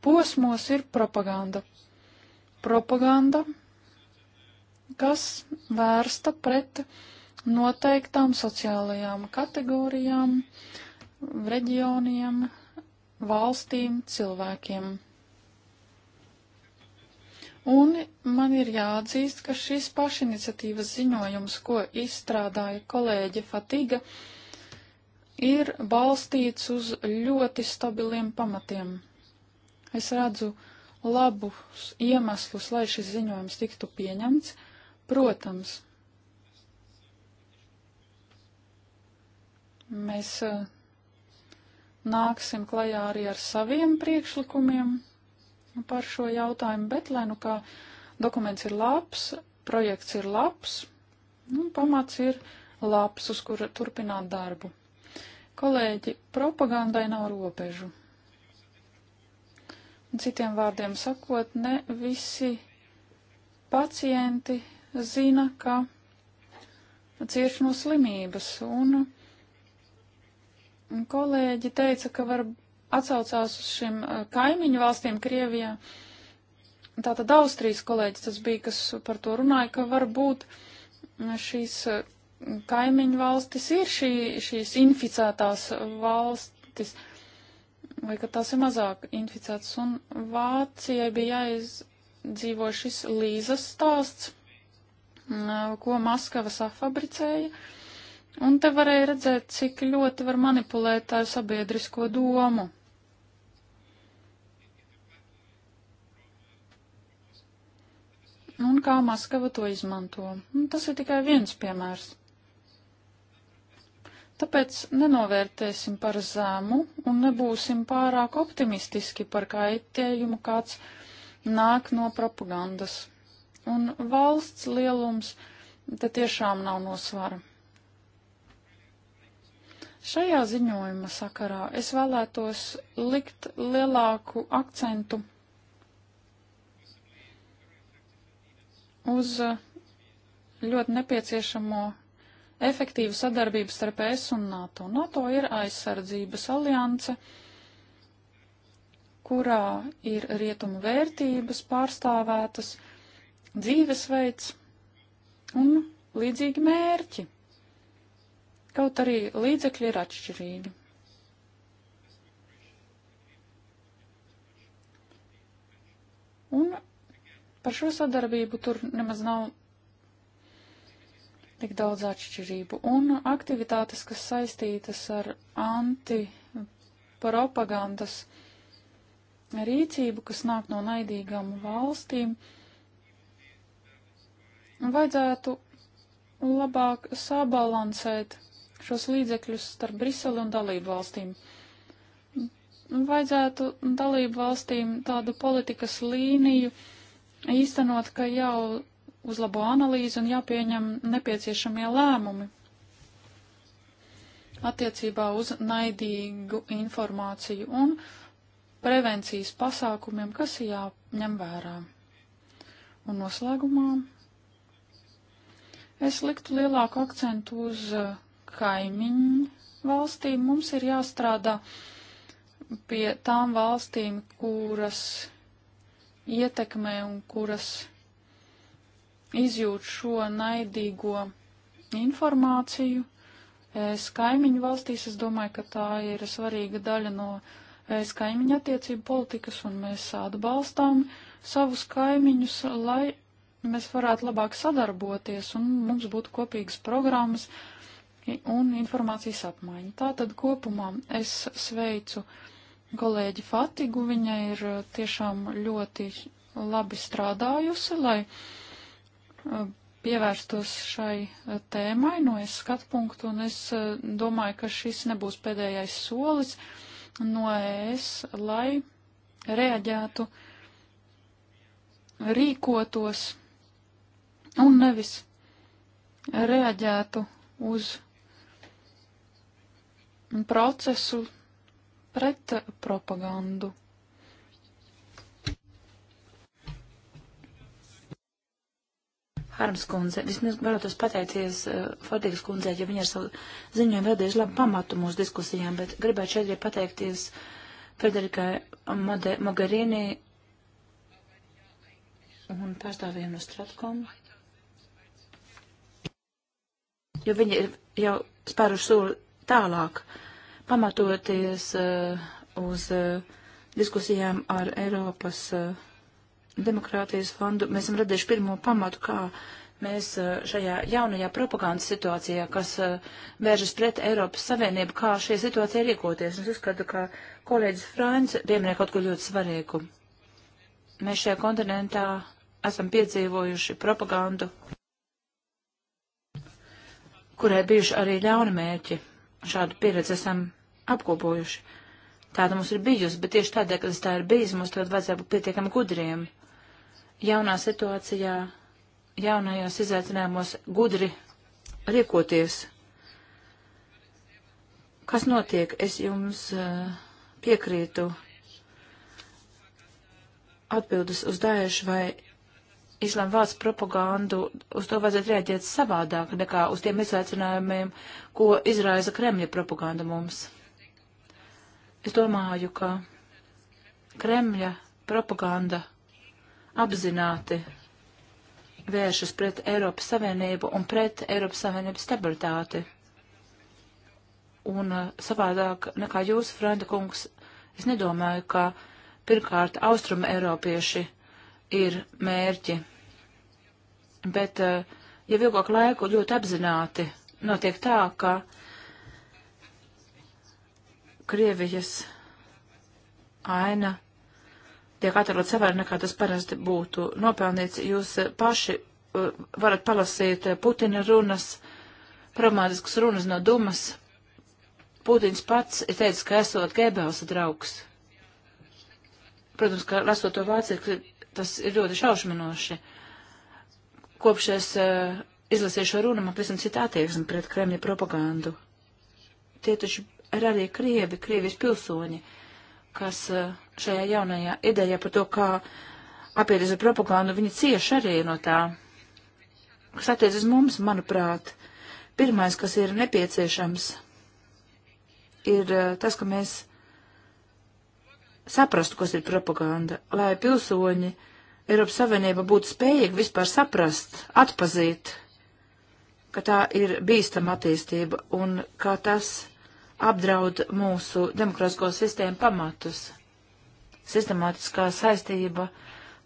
posmos, ir propaganda. Propaganda, kas vērsta pret noteiktām sociālajām kategorijām, reģioniem, valstīm, cilvēkiem. Un man ir jāatzīst, ka šis pašiniciatīvas ziņojums, ko izstrādāja kolēģe Fatiga, ir balstīts uz ļoti stabiliem pamatiem. Es redzu labus iemeslus, lai šis ziņojums tiktu pieņemts, protams. Mēs eh, nāksim klajā arī ar saviem priekšlikumiem, par šo jautājumu, bet lai nu kā dokuments ir labs, projekts ir labs, nu, pamats ir labs, uz kura turpināt darbu. Kolēģi, propagandai nav robežu. Citiem vārdiem sakot, ne visi pacienti zina, ka cieš no slimības, un kolēģi teica, ka var atsaucās uz šiem eh, kaimiņu valstīm Krievijā. Tātad Austrijas kolēģis tas bija, kas par to runāja, ka varbūt mm, šīs eh, kaimiņu valstis ir šī, šīs inficētās valstis, vai ka tās ir mazāk inficētas. Un Vācijai bija jāizdzīvo šis līzas stāsts, mm, eh, ko Maskava safabricēja. Un te varēja redzēt, cik ļoti var manipulēt ar sabiedrisko domu. un kā Maskava to izmanto. Un tas ir tikai viens piemērs. Tāpēc nenovērtēsim par zēmu un nebūsim pārāk optimistiski par kaitējumu, kāds nāk no propagandas. Un valsts lielums te tiešām nav nosvara. Šajā ziņojuma sakarā es vēlētos likt lielāku akcentu uz uh, ļoti nepieciešamo efektīvu sadarbību starp ES un NATO. NATO ir aizsardzības alianse, kurā ir rietumu vērtības pārstāvētas, dzīvesveids un līdzīgi mērķi. Kaut arī līdzekļi ir atšķirīgi. Un Par šo sadarbību tur nemaz nav tik daudz atšķirību. Un aktivitātes, kas saistītas ar antipropagandas rīcību, kas nāk no naidīgām valstīm, vajadzētu labāk sabalansēt šos līdzekļus starp Briseli un dalību valstīm. Vajadzētu dalību valstīm tādu politikas līniju, uh, īstenot, ka jau uzlabo analīzi un jāpieņem nepieciešamie lēmumi attiecībā uz naidīgu informāciju un prevencijas pasākumiem, kas jāņem vērā. Un noslēgumā es liktu lielāku akcentu uz uh, kaimiņu valstīm. Mums ir jāstrādā pie tām valstīm, kuras ietekmē un kuras izjūt šo naidīgo informāciju. Es kaimiņu valstīs, es domāju, ka tā ir svarīga daļa no es kaimiņu attiecību politikas, un mēs atbalstām savus kaimiņus, lai mēs varētu labāk sadarboties, un mums būtu kopīgas programmas un informācijas apmaiņa. Tātad kopumā es sveicu uh, kolēģi Fatigu. Viņa ir eh, tiešām ļoti labi strādājusi, lai eh, pievērstos šai eh, tēmai no es skatu punktu, un es domāju, ka šis nebūs pēdējais solis no es, lai reaģētu, rīkotos un nevis reaģētu uz procesu pret propagandu. Harms kundze, vismaz vēlētos pateikties uh, Fordīgas kundzei, ja viņa ar savu ziņojumu radīs labu pamatu mūsu diskusijām, bet gribētu šeit arī pateikties Federikai Mogherini un pārstāvjiem no Stratkom, jo viņi ir jau spēruši soli tālāk. Uh, pamatoties eh, uz eh, diskusijām ar Eiropas eh, demokrātijas fondu, mēs esam radījuši pirmo pamatu, kā mēs šajā jaunajā propagandas situācijā, kas vēršas pret Eiropas Savienību, kā šie situācija rīkoties. Es uzskatu, ka kolēģis Frāns pieminēja kaut ko ļoti svarīgu. Mēs šajā kontinentā esam piedzīvojuši propagandu, kurai bijuši arī ļauni mērķi, šādu pieredzi esam apkopojuši. Tāda mums ir bijusi, bet tieši tādēļ, ka tas tā ir bijis, mums tagad vajadzētu būt pietiekami gudriem. Jaunā situācijā, jaunajos izaicinājumos gudri riekoties. Kas notiek? Es jums eh, piekrītu. Atbildes uz Daešu vai islāma valsts propagandu, uz to vajadzētu rēģēt savādāk nekā uz tiem izaicinājumiem, ko izraisa Kremļa propaganda mums. Es domāju, ka Kremļa propaganda apzināti vēršas pret Eiropas Savienību un pret Eiropas Savienības stabilitāti. Un eh, savādāk nekā jūs, Frenda kungs, es nedomāju, ka pirmkārt austruma Eiropieši ir mērķi. Bet eh, jau ilgāku laiku ļoti apzināti notiek tā, ka Krievijas aina tiek atrod savādāk nekā tas parasti būtu nopelnīts. Jūs eh, paši eh, varat palasīt Putina runas, pragmātiskas runas no Dumas. Putins pats ir teicis, ka esot Gebelsa draugs. Protams, ka lasot to vācieši, Tas ir ļoti šaušminoši. Kopš es uh, izlasīju šo runu, man pavisam cita attieksme pret Kremļa propagandu. Tie taču ir arī krievi, krievijas pilsoņi, kas uh, šajā jaunajā idejā par to, kā apieties ar propagandu, viņi cieši arī no tā. Kas attiecas mums, manuprāt, pirmais, kas ir nepieciešams, ir uh, tas, ka mēs saprastu, kas ir propaganda, lai pilsoņi Eiropas Savienība būtu spējīgi vispār saprast, atpazīt, ka tā ir bīstama attīstība un ka tas apdraud mūsu demokrātisko sistēmu pamatus. Sistemātiskā saistība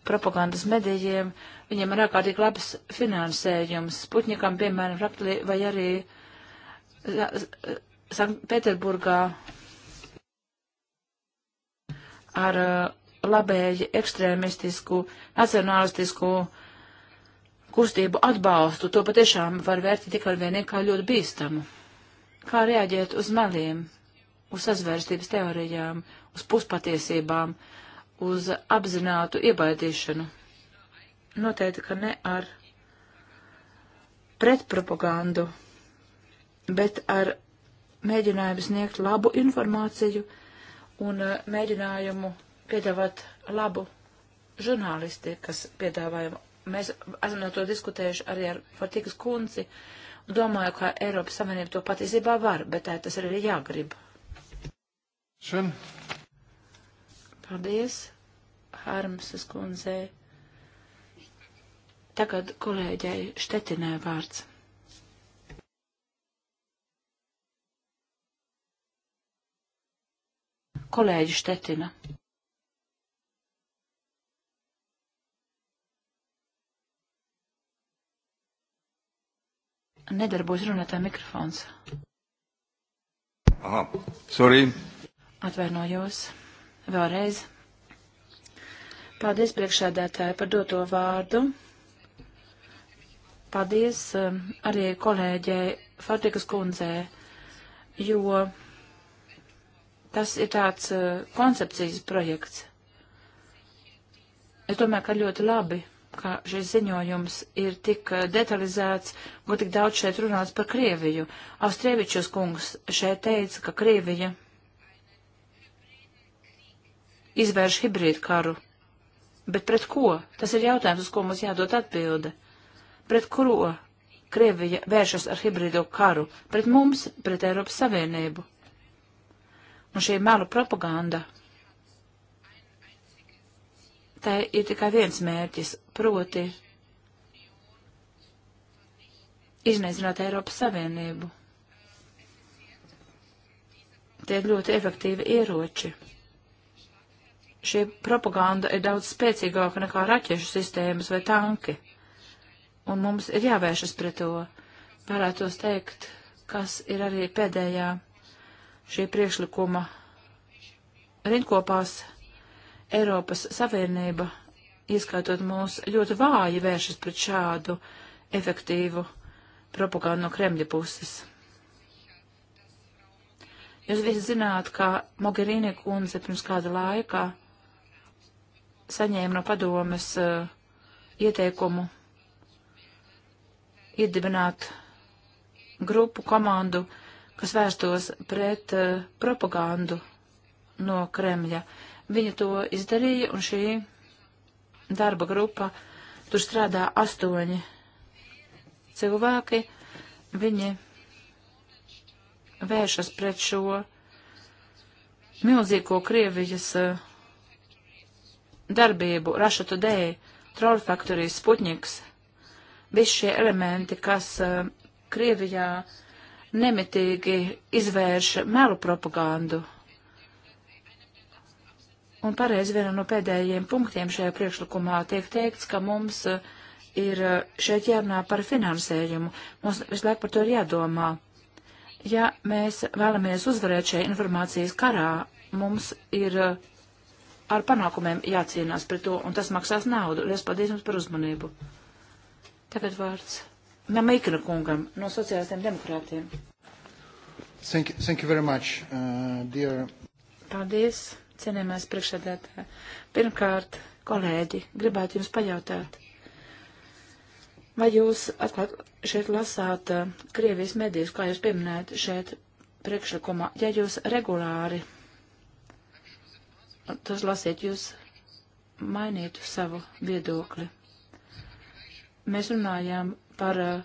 propagandas medijiem, viņiem ir ārkārtīgi labs finansējums. Sputņikam, piemēram, Raptli vai arī Sanktpēterburgā ar uh, labēji ekstrēmistisku, nacionālistisku kustību atbalstu. To patiešām var vērtīt tikai un vienīgi kā ļoti bīstamu. Kā reaģēt uz meliem, uz sazvērstības teorijām, uz puspatiesībām, uz apzinātu iebaidīšanu? Noteikti, ka ne ar pretpropagandu, bet ar mēģinājumu sniegt labu informāciju, un eh, mēģinājumu piedāvāt labu žurnālistikas piedāvājumu. Mēs esam no to diskutējuši arī ar Fortīgas kunci un domāju, ka Eiropas Savienība to patiesībā var, bet tā eh, tas arī ir jāgrib. Šen. Paldies, Harmsas kundzei. Tagad kolēģei Štetinē vārds. kolēģi Štetina. Nedarbojas runātāja mikrofons. Aha, sorry. Atvainojos. Vēlreiz. Paldies priekšādātāji par doto vārdu. Paldies um, arī kolēģei Fabrikas kundzē, jo Tas ir tāds uh, koncepcijas projekts. Es domāju, ka ļoti labi, ka šis ziņojums ir tik uh, detalizēts, ko tik daudz šeit runāts par Krieviju. Austrievičus kungs šeit teica, ka Krievija izvērš hibrīdu karu. Bet pret ko? Tas ir jautājums, uz ko mums jādod atbilde. Pret kuro Krievija vēršas ar hibrīdo karu? Pret mums, pret Eiropas Savienību. Un šī melu propaganda, tai ir tikai viens mērķis, proti iznīcināt Eiropas Savienību. Tie ir ļoti efektīvi ieroči. Šī propaganda ir daudz spēcīgāka nekā raķešu sistēmas vai tanki, un mums ir jāvēršas pret to, varētos teikt, kas ir arī pēdējā šī priekšlikuma rindkopās Eiropas Savienība, ieskaitot mūs, ļoti vāji vēršas pret šādu efektīvu propagandu no Kremļa puses. Jūs visi zināt, ka Mogherini kundze pirms kāda laika saņēma no padomes uh, ieteikumu iedibināt grupu komandu, uh, kas vērstos pret uh, propagandu no Kremļa. Viņa to izdarīja, un šī darba grupa, tur strādā astoņi cilvēki, viņi vēršas pret šo milzīgo Krievijas uh, darbību, Russia Today, Troll Factory, Sputniks, visi šie elementi, kas uh, Krievijā uh, nemitīgi izvērš melu propagandu. Un pareizi vienam no pēdējiem punktiem šajā priekšlikumā tiek teikts, ka mums uh, ir uh, šeit jārunā par finansējumu. Mums visu laiku par to ir jādomā. Ja mēs vēlamies uzvarēt šajā informācijas karā, mums ir uh, ar panākumiem jācīnās pret to, un tas maksās naudu. Lies paldies jums par uzmanību. Tagad vārds Namikna kungam no sociālistiem demokrātiem. Thank you, thank you very much, uh, dear. Paldies, cienījamais priekšsēdētāji. Pirmkārt, kolēģi, gribētu jums pajautāt, vai jūs atklāt šeit lasāt uh, Krievijas medijas, kā jūs pieminējat šeit priekšlikumā, ja jūs regulāri tos lasiet, jūs mainītu savu viedokli. Mēs runājām par eh,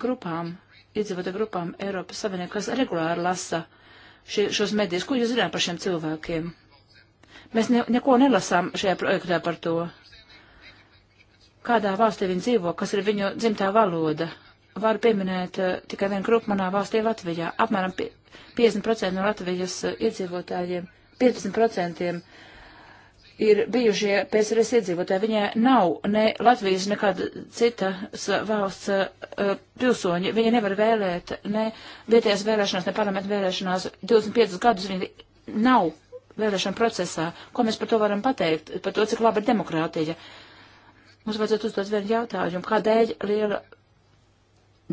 grupām, iedzīvotu grupām Eiropas Savienībā, kas regulāri lasa šie, šos medijas. Ko jūs zināt par šiem cilvēkiem? Mēs ne, neko nelasām šajā projektā par to. Kādā valstī viņi dzīvo, kas ir viņu dzimtā valoda. Varu pieminēt eh, tikai vienu grupu manā valstī Latvijā. Apmēram 50% no Latvijas eh, iedzīvotājiem, 15% ir bijušie PSRS iedzīvotāji. Viņai nav ne Latvijas, nekāda citas valsts uh, e, pilsoņi. Viņa nevar vēlēt ne vietējās vēlēšanās, ne parlamentu vēlēšanās. 25 gadus viņa nav vēlēšana procesā. Ko mēs par to varam pateikt? Par to, cik laba ir demokrātija. Mums vajadzētu uzdot vienu jautājumu, kādēļ liela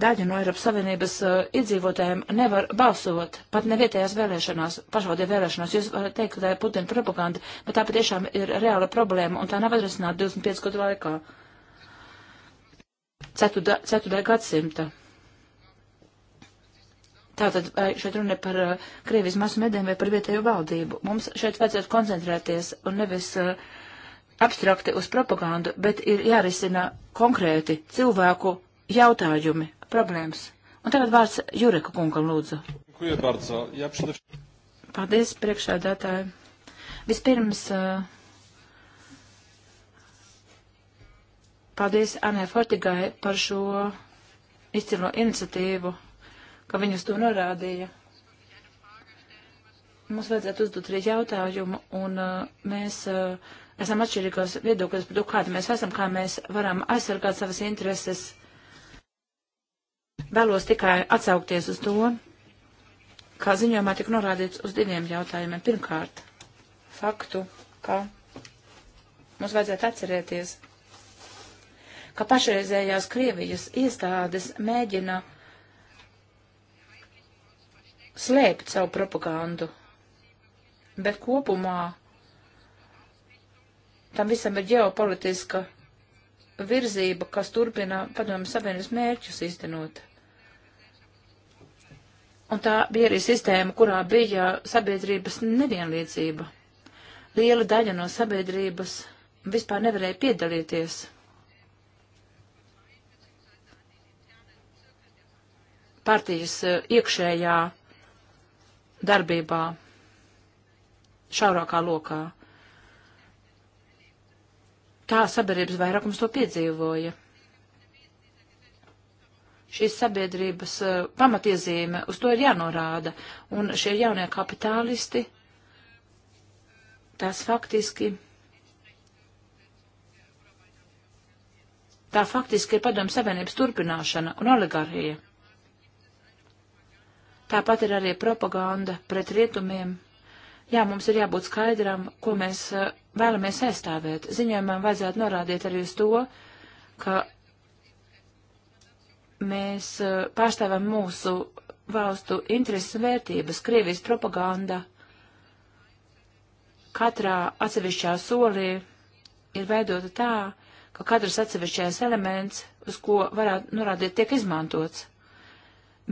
daļa no Eiropas Savienības uh, iedzīvotājiem nevar balsot, pat ne vietējās vēlēšanās, pašvaldību vēlēšanās. Jūs varat teikt, ka tā ir Putina propaganda, bet tā patiešām ir reāla problēma, un tā nav atrisināta 25 gadu laikā. Ceturtā gadsimta. Tātad šeit runa par uh, Krievijas masu medēm vai par vietējo valdību. Mums šeit vajadzētu koncentrēties un nevis uh, abstrakti uz propagandu, bet ir jārisina konkrēti cilvēku jautājumi, problēmas. Un tagad vārds Jureka kungam lūdzu. Paldies, priekšādātāji. Vispirms, eh, paldies Anē Fortigai par šo izcilo iniciatīvu, ka viņas to norādīja. Mums vajadzētu uzdot arī jautājumu, un eh, mēs eh, esam atšķirīgos viedokļos par to, kāda mēs esam, kā mēs varam aizsargāt savas intereses Vēlos tikai atsaukties uz to, kā ziņojumā tika norādīts uz diviem jautājumiem. Pirmkārt, faktu, ka mums vajadzētu atcerēties, ka pašreizējās Krievijas iestādes mēģina slēpt savu propagandu, bet kopumā tam visam ir ģeopolitiska virzība, kas turpina padomju savienības mērķus iztenot. Un tā bija arī sistēma, kurā bija sabiedrības nevienlīdzība. Liela daļa no sabiedrības vispār nevarēja piedalīties. Partijas eh, iekšējā darbībā, šaurākā lokā. Tā sabiedrības vairākums to piedzīvoja šīs sabiedrības uh, eh, pamatiezīme, uz to ir jānorāda. Un šie jaunie kapitālisti, tās faktiski. Tā faktiski ir padomu savienības turpināšana un oligarhija. Tāpat ir arī propaganda pret rietumiem. Jā, mums ir jābūt skaidram, ko mēs uh, vēlamies aizstāvēt. Ziņojumam vajadzētu norādīt arī uz to, ka mēs pārstāvam mūsu valstu intereses un vērtības. Krievijas propaganda katrā atsevišķā solī ir veidota tā, ka katrs atsevišķais elements, uz ko varētu norādīt, tiek izmantots.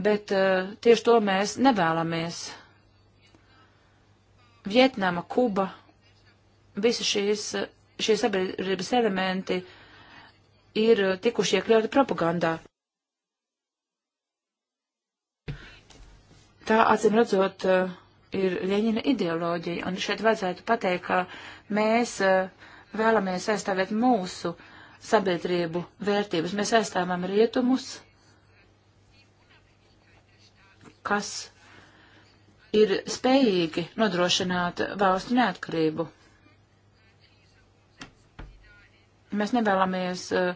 Bet uh, tieši to mēs nevēlamies. Vietnama, Kuba, visi šīs, šīs sabiedrības elementi ir tikuši iekļauti propagandā. tā acīm redzot eh, ir Ļeņina ideoloģija, un šeit vajadzētu pateikt, ka mēs eh, vēlamies aizstāvēt mūsu sabiedrību vērtības. Mēs aizstāvam rietumus, kas ir spējīgi nodrošināt valstu neatkarību. Mēs nevēlamies uh,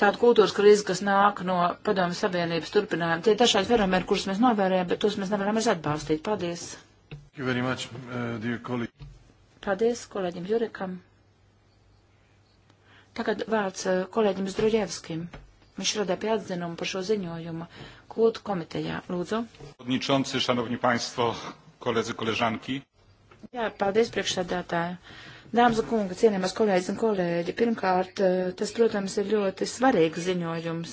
tāda kultūras krīze, kas nāk no padomu savienības turpinājuma. Tie dažādi fenomeni, kurus mēs novērējam, bet tos mēs nevaram vairs atbalstīt. Paldies! Much, uh, Paldies kolēģim Jurikam. Tagad vārds uh, kolēģim Zdruļevskim. Viņš radē pie atzinumu par šo ziņojumu kultu komitejā. Lūdzu. Šanovņi państvo, koledzi, koležanki. Jā, paldies priekšsēdētāji. Dāmas un kungi, cienījamās kolēģis un kolēģi, pirmkārt, eh, tas, protams, ir ļoti svarīgs ziņojums,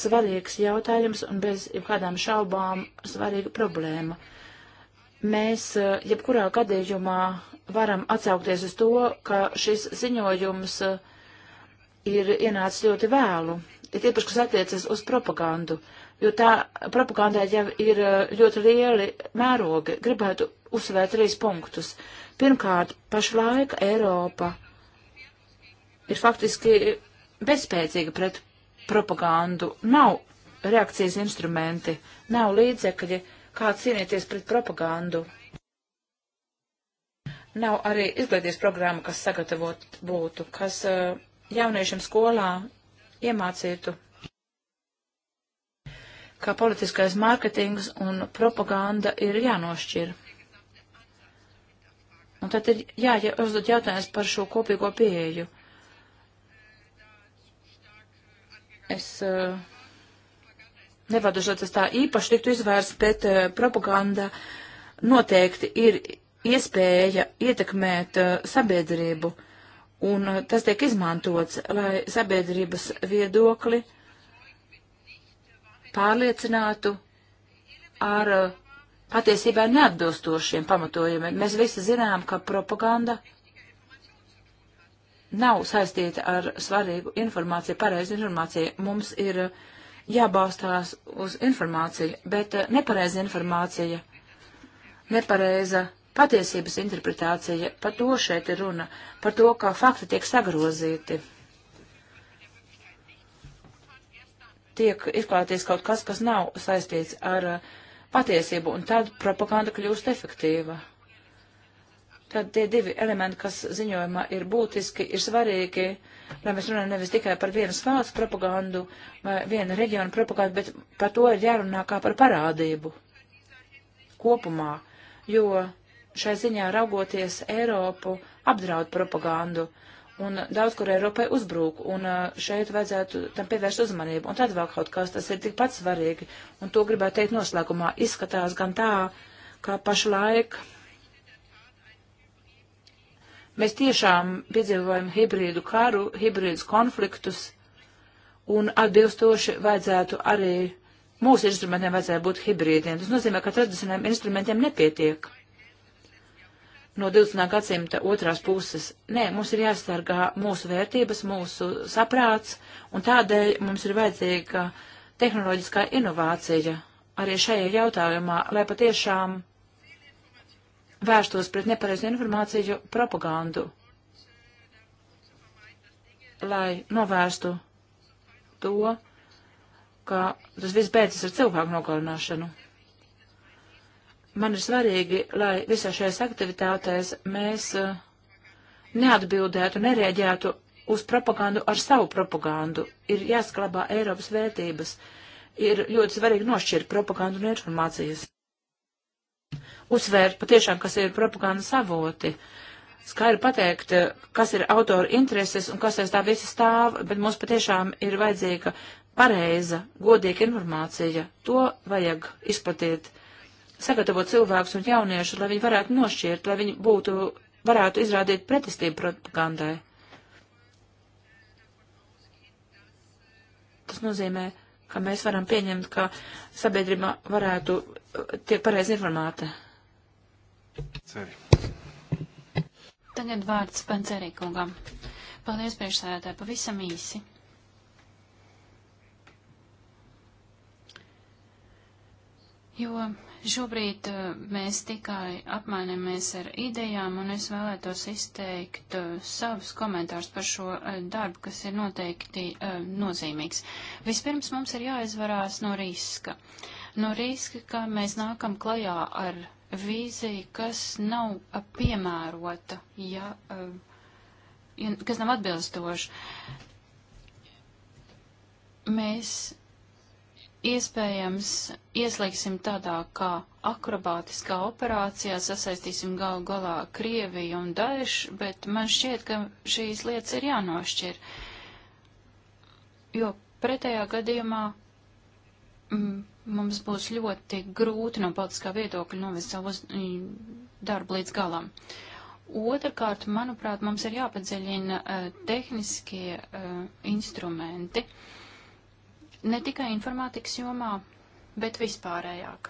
svarīgs jautājums un bez jebkādām šaubām svarīga problēma. Mēs eh, jebkurā gadījumā varam atsaukties uz to, ka šis ziņojums eh, ir ienācis ļoti vēlu, ir tiepaši, kas attiecas uz propagandu, jo tā propagandai jau ir ļoti lieli mērogi. Gribētu uzsvērt trīs punktus. Pirmkārt, pašlaik Eiropa ir faktiski bezspēcīga pret propagandu. Nav reakcijas instrumenti, nav līdzekļi, kā cīnīties pret propagandu. Nav arī izglītības programma, kas sagatavot būtu, kas uh, jauniešiem skolā iemācītu, kā politiskais mārketings un propaganda ir jānošķir. Un nu, tad ir jāuzdod jā, jautājums par šo kopīgo pieeju. Es uh, eh, nevaru šeit tas tā īpaši tiktu izvērsts, bet uh, propaganda noteikti ir iespēja ietekmēt uh, sabiedrību, un uh, tas tiek izmantots, lai sabiedrības viedokli pārliecinātu ar uh, patiesībā neatbilstošiem pamatojumiem. Mēs visi zinām, ka propaganda nav saistīta ar svarīgu informāciju, pareizu informāciju. Mums ir eh, jābalstās uz informāciju, bet eh, nepareiza informācija, nepareiza patiesības interpretācija, par to šeit ir runa, par to, kā fakti tiek sagrozīti. Tiek izklāties kaut kas, kas nav saistīts ar uh, patiesību, un tad propaganda kļūst efektīva. Tad tie divi elementi, kas ziņojumā ir būtiski, ir svarīgi, lai mēs runājam nevis tikai par vienas valsts propagandu vai viena reģiona propagandu, bet par to ir jārunā kā par parādību kopumā, jo šai ziņā raugoties Eiropu apdraud propagandu. Uh, un daudz kur Eiropai uzbrūk, un uh, šeit vajadzētu tam pievērst uzmanību. Un tad vēl kaut kas, tas ir tikpat svarīgi, un to gribētu teikt noslēgumā, izskatās gan tā, ka pašlaik mēs tiešām piedzīvojam hibrīdu karu, hibrīdus konfliktus, un atbilstoši vajadzētu arī mūsu instrumentiem vajadzētu būt hibrīdiem. Tas nozīmē, ka tradicionāliem instrumentiem nepietiek no 20. gadsimta otrās puses. Nē, mums ir jāsargā mūsu vērtības, mūsu saprāts, un tādēļ mums ir vajadzīga tehnoloģiskā inovācija arī šajā jautājumā, lai patiešām vērstos pret nepareizu informāciju propagandu, lai novērstu to, ka tas viss beidzas ar cilvēku nogalināšanu. Man ir svarīgi, lai visā šajās aktivitātēs mēs eh, neatbildētu, nereaģētu uz propagandu ar savu propagandu. Ir jāsklabā Eiropas vērtības. Ir ļoti svarīgi nošķirt propagandu un informācijas. Uzsvērt patiešām, kas ir propagandas avoti skaidri pateikt, eh, kas ir autora intereses un kas aiz tā visa stāv, bet mums patiešām ir vajadzīga pareiza, godīga informācija. To vajag izplatīt sagatavot cilvēkus un jauniešus, lai viņi varētu nošķirt, lai viņi būtu, varētu izrādīt pretestību propagandai. Tas nozīmē, ka mēs varam pieņemt, ka sabiedrība varētu eh, tiek pareizi informēta. Ceri. Tagad vārds Pancerī kungam. Paldies priekšsēdētāji, pavisam īsi. Jo Šobrīd eh, mēs tikai apmainamies ar idejām, un es vēlētos izteikt eh, savus komentārus par šo eh, darbu, kas ir noteikti nozīmīgs. Vispirms mums ir jāizvarās no riska. No riska, ka mēs nākam klajā ar vīzija, kas nav piemērota, ja, ja, kas nav atbilstoša. Mēs iespējams ieslēgsim tādā kā akrobātiskā operācijā, sasaistīsim galu galā Krieviju un Daešu, bet man šķiet, ka šīs lietas ir jānošķir, jo pretējā gadījumā mm, mums būs ļoti grūti no politiskā viedokļa novest savu uz, mm, darbu līdz galam. Otrakārt, manuprāt, mums ir jāpadziļina uh, tehniskie uh, instrumenti. Uh, ne tikai informātikas jomā, bet vispārējāk.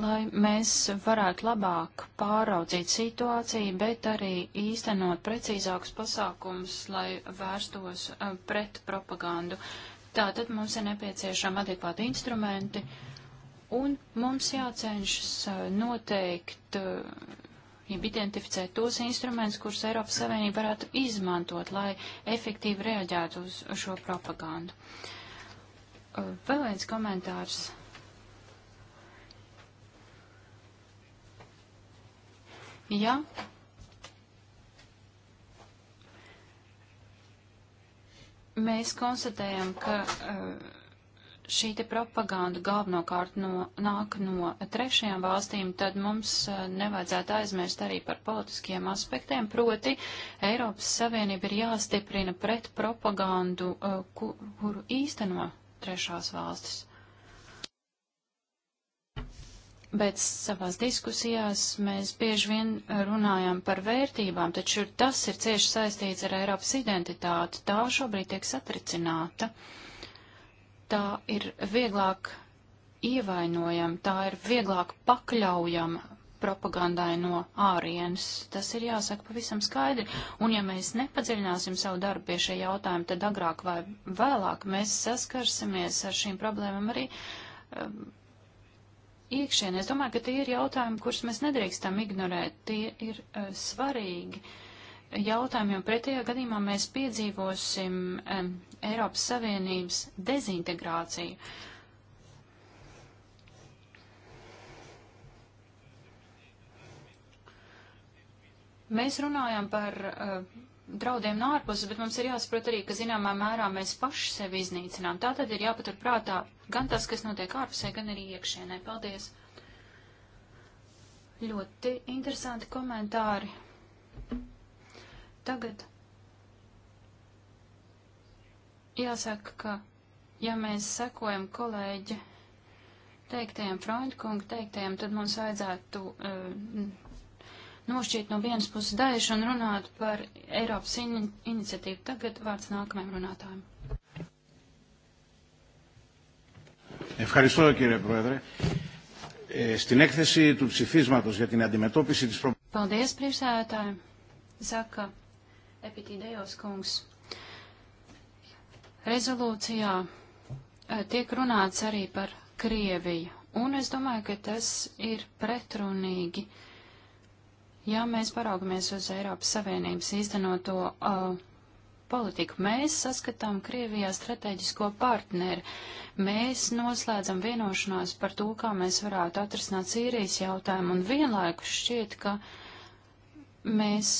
Lai mēs varētu labāk pāraudzīt situāciju, bet arī īstenot precīzākus pasākumus, lai vērstos uh, pret propagandu. Tātad mums ir nepieciešama adekvāti instrumenti, un mums jācenšas uh, noteikt uh, identificēt tos instrumentus, kurus Eiropas Savienība varētu izmantot, lai efektīvi reaģētu uz šo propagandu. Uh, vēl viens komentārs. Ja mēs konstatējam, ka uh, šī te propaganda galvenokārt no, nāk no trešajām valstīm, tad mums e, nevajadzētu aizmirst arī par politiskiem aspektiem, proti Eiropas Savienība ir jāstiprina pret propagandu, e, ku, kuru īsteno trešās valstis. Bet savās diskusijās mēs bieži vien runājam par vērtībām, taču tas ir cieši saistīts ar Eiropas identitāti. Tā šobrīd tiek satricināta. Uh, tā ir vieglāk ievainojama, tā ir vieglāk pakļaujama propagandai no ārienes. Tas ir jāsaka pavisam skaidri. Un ja mēs nepadziļināsim savu darbu pie šie jautājumi, tad agrāk vai vēlāk mēs saskarsimies ar šīm problēmām arī um, iekšienē. Es domāju, ka tie ir jautājumi, kurus mēs nedrīkstam ignorēt. Tie ir uh, svarīgi. Uh, jautājumu, jo pretējā gadījumā mēs piedzīvosim um, Eiropas Savienības dezintegrāciju. Mēs runājam par uh, draudiem no ārpuses, bet mums ir jāsaprot arī, ka zināmā mērā mēs paši sevi iznīcinām. Tā tad ir jāpatur prātā gan tas, kas notiek ārpusē, gan arī iekšēnē. Paldies! Ļoti interesanti komentāri. Tagad jāsaka, ka, ja mēs sekojam kolēģi teiktajiem Freundkunga teiktajiem, tad mums vajadzētu uh, nošķirt no vienas puses daļu un runāt par Eiropas in iniciatīvu. Tagad vārds nākamajam runātājam. Ευχαριστώ κύριε Πρόεδρε. Ε, στην έκθεση του ψηφίσματος για την αντιμετώπιση της προβληματικής... Paldies, priekšsēdētāji. Saka, Epitidejos kungs. Rezolūcijā e, tiek runāts arī par Krieviju, un es domāju, ka tas ir pretrunīgi. Ja mēs paraugamies uz Eiropas Savienības izdenoto uh, e, politiku. Mēs saskatām Krievijā strateģisko partneri. Mēs noslēdzam vienošanās par to, kā mēs varētu atrisināt Sīrijas jautājumu, un vienlaikus šķiet, ka mēs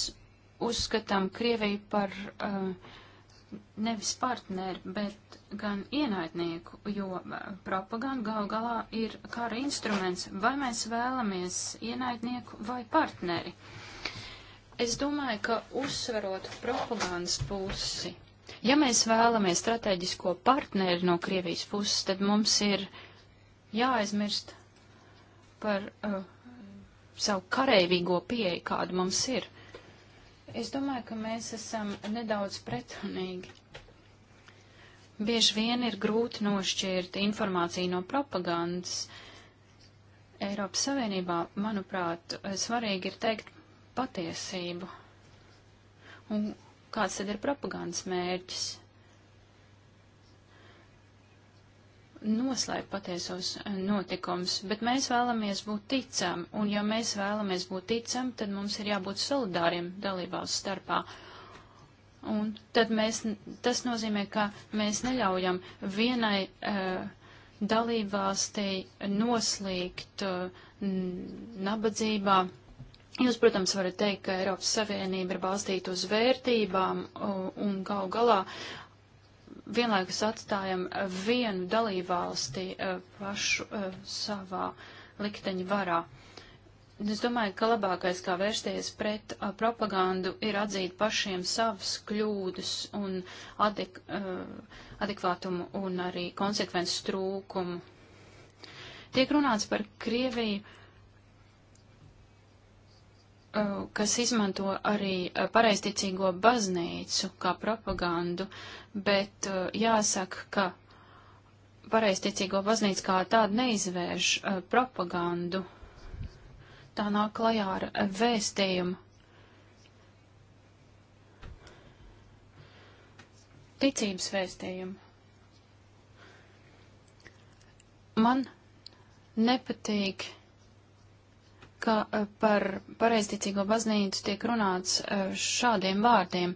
uzskatām Krieviju par uh, nevis partneri, bet gan ienaidnieku, jo eh, propaganda gal galā ir kara instruments, vai mēs vēlamies ienaidnieku vai partneri. Es domāju, ka uzsverot propagandas pusi, ja mēs vēlamies strateģisko partneri no Krievijas puses, tad mums ir jāaizmirst par uh, savu kareivīgo pieeju, kāda mums ir. Es domāju, ka mēs esam nedaudz pretrunīgi. Bieži vien ir grūti nošķirt informāciju no propagandas. Eiropas Savienībā, manuprāt, svarīgi ir teikt patiesību. Un kāds tad ir propagandas mērķis? noslēp patiesos eh, notikums, bet mēs vēlamies būt ticami, un ja mēs vēlamies būt ticami, tad mums ir jābūt solidāriem dalībās starpā. Un tad mēs, tas nozīmē, ka mēs neļaujam vienai uh, dalībvalstī noslīgt uh, nabadzībā. Jūs, protams, varat teikt, ka Eiropas Savienība ir balstīta uz vērtībām uh, un gal galā vienlaikus atstājam vienu dalībvalsti eh, pašu eh, savā likteņa varā. Es domāju, ka labākais, kā vērsties pret a, eh, propagandu, ir atzīt pašiem savas kļūdas un adek, a, adekvātumu un arī konsekvences trūkumu. Tiek runāts par Krieviju kas izmanto arī pareisticīgo baznīcu kā propagandu, bet jāsaka, ka pareisticīgo baznīca kā tāda neizvērš propagandu. Tā nāk klajā ar vēstījumu. Ticības vēstījumu. Man nepatīk ka eh, par pareizticīgo baznīcu tiek runāts eh, šādiem vārdiem.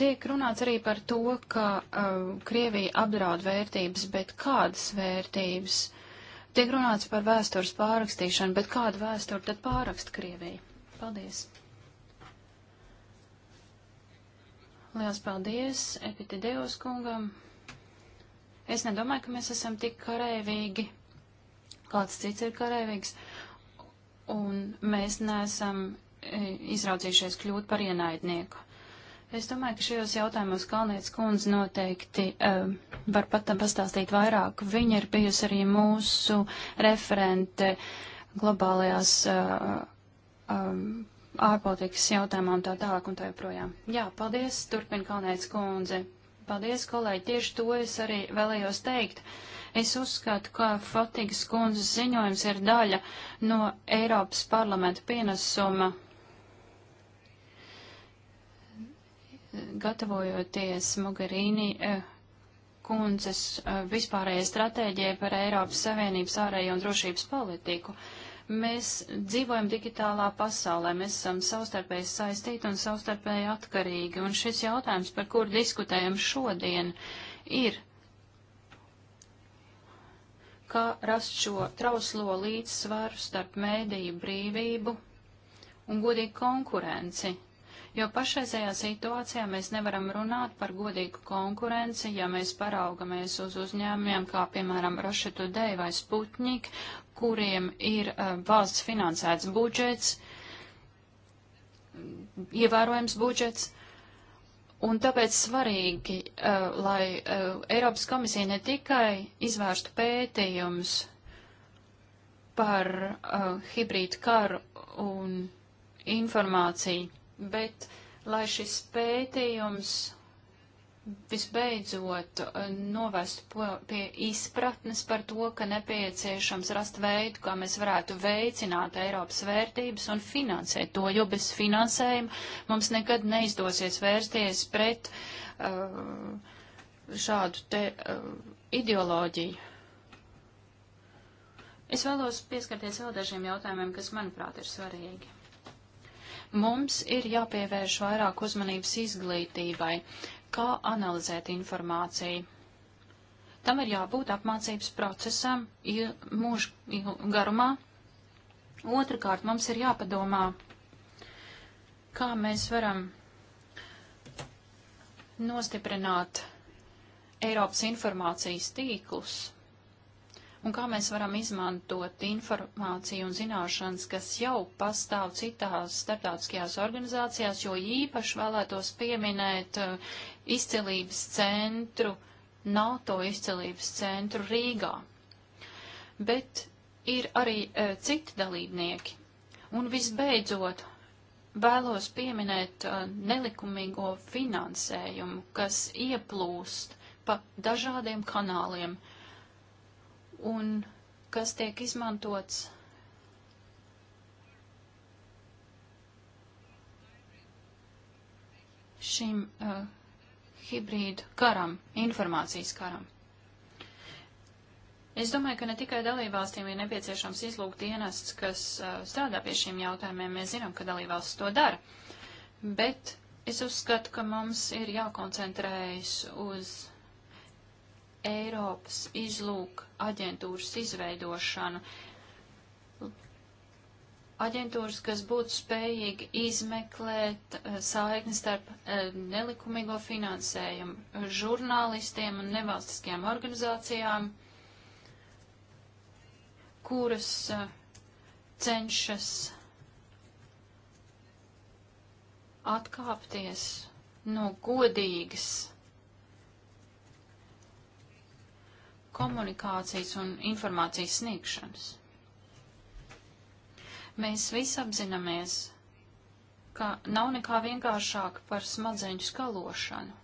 Tiek runāts arī par to, ka uh, Krievija apdraud vērtības, bet kādas vērtības? Tiek runāts par vēstures pārrakstīšanu, bet kādu vēsturi tad pāraksta Krievija? Paldies! Liels paldies Epitideos kungam! Es nedomāju, ka mēs esam tik karēvīgi kāds cits ir karavīgs, un mēs neesam e, izraudzījušies kļūt par ienaidnieku. Es domāju, ka šajos jautājumos Kalnietes kundze noteikti uh, var pat pastāstīt vairāk. Viņa ir bijusi arī mūsu referente globālajās uh, um, ārpolitikas jautājumā un tā tālāk un tā joprojām. Jā, paldies, turpina Kalnietes kundze. Paldies, kolēģi, tieši to es arī vēlējos teikt. Es uzskatu, ka Fatigas kundzes ziņojums ir daļa no Eiropas parlamenta pienesuma, gatavojoties Mogherini eh, kundzes eh, vispārējai stratēģijai par Eiropas Savienības ārējo un drošības politiku. Uh, Mēs dzīvojam digitālā pasaulē, mēs esam savstarpēji saistīti un savstarpēji atkarīgi, un šis jautājums, par kur diskutējam šodien, ir, kā rast šo trauslo līdzsvaru starp mēdīju brīvību un godīgu konkurenci jo pašreizējā situācijā mēs nevaram runāt par godīgu konkurenci, ja mēs paraugamies uz uzņēmumiem, kā piemēram Rošetu Dei vai Sputnik, kuriem ir uh, valsts finansēts budžets, ievērojams budžets. Un tāpēc svarīgi, uh, lai uh, Eiropas komisija ne tikai izvērstu pētījumus par uh, hibrīdu karu un informāciju, bet lai šis pētījums visbeidzot uh, novestu pie izpratnes par to, ka nepieciešams rast veidu, kā mēs varētu veicināt Eiropas vērtības un finansēt to, jo bez finansējuma mums nekad neizdosies vērsties pret uh, šādu te uh, ideoloģiju. Es vēlos pieskarties vēl dažiem jautājumiem, kas, manuprāt, ir svarīgi. Mums ir jāpievērš vairāk uzmanības izglītībai, kā analizēt informāciju. Tam ir jābūt apmācības procesam mūžu garumā. Otrakārt, mums ir jāpadomā, kā mēs varam nostiprināt Eiropas informācijas tīklus un kā mēs varam izmantot informāciju un zināšanas, kas jau pastāv citās starptautiskajās organizācijās, jo īpaši vēlētos pieminēt eh, izcilības centru, NATO izcilības centru Rīgā. Bet ir arī e, citi dalībnieki. Un visbeidzot, vēlos pieminēt e, nelikumīgo finansējumu, kas ieplūst pa dažādiem kanāliem, uh, un kas tiek izmantots šim uh, hibrīdu karam, informācijas karam. Es domāju, ka ne tikai dalībvalstīm ir nepieciešams izlūgt dienests, kas uh, strādā pie šiem jautājumiem. Mēs zinām, ka dalībvalsts to dara. Bet es uzskatu, ka mums ir jākoncentrējas uz Eiropas izlūk aģentūras izveidošanu. Aģentūras, kas būtu spējīgi izmeklēt eh, saikni starp eh, nelikumīgo finansējumu žurnālistiem un nevalstiskajām organizācijām, kuras eh, cenšas atkāpties no godīgas komunikācijas un informācijas sniegšanas. Mēs visi apzināmies, ka nav nekā vienkāršāk par smadzeņu skalošanu,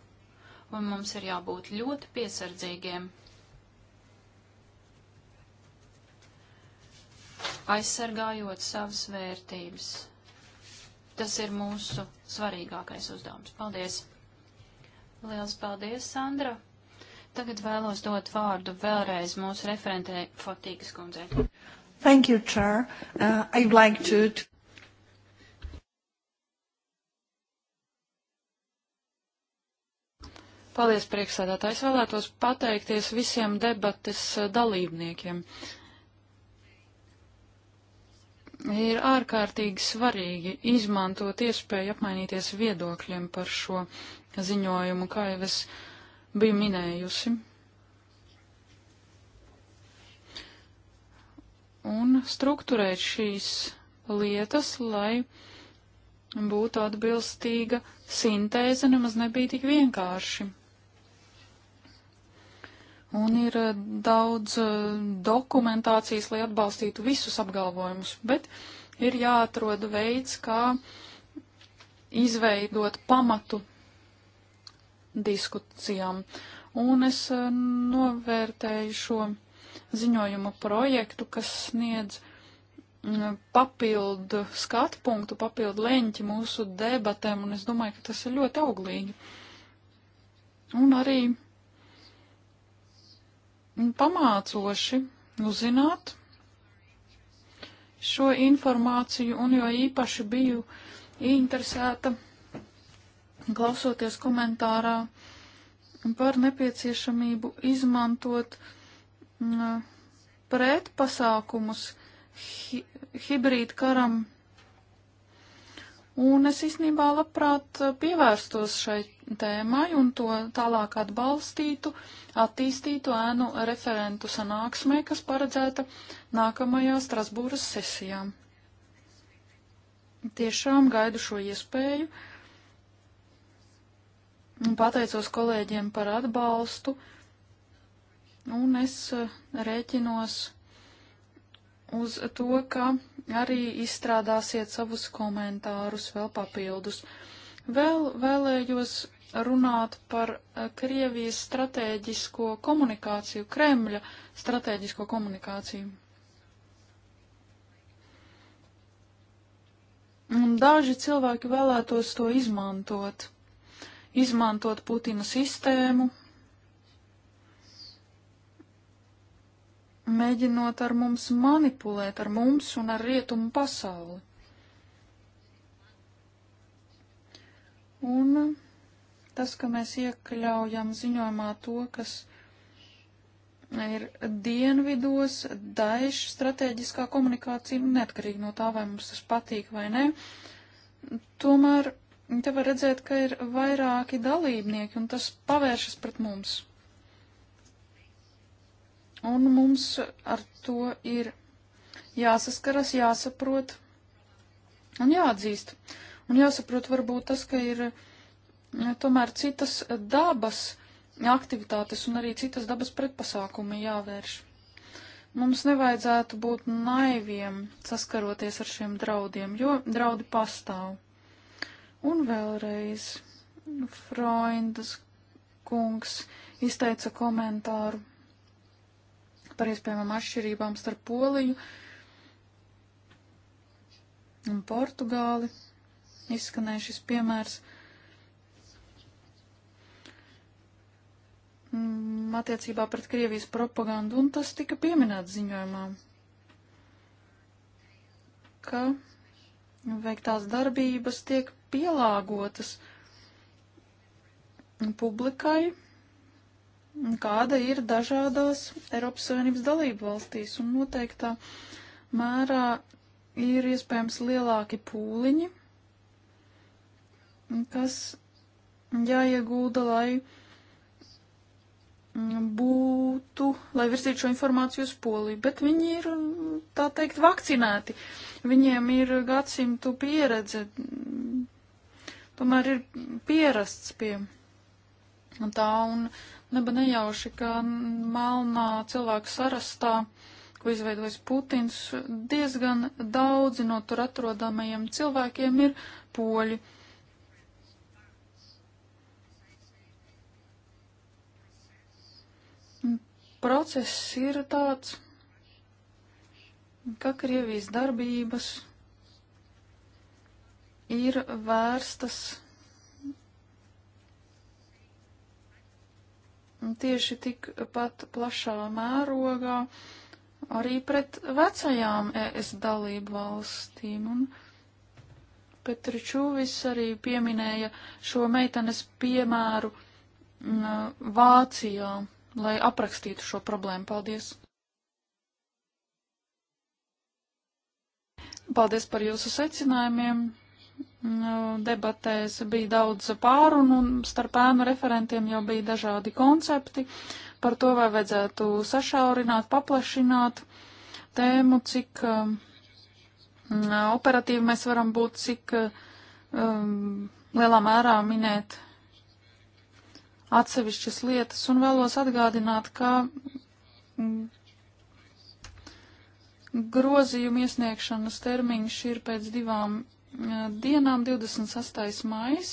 un mums ir jābūt ļoti piesardzīgiem. Aizsargājot savas vērtības. Tas ir mūsu svarīgākais uzdevums. Paldies! Liels paldies, Sandra! Tagad vēlos dot vārdu vēlreiz mūsu referentē Fotīgas kundzei. Thank you, Chair. Uh, I'd like to... Paldies, priekšsēdētājs. Vēlētos pateikties visiem debates uh, dalībniekiem. Ir ārkārtīgi svarīgi izmantot iespēju apmainīties viedokļiem par šo ziņojumu, kā jau es. Uh, biju minējusi. Un struktūrēt šīs lietas, lai būtu atbilstīga sintēze, nemaz nebija tik vienkārši. Un ir eh, daudz eh, dokumentācijas, lai atbalstītu visus apgalvojumus, bet ir jāatrod veids, kā izveidot pamatu diskusijām. Un es e, novērtēju šo ziņojumu projektu, kas sniedz papildu skatu punktu, papildu leņķi mūsu debatēm, un es domāju, ka tas ir ļoti auglīgi. Un arī pamācoši uzzināt šo informāciju, un jo īpaši biju interesēta klausoties komentārā par nepieciešamību izmantot mm, pretpasākumus hi hibrīd karam. Un es īstenībā labprāt pievērstos šai tēmai un to tālāk atbalstītu, attīstītu ēnu referentu sanāksmē, kas paredzēta nākamajā Strasbūras sesijā. Tiešām gaidu šo iespēju. Uh, un pateicos kolēģiem par atbalstu, un es eh, rēķinos uz to, ka arī izstrādāsiet savus komentārus vēl papildus. Vēl vēlējos runāt par eh, Krievijas stratēģisko komunikāciju, Kremļa stratēģisko komunikāciju. Un daži cilvēki vēlētos to izmantot izmantot Putina sistēmu, mēģinot ar mums manipulēt, ar mums un ar rietumu pasauli. Un tas, ka mēs iekļaujam ziņojumā to, kas ir dienvidos, daiša strateģiskā komunikācija, neatkarīgi no tā, vai mums tas patīk vai nē, tomēr Te var redzēt, ka ir vairāki dalībnieki, un tas pavēršas pret mums. Un mums ar to ir jāsaskaras, jāsaprot un jāatzīst. Un jāsaprot varbūt tas, ka ir tomēr citas dabas aktivitātes un arī citas dabas pretpasākumi jāvērš. Mums nevajadzētu būt naiviem saskaroties ar šiem draudiem, jo draudi pastāv. Un vēlreiz nu, Freundas kungs izteica komentāru par iespējamām atšķirībām starp Poliju un Portugāli. Izskanēja šis piemērs. Mm, attiecībā pret Krievijas propagandu, un tas tika pieminēts ziņojumā, ka veiktās darbības tiek pielāgotas publikai, kāda ir dažādās Eiropas Savienības dalību valstīs, un noteiktā mērā ir iespējams lielāki pūliņi, kas jāiegulda, lai būtu, lai virzītu šo informāciju uz poliju, bet viņi ir, tā teikt, vakcinēti. Viņiem ir gadsimtu pieredze tomēr ir pierasts pie tā un neba nejauši, ka melnā cilvēku sarastā, ko izveidojas Putins, diezgan daudzi no tur atrodamajiem cilvēkiem ir poļi. Process ir tāds, ka Krievijas darbības ir vērstas tieši tikpat plašā mērogā arī pret vecajām ES dalību valstīm. Un Petričuvis arī pieminēja šo meitenes piemēru mm, Vācijā, lai aprakstītu šo problēmu. Paldies! Paldies par jūsu secinājumiem! debatēs bija daudz pārunu un starp ēnu referentiem jau bija dažādi koncepti par to, vai vajadzētu sašaurināt, paplašināt tēmu, cik um, operatīvi mēs varam būt, cik um, lielā mērā minēt atsevišķas lietas un vēlos atgādināt, ka um, grozījuma iesniegšanas termiņš ir pēc divām dienām 28. maijs.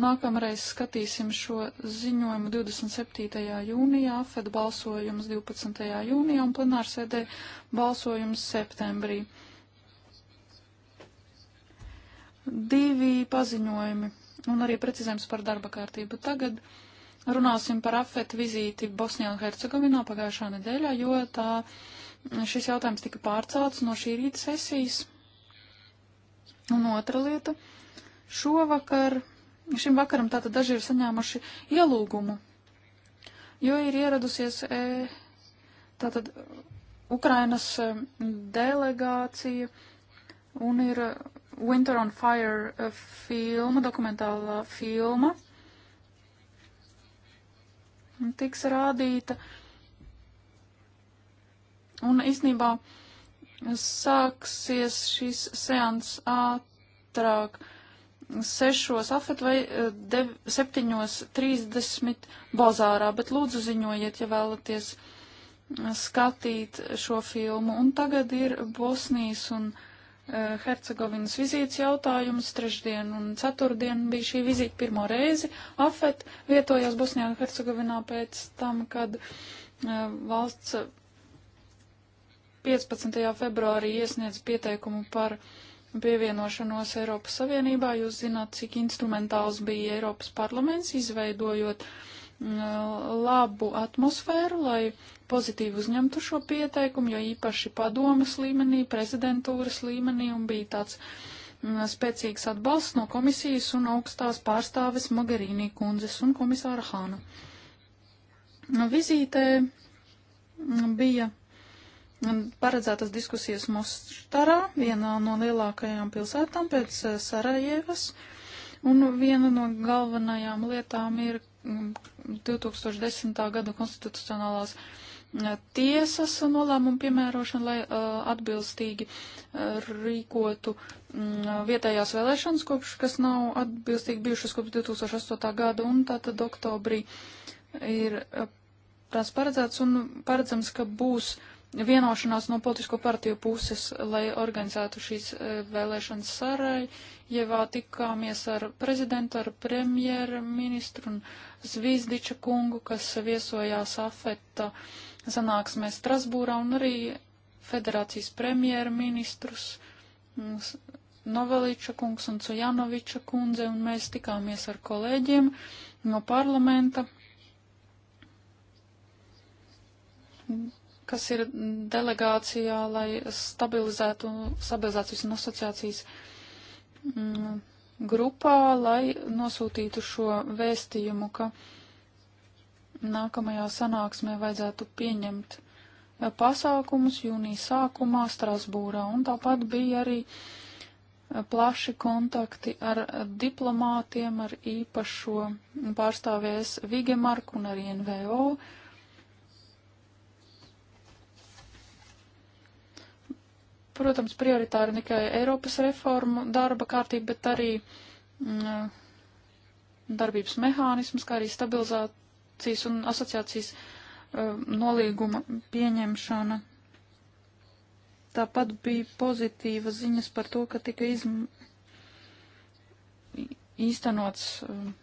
Nākamreiz skatīsim šo ziņojumu 27. jūnijā, Fed balsojums 12. jūnijā un plenārsēdē balsojums septembrī. Divi paziņojumi un arī precizējums par darba kārtību. Tagad runāsim par afetu vizīti Bosnijā un Hercegovinā pagājušā nedēļā, jo tā šis jautājums tika pārcelts no šī rīta sesijas Un otra lieta. Šovakar, šim vakaram tātad daži ir saņēmuši ielūgumu, jo ir ieradusies e, tātad Ukrainas e, delegācija un ir e, Winter on Fire e, filma, dokumentālā filma. Tiks rādīta. Un īstenībā sāksies šis seans ātrāk. 6. afet vai 7.30 eh, bazārā, bet lūdzu ziņojiet, ja vēlaties eh, skatīt šo filmu. Un tagad ir Bosnijas un eh, Hercegovinas vizītes jautājums. Trešdien un ceturtdien bija šī vizīte pirmo reizi. Afet vietojās Bosnijā un Hercegovinā pēc tam, kad valsts 15. februārī iesniedz pieteikumu par pievienošanos Eiropas Savienībā. Jūs zināt, cik instrumentāls bija Eiropas parlaments, izveidojot mm, labu atmosfēru, lai pozitīvi uzņemtu šo pieteikumu, jo īpaši padomas līmenī, prezidentūras līmenī un bija tāds mm, spēcīgs atbalsts no komisijas un augstās pārstāves Magarīnī kundzes un komisāra Hāna. Vizītē mm, bija paredzētas diskusijas Mostarā, vienā no lielākajām pilsētām pēc eh, Sarajevas. Un viena no galvenajām lietām ir 2010. Mm, gada konstitucionālās eh, tiesas nolēmumu piemērošana, lai uh, atbilstīgi uh, rīkotu mm, vietējās vēlēšanas kopš, kas nav atbilstīgi bijušas kopš 2008. gada, un tātad oktobrī ir uh, tās paredzēts, un paredzams, ka būs uh, vienošanās no politisko partiju puses, lai organizētu šīs e, vēlēšanas Sarajevā, tikāmies ar prezidentu, ar premjerministru un Zvizdiča kungu, kas viesojās afeta sanāksmē Strasbūrā un arī federācijas premjerministrus Noveliča kungs un Cujanoviča kundze, un mēs tikāmies ar kolēģiem no parlamenta kas ir delegācijā, lai stabilizētu, stabilizētu visu asociācijas mm, grupā, lai nosūtītu šo vēstījumu, ka nākamajā sanāksmē vajadzētu pieņemt e, pasākumus jūnija sākumā Strasbūrā. Un tāpat bija arī e, plaši kontakti ar diplomātiem, ar īpašo pārstāvies Vigemarku un arī NVO. Uh, Protams, prioritāri ne tikai Eiropas reformu darba kārtība, bet arī mm, eh, darbības mehānisms, kā arī stabilizācijas un asociācijas mm, nolīguma pieņemšana. Tāpat bija pozitīva ziņas par to, ka tika izm... īstenots mm,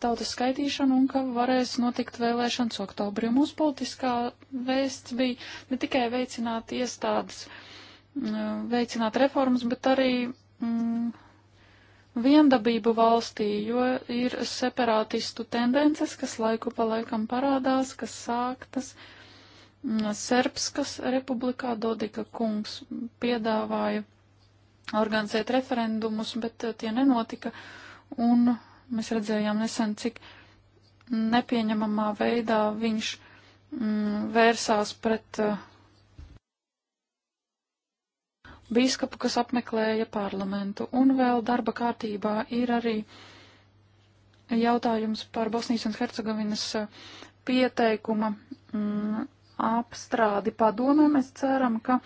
tautas skaitīšanu un ka varēs notikt vēlēšanas oktobrī. Mūsu politiskā vēsts bija ne tikai veicināt iestādes, mm, veicināt reformas, bet arī mm, viendabību valstī, jo ir separātistu tendences, kas laiku pa laikam parādās, kas sāktas. Mm, Serbskas republikā Dodika kungs piedāvāja organizēt referendumus, bet eh, tie nenotika. Un Mēs redzējām nesen, cik nepieņemamā veidā viņš mm, vērsās pret uh, bīskapu, kas apmeklēja parlamentu. Un vēl darba kārtībā ir arī jautājums par Bosnijas un Hercegovinas uh, pieteikuma mm, apstrādi padomē. Mēs ceram, ka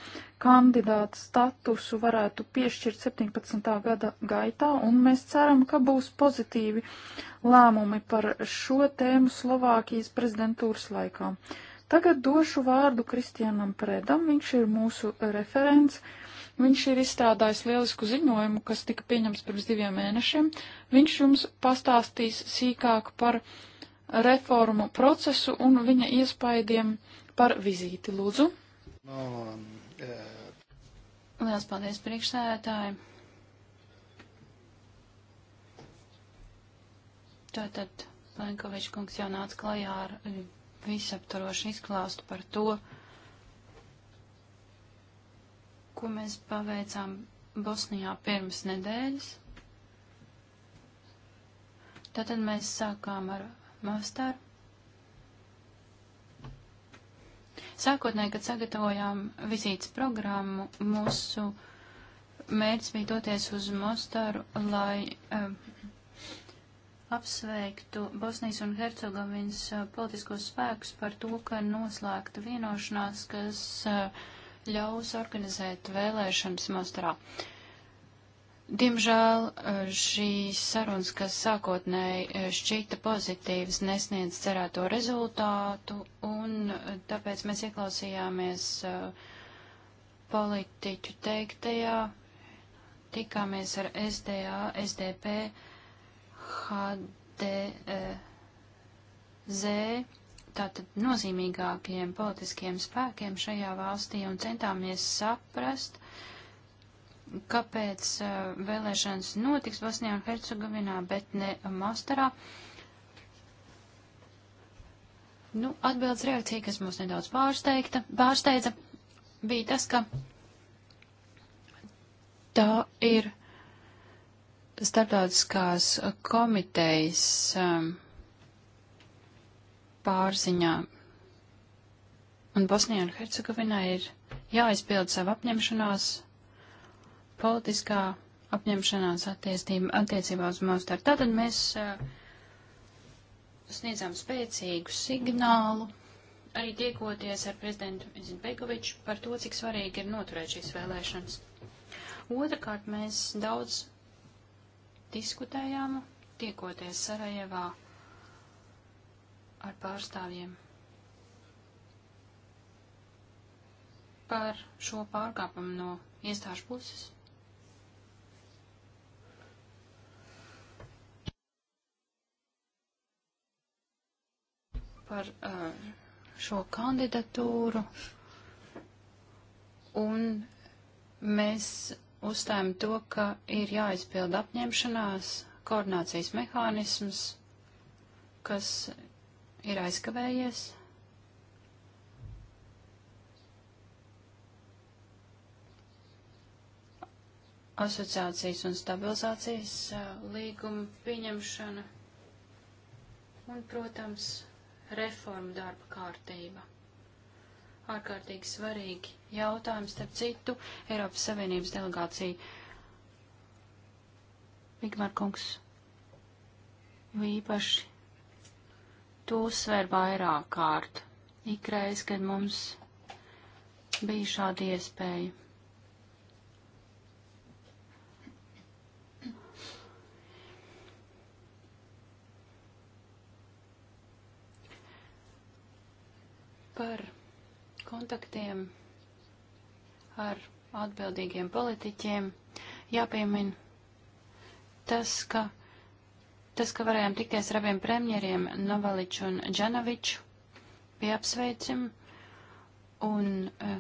kandidāta statusu varētu piešķirt 17. gada gaitā, un mēs ceram, ka būs pozitīvi lēmumi par šo tēmu Slovākijas prezidentūras laikā. Tagad došu vārdu Kristianam Predam, viņš ir mūsu referents. Viņš ir izstrādājis lielisku ziņojumu, kas tika pieņemts pirms diviem mēnešiem. Viņš jums pastāstīs sīkāk par reformu procesu un viņa iespaidiem par vizīti, lūdzu. No, um, uh... Lielas paldies priekšsēdētāji. Tātad Lenkovičs kungs jau nāca klajā ar uh, visaptarošu izklāstu par to, ko mēs paveicām Bosnijā pirms nedēļas. Tātad mēs sākām ar Mastaru Sākotnēji, kad sagatavojām vizītes programmu, mūsu mērķis bija doties uz Mostaru, lai uh, apsveiktu Bosnijas un Hercegovinas uh, politiskos spēkus par to, ka noslēgta vienošanās, kas uh, ļaus organizēt vēlēšanas Mostarā. Uh, Diemžēl eh, šīs sarunas, kas sākotnēji eh, šķita pozitīvas, nesniedz cerēto rezultātu, un eh, tāpēc mēs ieklausījāmies politiķu teiktajā, tikāmies ar SDA, SDP, HDZ, e tātad nozīmīgākajiem politiskiem spēkiem šajā valstī, un centāmies saprast, kāpēc vēlēšanas notiks Bosnijā un Hercegovinā, bet ne Mostarā. Nu, atbildes reakcija, kas mūs nedaudz pārsteigta, pārsteidza, bija tas, ka tā ir starptautiskās komitejas um, pārziņā. Un Bosnijā un Hercegovinā ir jāizpild savu apņemšanās politiskā apņemšanās attiecībā uz Mostaru. Tātad mēs uh, eh, sniedzām spēcīgu signālu, arī tiekoties ar prezidentu Zinbegoviču par to, cik svarīgi ir noturēt šīs vēlēšanas. Otrakārt, mēs daudz diskutējām, tiekoties Sarajevā ar pārstāvjiem par šo pārkāpumu no iestāžu puses. par uh, šo kandidatūru, un mēs uzstājam to, ka ir jāizpild apņemšanās, koordinācijas mehānisms, kas ir aizkavējies. asociācijas un stabilizācijas līguma pieņemšana un, protams, reformu darba kārtība. Ārkārtīgi svarīgi jautājums, starp citu, Eiropas Savienības delegācija. Vigmar kungs, īpaši tu uzsver vairāk kārt, ikreiz, kad mums bija šāda iespēja. par kontaktiem ar atbildīgiem politiķiem. Jāpiemin tas, ka, tas, ka varējām tikties ar abiem premjeriem Novaliču un Džanoviču, bija apsveicim, un eh,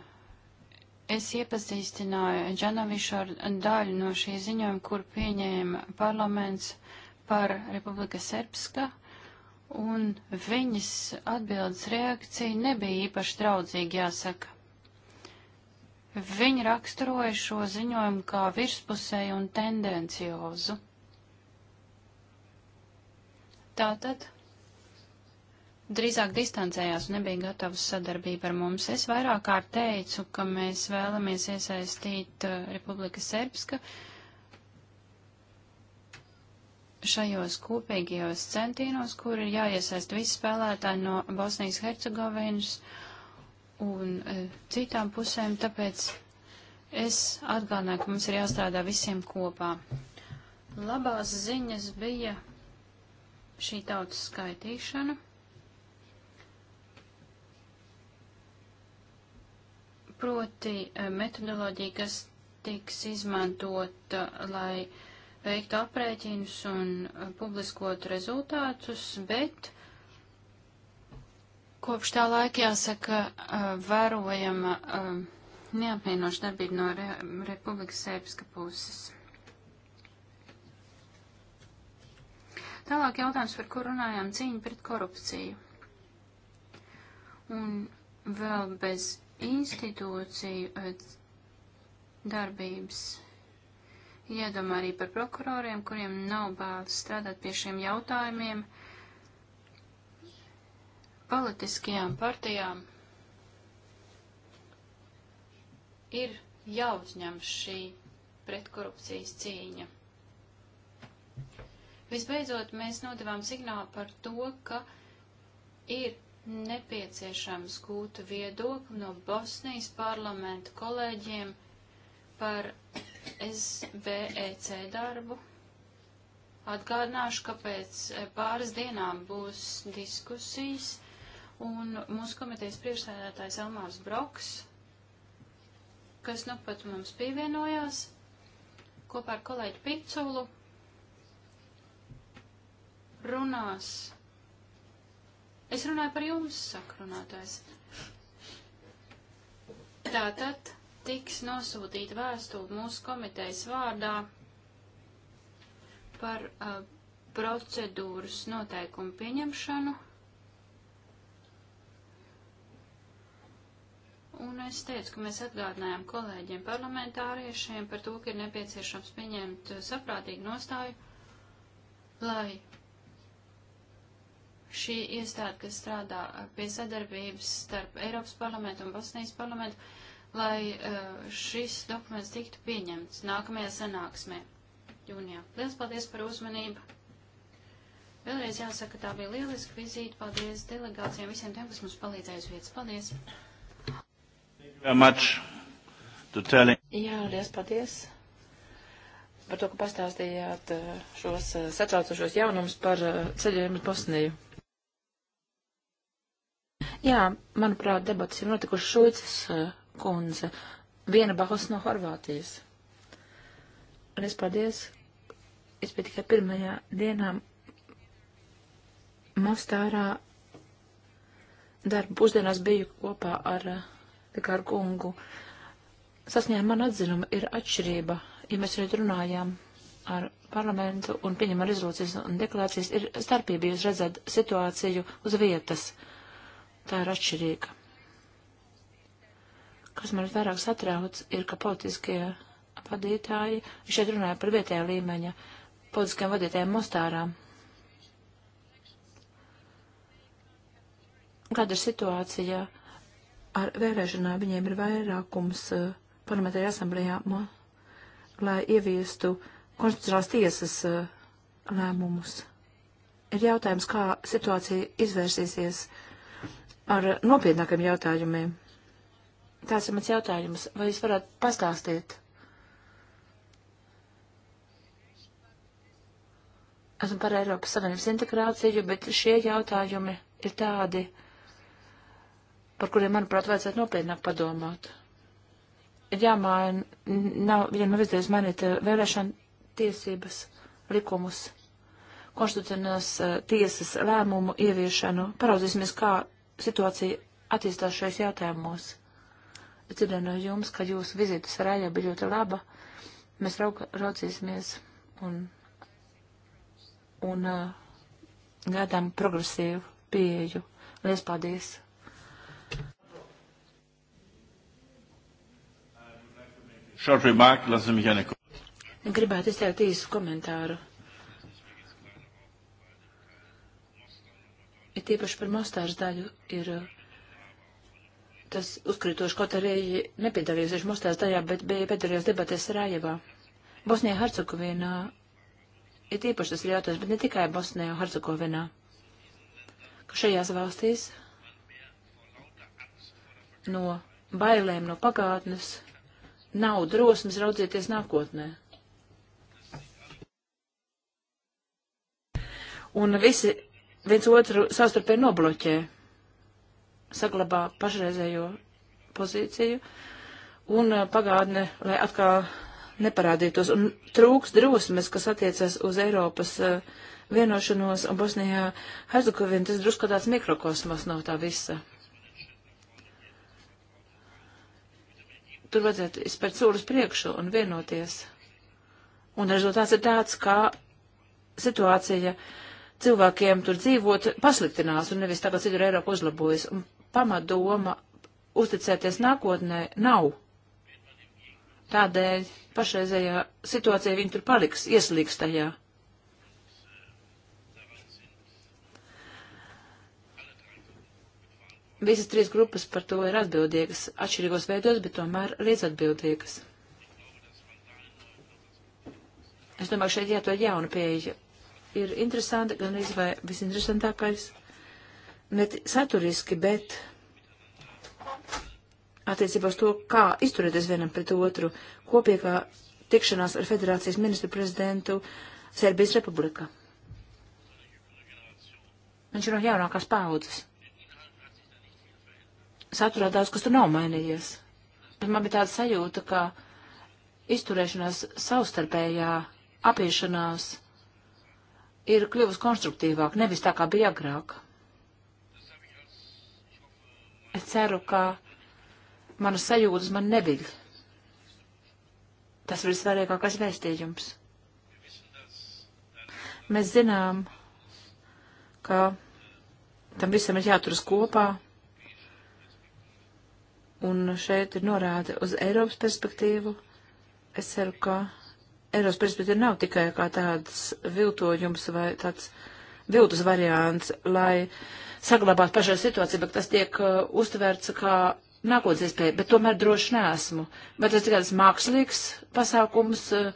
es iepazīstināju Džanovišu ar daļu no šī ziņojuma, kur pieņēma parlaments par Republika Serbska un viņas atbildes reakcija nebija īpaši draudzīga, jāsaka. Viņa raksturoja šo ziņojumu kā virspusēju un tendenciozu. Tātad drīzāk distancējās un nebija gatavs sadarbība ar mums. Es vairāk kārt teicu, ka mēs vēlamies iesaistīt eh, Republika Serbska uh, šajos kopīgajos centienos, kur ir jāiesaist visi spēlētāji no Bosnijas Hercegovinas un e, citām pusēm, tāpēc es atgādināju, ka mums ir jāstrādā visiem kopā. Labās ziņas bija šī tautas skaitīšana. Proti e, metodoloģija, kas tiks izmantota, lai uh, veiktu aprēķinus un uh, publiskotu rezultātus, bet kopš tā laika jāsaka uh, vērojama um, neapmienoša darbība no Re Republikas Sēpska puses. Tālāk jautājums, par kur runājām, cīņa pret korupciju. Un vēl bez institūciju uh, darbības Iedomā arī par prokuroriem, kuriem nav bāzes strādāt pie šiem jautājumiem. Politiskajām partijām ir jāuzņem šī pretkorupcijas cīņa. Visbeidzot, mēs nodevām signālu par to, ka ir nepieciešams gūt viedokli no Bosnijas parlamenta kolēģiem par SBEC darbu. Atgādināšu, ka pēc e, pāris dienām būs diskusijas, un mūsu komitejas priekšsēdētājs Elmārs Broks, kas nu pat mums pievienojās, kopā ar kolēģi Piculu runās. Es runāju par jums, saka runātājs. Tātad tiks nosūtīta vēstule mūsu komitejas vārdā par uh, procedūras noteikumu pieņemšanu. Un es teicu, ka mēs atgādinājām kolēģiem parlamentāriešiem par to, ka ir nepieciešams pieņemt uh, saprātīgu nostāju, lai šī iestāde, kas strādā uh, pie sadarbības starp Eiropas parlamentu un Bosnijas parlamentu, lai eh, šis dokuments tiktu pieņemts nākamajā sanāksmē jūnijā. Liels paldies par uzmanību! Vēlreiz jāsaka, tā bija lieliska vizīte. Paldies delegācijām, visiem tiem, kas mums palīdzēja uz vietas. Paldies! Jā, liels paldies par to, ka pastāstījāt eh, šos eh, satraucošos jaunumus par ceļojumu uz Bosniju. Jā, manuprāt, debats ir notikušas šūcas kundze, viena balss no Horvātijas. Un es paldies, es biju tikai pirmajā dienā Mostārā darba pusdienās biju kopā ar Vikāru eh, kungu. Sasnieguma man atzinuma ir atšķirība, ja mēs šeit runājām ar parlamentu un pieņemam rezolūcijas un deklarācijas, ir starpība, jūs redzat situāciju uz vietas. Tā ir atšķirīga kas man vairāk satrauc, ir, ka politiskie vadītāji, šeit runāja par vietējā līmeņa politiskajiem vadītājiem Mostārā. Kāda ir situācija ar vēlēšanām? Viņiem ir vairākums uh, parlamentārajā asamblējā, lai ieviestu konstitucionālās tiesas uh, lēmumus. Ir jautājums, kā situācija izvērsīsies ar nopietnākiem jautājumiem. Tāds ir mans jautājums. Vai jūs varētu pastāstīt? Esmu par Eiropas Savienības integrāciju, bet šie jautājumi ir tādi, par kuriem, manuprāt, vajadzētu nopietnāk padomāt. Ir jāmaina, nav, viņam nav izdevies mainīt eh, vēlēšana tiesības, likumus, konstitucionās uh, tiesas lēmumu ieviešanu. Paraudzīsimies, kā situācija attīstās šajos jautājumos dzirdēju no jums, ka jūsu vizīte Sarajā bija ļoti laba. Mēs raug, raucīsimies un, un uh, gaidām progresīvu pieeju. Lies paldies! Gribētu izteikt īsu komentāru. Ir tīpaši par mostāžu daļu ir uh, tas uzkrītoši, kaut arī nepiedalījos, viņš mostās tajā, bet bija piedalījos debatēs Rājevā. Bosnijā Hercegovinā ir īpaši tas jautājums, bet ne tikai Bosnijā Hercegovinā. Ka šajās valstīs no bailēm no pagātnes nav drosmes raudzieties nākotnē. Un visi viens otru savstarpēji nobloķē saglabā pašreizējo pozīciju un eh, pagātne, lai atkal neparādītos. Un trūks drosmes, kas attiecas uz Eiropas uh, vienošanos, un Bosnijā Hercegovina tas drusku tāds mikrokosmos no tā visa. Tur vajadzētu izpērt sūrus priekšu un vienoties. Un rezultāts ir tāds, kā situācija cilvēkiem tur dzīvot pasliktinās, un nevis tā, ka citur Eiropa uzlabojas. Un pamatdoma uzticēties nākotnē nav. Tādēļ pašreizējā situācija viņa tur paliks ieslīgs tajā. Visas trīs grupas par to ir atbildīgas atšķirīgos veidos, bet tomēr līdz atbildīgas. Es domāju, šeit jāto jauna pieeja. Ir interesanti, gan arī vai visinteresantākais ne saturiski, bet attiecībā uz to, kā izturēties vienam pret otru, kopīgā tikšanās ar federācijas ministru prezidentu Serbijas republika. Viņš ir no jaunākās paudzes. Saturā daudz, kas tur nav mainījies. Bet man bija tāda sajūta, ka izturēšanās savstarpējā apiešanās ir kļuvusi konstruktīvāk, nevis tā kā bija agrāk ceru, ka mana sajūtas man nebiļ. Tas ir svarīgākais vēstījums. Mēs zinām, ka tam visam ir jāturas kopā, un šeit ir norāde uz Eiropas perspektīvu. Es ceru, ka Eiropas perspektīva nav tikai kā tāds viltojums vai tāds uh, viltus variants, lai saglabātu pašā situāciju, bet tas tiek uh, uztverts kā nākotnes iespēja, bet tomēr droši neesmu. Vai tas ir kāds mākslīgs pasākums, uh,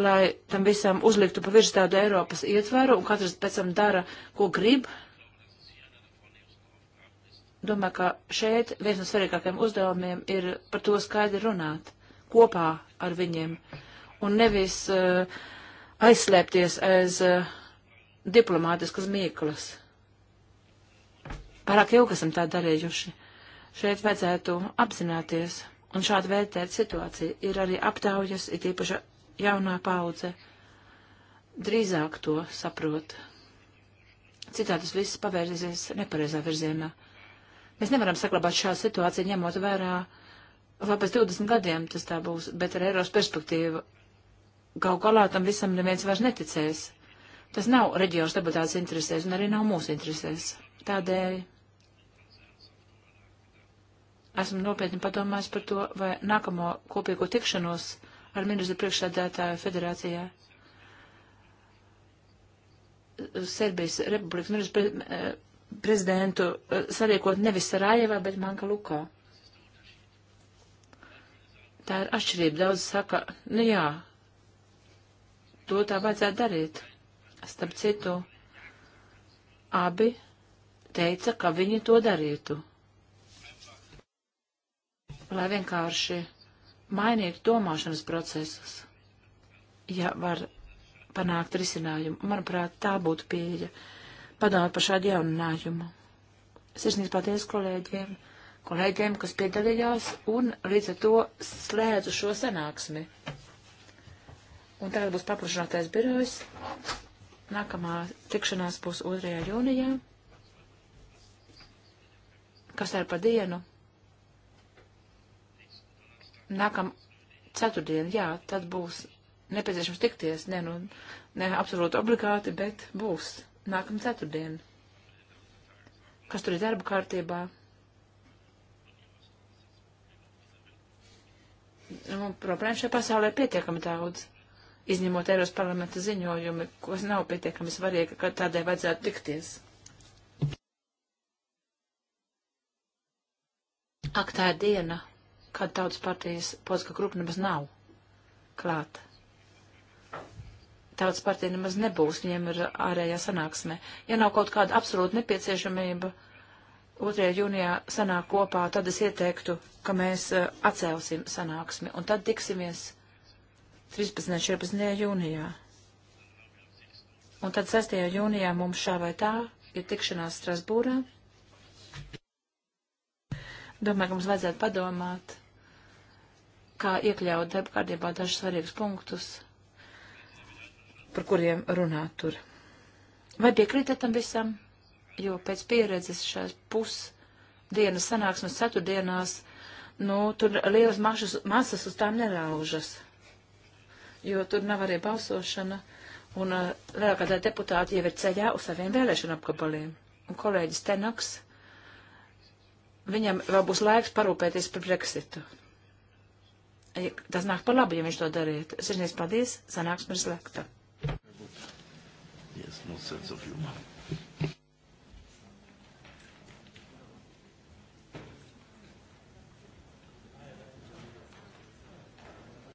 lai tam visam uzliktu pa virs tādu Eiropas ietvaru un katrs pēc tam dara, ko grib? Domāju, ka šeit viens no svarīgākajiem uzdevumiem ir par to skaidri runāt kopā ar viņiem un nevis uh, aizslēpties aiz. Uh, diplomātiskas mīklas. Pārāk ilgi esam tā darījuši. Šeit vajadzētu apzināties un šādi vērtēt situāciju. Ir arī aptaujas, ir īpaši jaunā paudze. Drīzāk to saprot. Citādi tas viss pavērsies nepareizā virzienā. Mēs nevaram saglabāt šādu situāciju, ņemot vērā, vai pēc 20 gadiem tas tā būs, bet ar Eiropas perspektīvu. Gau galā tam visam neviens vairs neticēs. Tas nav reģionu stabilitātes interesēs un arī nav mūsu interesēs. Tādēļ esmu nopietni padomājis par to, vai nākamo kopīgo tikšanos ar ministru priekšsādātāju federācijā Serbijas republikas ministru pre, eh, prezidentu eh, sarīkot nevis Sarajevā, bet Manka Lukā. Tā ir atšķirība. Daudz saka, nu jā, to tā vajadzētu darīt. Starp citu, abi teica, ka viņi to darītu. Lai vienkārši mainītu domāšanas procesus, ja var panākt risinājumu. Manuprāt, tā būtu pieeja padomāt par šādu jauninājumu. Sirsnīgi paties kolēģiem, kolēģiem, kas piedalījās, un līdz ar to slēdzu šo sanāksmi. Un tagad būs paplašinātais birojs. Nākamā tikšanās būs 2. jūnijā. Kas ir pa dienu? Nākam ceturtdien, jā, tad būs nepieciešams tikties. Ne, nu, ne absolūti obligāti, bet būs. Nākam ceturtdien. Kas tur ir darba kārtībā? Nu, problēma šajā pasaulē ir pietiekami daudz izņemot Eiros parlamenta ziņojumi, kas nav pietiekami svarīgi, ka tādai vajadzētu tikties. Ak, tā ir diena, kad tautas partijas politiskā grupa nemaz nav klāta. Tautas partija nemaz nebūs, viņiem ir ārējā sanāksme. Ja nav kaut kāda absolūta nepieciešamība, 2. jūnijā sanāk kopā, tad es ieteiktu, ka mēs eh, atcelsim sanāksmi un tad tiksimies 13. un 14. jūnijā. Un tad 6. jūnijā mums šā vai tā ir tikšanās Strasbūrā. Domāju, ka mums vajadzētu padomāt, kā iekļaut darba kārtībā dažus svarīgus punktus, par kuriem runāt tur. Vai piekrītat tam visam? Jo pēc pieredzes šās pusdienas sanāksmes ceturtdienās, nu, tur lielas mašas, masas uz tām neraužas jo tur nav arī balsošana, un uh, lielākā daļa deputāti jau ir ceļā uz saviem vēlēšanu apgabaliem. Un kolēģis Tenaks, viņam vēl būs laiks parūpēties par Brexitu. Tas nāk par labu, ja viņš to darītu. Sirsnīgs paldies, sanāksme ir slēgta. Yes, no sense of humor.